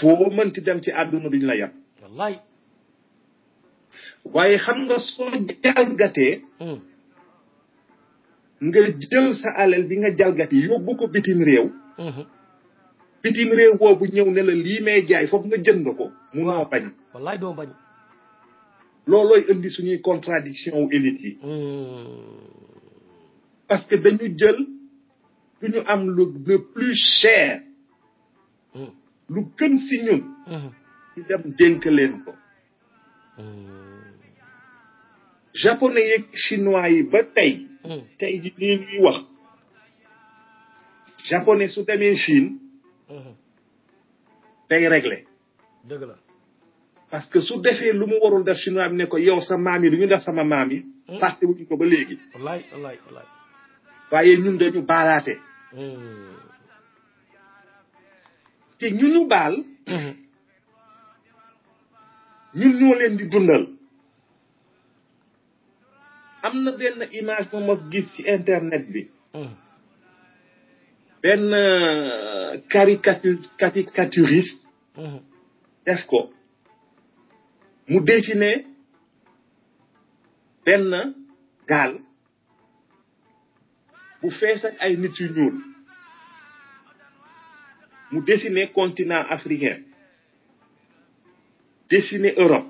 foo mënti dem ci àdduna duñ la yab waaye xam nga soo jalgatee hmm. nga jël sa alal bi nga jalgati yóbbu ko bitim réew hmm. bitim réew boobu ñëw ne la lii may jaay foofu nga jën nga ko munoo bañ wallaay doo bañ loolooy indi suñuy contradiction wu élite yi hmm. parce que dañu jël du ñu am le plus cher lu gën si ñun ñu mm-hmm. dem dénk leen ko mm-hmm. japonais yeeg chinois yi ba tey mm-hmm. tey ji nii ñuy wax japonais su demee Chine day réglé parce que su defee lu mu warul def chinois bi ne ko yow sa maam yi du ñu def sama maam yi fàtte wuñu ko ba léegi waaye ñun dañu baalaate nyounou bal nyounou mhm. len di dounel amnen den imaj pou mwaz git si internet li den mhm. karikaturist euh, mhm. esko mwou detine den gal pou fesak ay mwou tunoun mu dessiner continent africain dessiner europe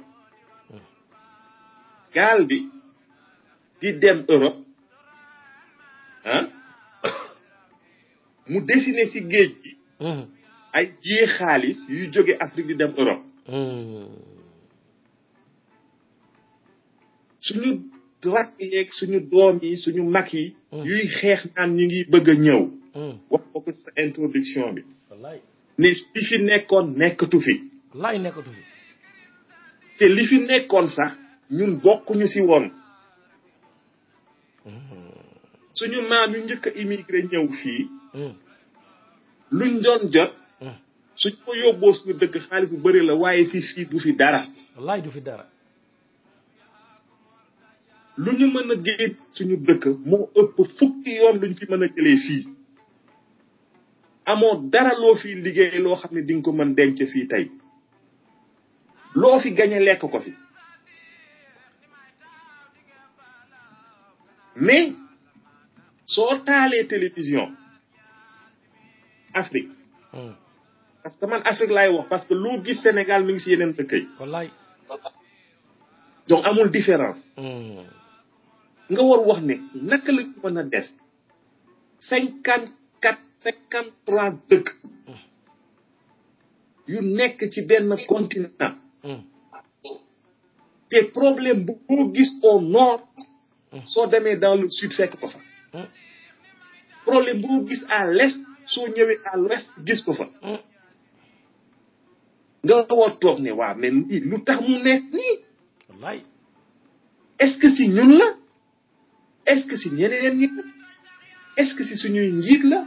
gaal bi di dem europe ah mu dessiner ci geej gi ay ji khalis yu joge afrique di dem europe suñu rakk iye, suñu doom yi suñu mag yi hmm. yuy xeex naan ñu ngi bëgg a Mm. wax ko sa introduction bi. ni nekkoon nekkatu fi. wallaay nekkatu fi. te li fi nekkoon sax ñun bokkuñu si woon. Mm-hmm. ñu maam yu njëkk a immigré ñëw fii. Mm. luñ doon jot. Mm. suñ ko yóbboo suñu dëkk xaalis bu bari la waaye fii fii du fi dara. wallaay du fi dara. lu ñu mën a géej suñu dëkk moo ëpp fukki yoon luñ fi mën a jëlee fii. amoo dara loo fi liggéey loo xam ne di nga ko mën denc fii tey loo fi gañe lekk ko fi mais soo taalee télévision afrique hmm. parce que man afrique laay wax parce que loo gis sénégal mi ngi si yeneen dëkk yi wallaay donc amul différence hmm. nga war wax ne naka la ñu mën a def 50 cinquante trois dëkk yu nekk ci benn continent te problème bu boo gis au nord soo demee dans le sud fekk ko fa problème boo gis à l'est soo ñëwee à l'ouest gis ko fa nga war toog ne waa mais lu tax mu nees nii est-ce que si ñun la est-ce que si ñeneen ñi est-ce que si suñuy njiit la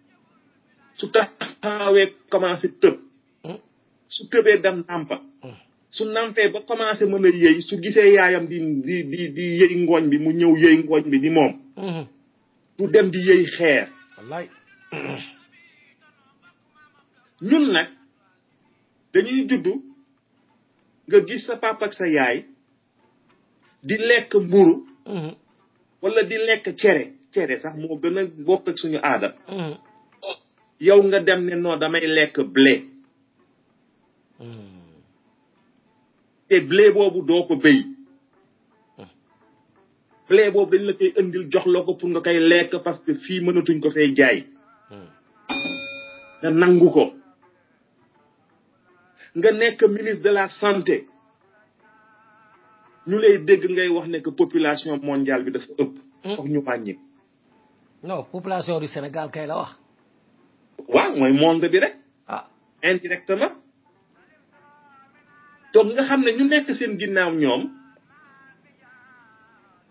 suta hawe commencé tëb su tëbee dem nampa su nampee ba commencé mën a su gisee yaayam di di di di yëy ngooñ bi mu ñew yëy ngooñ bi di mom du hmm. dem di yëy xeer ñun nak dañuy judd nga gis sa papa ak sa yaay di lek mburu hmm. wala di lek cere cere sax mo gëna bokk ak suñu aadam hmm. yow nga dem ne non damay lekk blé hmm. te blé boobu doo ko béy hmm. blé boobu dañ la koy indil jox la ko pour nga koy lekk parce que fii mënatuñ ko fay jaay hmm. nga nangu ko nga nekk ministre de la santé ñu lay dégg ngay wax ne que population mondiale bi dafa ëpp foog ñu wàññi non population du Sénégal kay la wax waaw mooy monde bi rek. ah indirectement. donc nga xam ne ñu nekk seen ginnaaw ñoom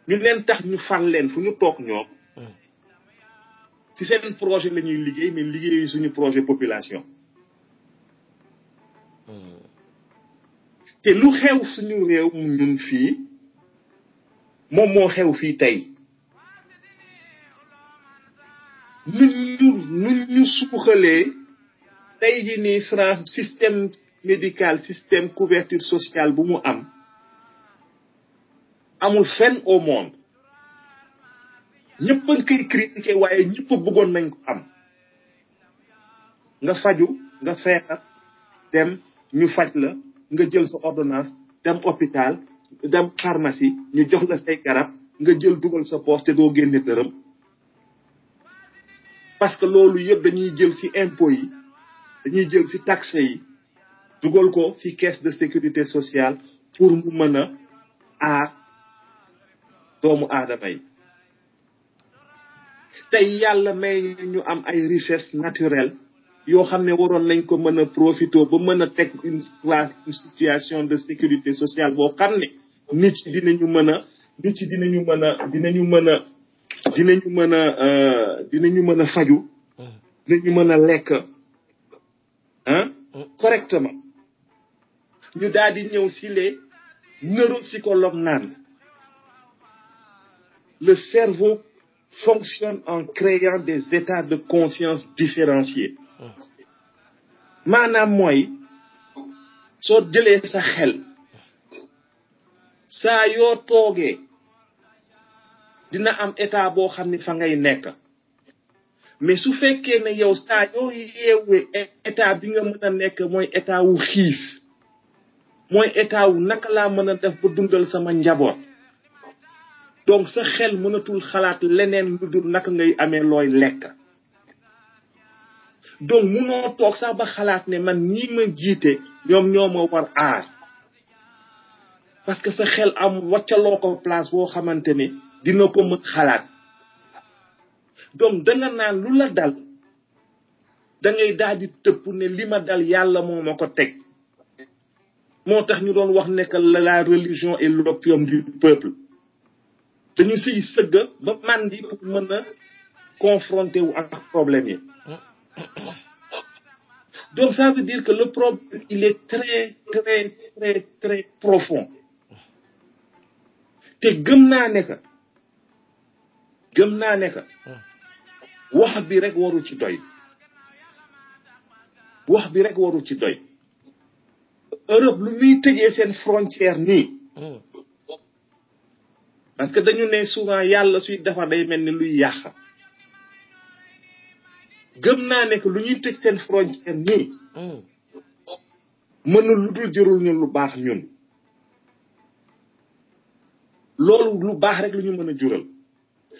ñu leen tax ñu fal leen fu ñu toog ñoom. Hmm. ci seen projet la ñuy liggéey mais liggéeyu suñu projet population. Hmm. te lu xew suñu réew ñun fii moom moo xew fii tey. nuñ ñu nuñ ñu suuxalee tey ji nii France système médical système couverture sociale bu mu am amul fenn au monde ñëpp a ngi koy critiquer waaye ñëpp bëggoon nañ ko am nga faju nga feebar dem ñu faj la nga jël sa ordonnance dem hôpital dem pharmacie ñu jox la say garab nga jël dugal sa poste te doo génne dërëm parce que loolu yëpp dañuy jël ci impôts yi dañuy jël ci taxe yi dugal ko ci caisse de sécurité sociale pour mu mën a aar doomu aadama yi tey yàlla may ñu am ay richesse naturelle yoo xam ne waroon nañ ko mën a profiter ba mën a teg une classe une situation de sécurité sociale boo xam ne nit ci dinañu mën a nit ci dinañu mën a dinañu mën a dinañu mëna euh dinañu mën a faju dinañu mëna lek hein ah correctement ñu daal di ñëw si les neuropsychologues le cerveau fonctionne en créant des états de conscience différenciés manam moy so jëlee sa xel sa yo togué dina am état boo xam ne fa ngay nekk mais su fekkee ne yow saa yoo état bi nga mën a nekk mooy état wu xiif mooy état wu naka laa mën a def ba dundal sama njaboot donc sa xel mënatul xalaat leneen lu naka ngay amee looy lekk donc munoo toog sax ba xalaat ne man ñi ma jiite ñoom ñoom ma war aar parce que sa xel am waccaloo place boo xamante ni dina ko mën xalaat donc da nga naan lu la dal da ngay daal di tëpp ne li ma dal yàlla moo ma ko teg moo tax ñu doon wax ne que la religion est l'opium du peuple dañu siy sëgga ba màndi pour mën a confronter wu ak problème yi donc ça veut dire que le problème il est très très très très profond te gëm naa ne que gëm naa ne ka hmm. wax bi rek warul ci doy wax bi rek warul ci doy Europe lu muy tëjee seen frontière nii hmm. parce que dañu ne souvent yàlla suy defar day mel ni luy yàq gëm naa ne lu ñuy teg seen frontière nii hmm. mënul lu dul jërul ñu lu baax ñun loolu lu baax rek lu ñu mën a jural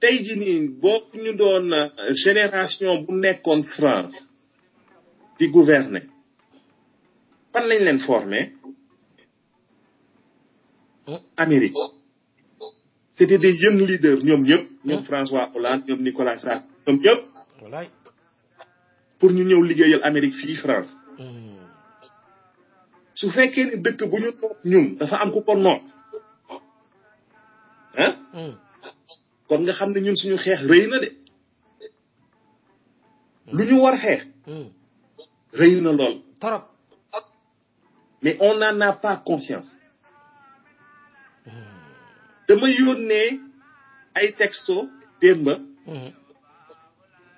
tay ji nii bokk ñu doon euh, génération bu nekkoon France di gouverner fan lañ leen former oh. Amérique c'était des jeunes leaders ñoom ñëpp ñoom François Hollande ñoom Nicolas Sarkozy ñoom ñëpp pour ñu ñëw liggéeyal Amérique fii France hmm. su fekkee ne dëkk bu ñu noot ñun dafa am ku ko noot ah kon nga xam ne ñun suñu xeex rëy na de lu ñu war xeex rëy na lool trop mais on n'en a pas conscience dama yónnee ay texto démb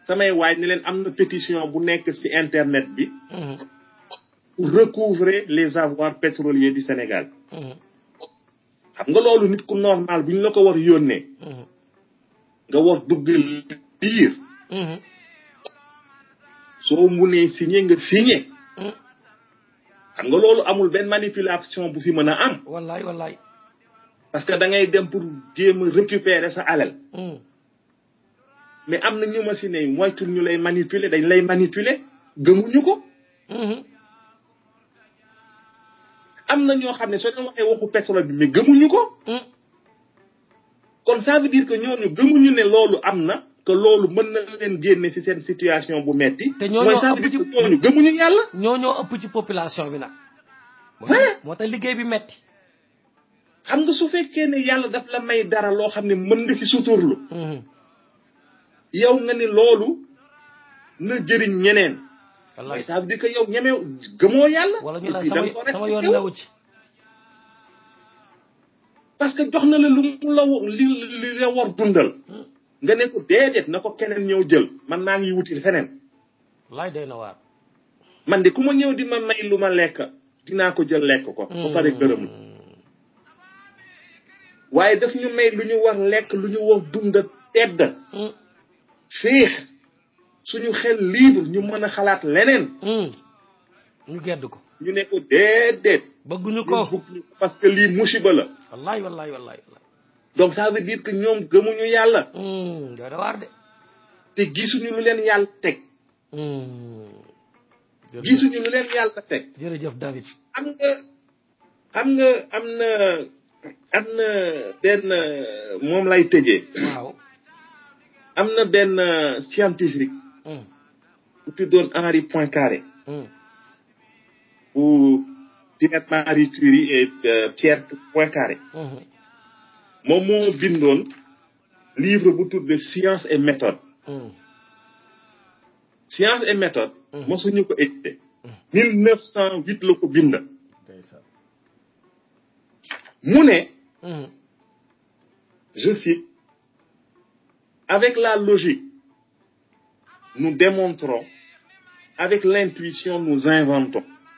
samay waay ne leen am na pétition bu nekk ci internet bi pour recouvrer les avoirs pétroliers du Sénégal mmh. xam nga loolu nit ku normal bu ñu la ko war yónnee mmh. nga war dugg biir mm-hmm. soo munee signé nga signé mm-hmm. xam nga loolu amul benn manipulation bu si mën a am wallaay wallaay parce que da ngay dem pour jéem a récupérer sa alal mm-hmm. mais am na ñu ma si ne moytul ñu lay manipuler dañ lay manipuler gëmuñu ko am na ñoo xam ne soo leen waxee waxu pétrole bi mais gëmuñu ko kon ça veut dire que ñooñu gëmuñu ne loolu am na que loolu mën na leen génne ci seen situation bu metti te ñoo mooy ça veut gëmuñu yàlla. ñooñoo ëpp ci population bi nag. moo tax liggéey bi metti xam nga su fekkee ne yàlla daf la may dara loo xam ne mën nga ci suturlu. yow nga ne loolu na jëriñ ñeneen. wallaay mais ça yow ñemew gëmoo yàlla. wala sama yoon newu ci parce que jox na la lu mu la li dundal nga ne ko na ko keneen ñëw jël man maa ngi wutil feneen laay day man de ku ma ñëw di ma may lu ma lekk dinaa ko jël lekk ko ba pare gërëm la waaye daf ñu may lu ñu war lekk lu ñu war dund tedd féex suñu xel libre ñu mën a xalaat leneen mm. Mm. ñu gedd ko ñu ne ko déedéet. bëgguñu ko bëgguñu parce que lii musiba la. wallaay wallaay wallaay. donc ça veut dire que ñoom gëmuñu yàlla. Hmm, doo da waar de. te gisuñu lu leen yàlla teg. Hmm. jërëjëf gisuñu lu leen yàlla teg. jërëjëf David. am nga am nga am na am na benn moom lay tëjee. am na benn euh, scientifique. Hmm. bu tuddoon Henri Poincaré. ou Pierre Marie Curie et euh, Pierre Poincaré. Momo mhm. Bindon bindon livre bu de science et méthode. Mhm. science et méthode. Mhm. mosuñu ko édité. 1908 le coup Bindon. Mounais, je cite avec la logique nous démontrons avec l'intuition nous inventons.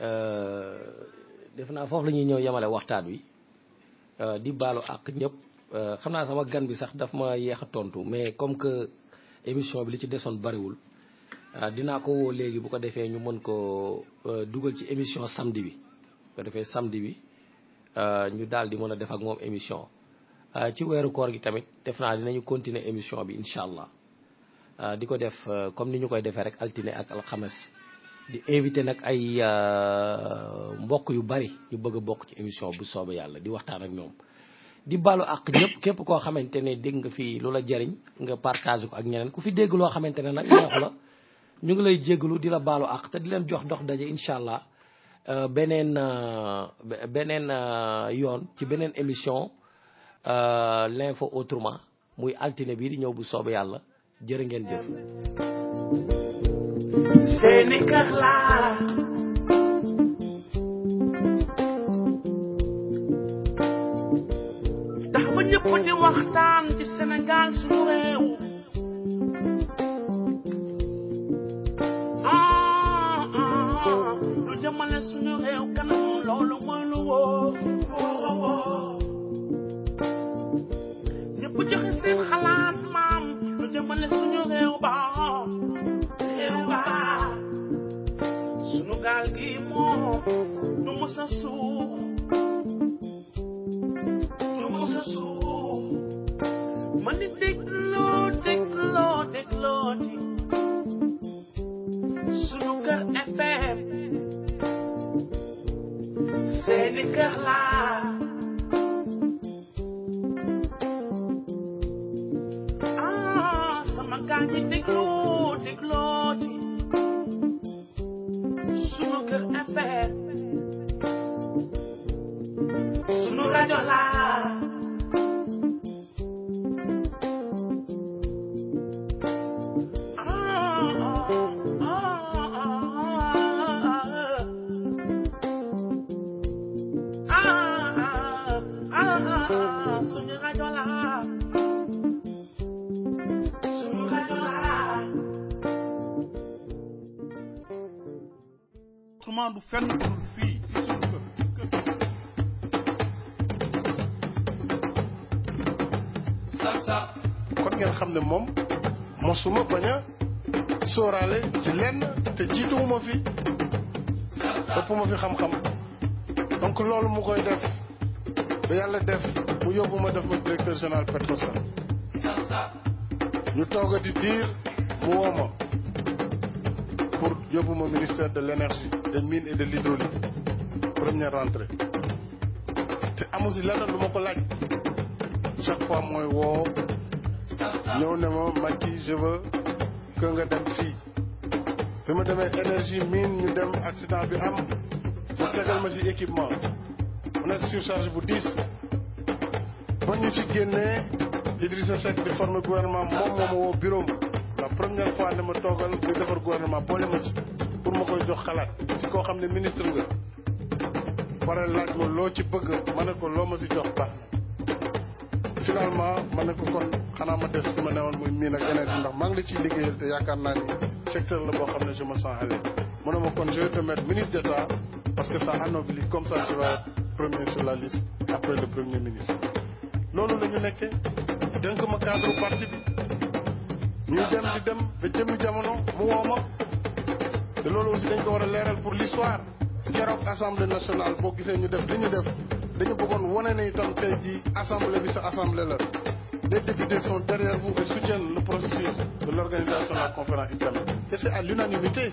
Euh, def naa foofu la ñuy ñëw yemale waxtaan wi euh, di baalu àq ñëpp euh, xam naa sama gan bi sax daf ma yeex a tontu mais comme que émission bi li ci desoon bariwul dinaa ko woo léegi bu ko defee ñu mën ko dugal ci émission samedi bi bu ko defee samedi bi ñu daal di mën a def ak moom émission ci weeru koor gi tamit def naa ñu continuer émission bi incha allah di ko def comme ni ñu koy defee rek altine ak alxames di éviter nak ay euh, mbokk yu bari yu bëgg bokk ci émission bu soobu yàlla di waxtaan ak ñoom di balu ak ñëpp képp koo xamante ne dégg nga fi lu la jariñ nga partage ko ak ñeneen ku fi dégg loo xamante ne nag la ñu ngi lay jégalu di la balu ak te di leen jox dox daje incha allah euh, beneen euh, beneen yoon ci beneen émission l'info autrement muy altine bii di ñëw bu soobu yàlla jërë ngeen jëf se nikarla ndax di Sénégal suñu réew ah ah lu suñu réew kanam loolu mooy ministre d'État, parce que ça anoblit comme ça tu vas premier sur la liste après le premier ministre. loolu la ñu nekkee ma cadre parti bi ñuy dem di dem ba jëmmi jamono mu woo aussi dañ ko wara léral pour l'histoire keroog assemblée nationale pour gisé ñu def li ñu def dañu bëggoon woné né tay assemblée bi sa assemblée les députés sont derrière vous et soutiennent le processus de l'organisation de la conférence islamique. Et c'est à l'unanimité.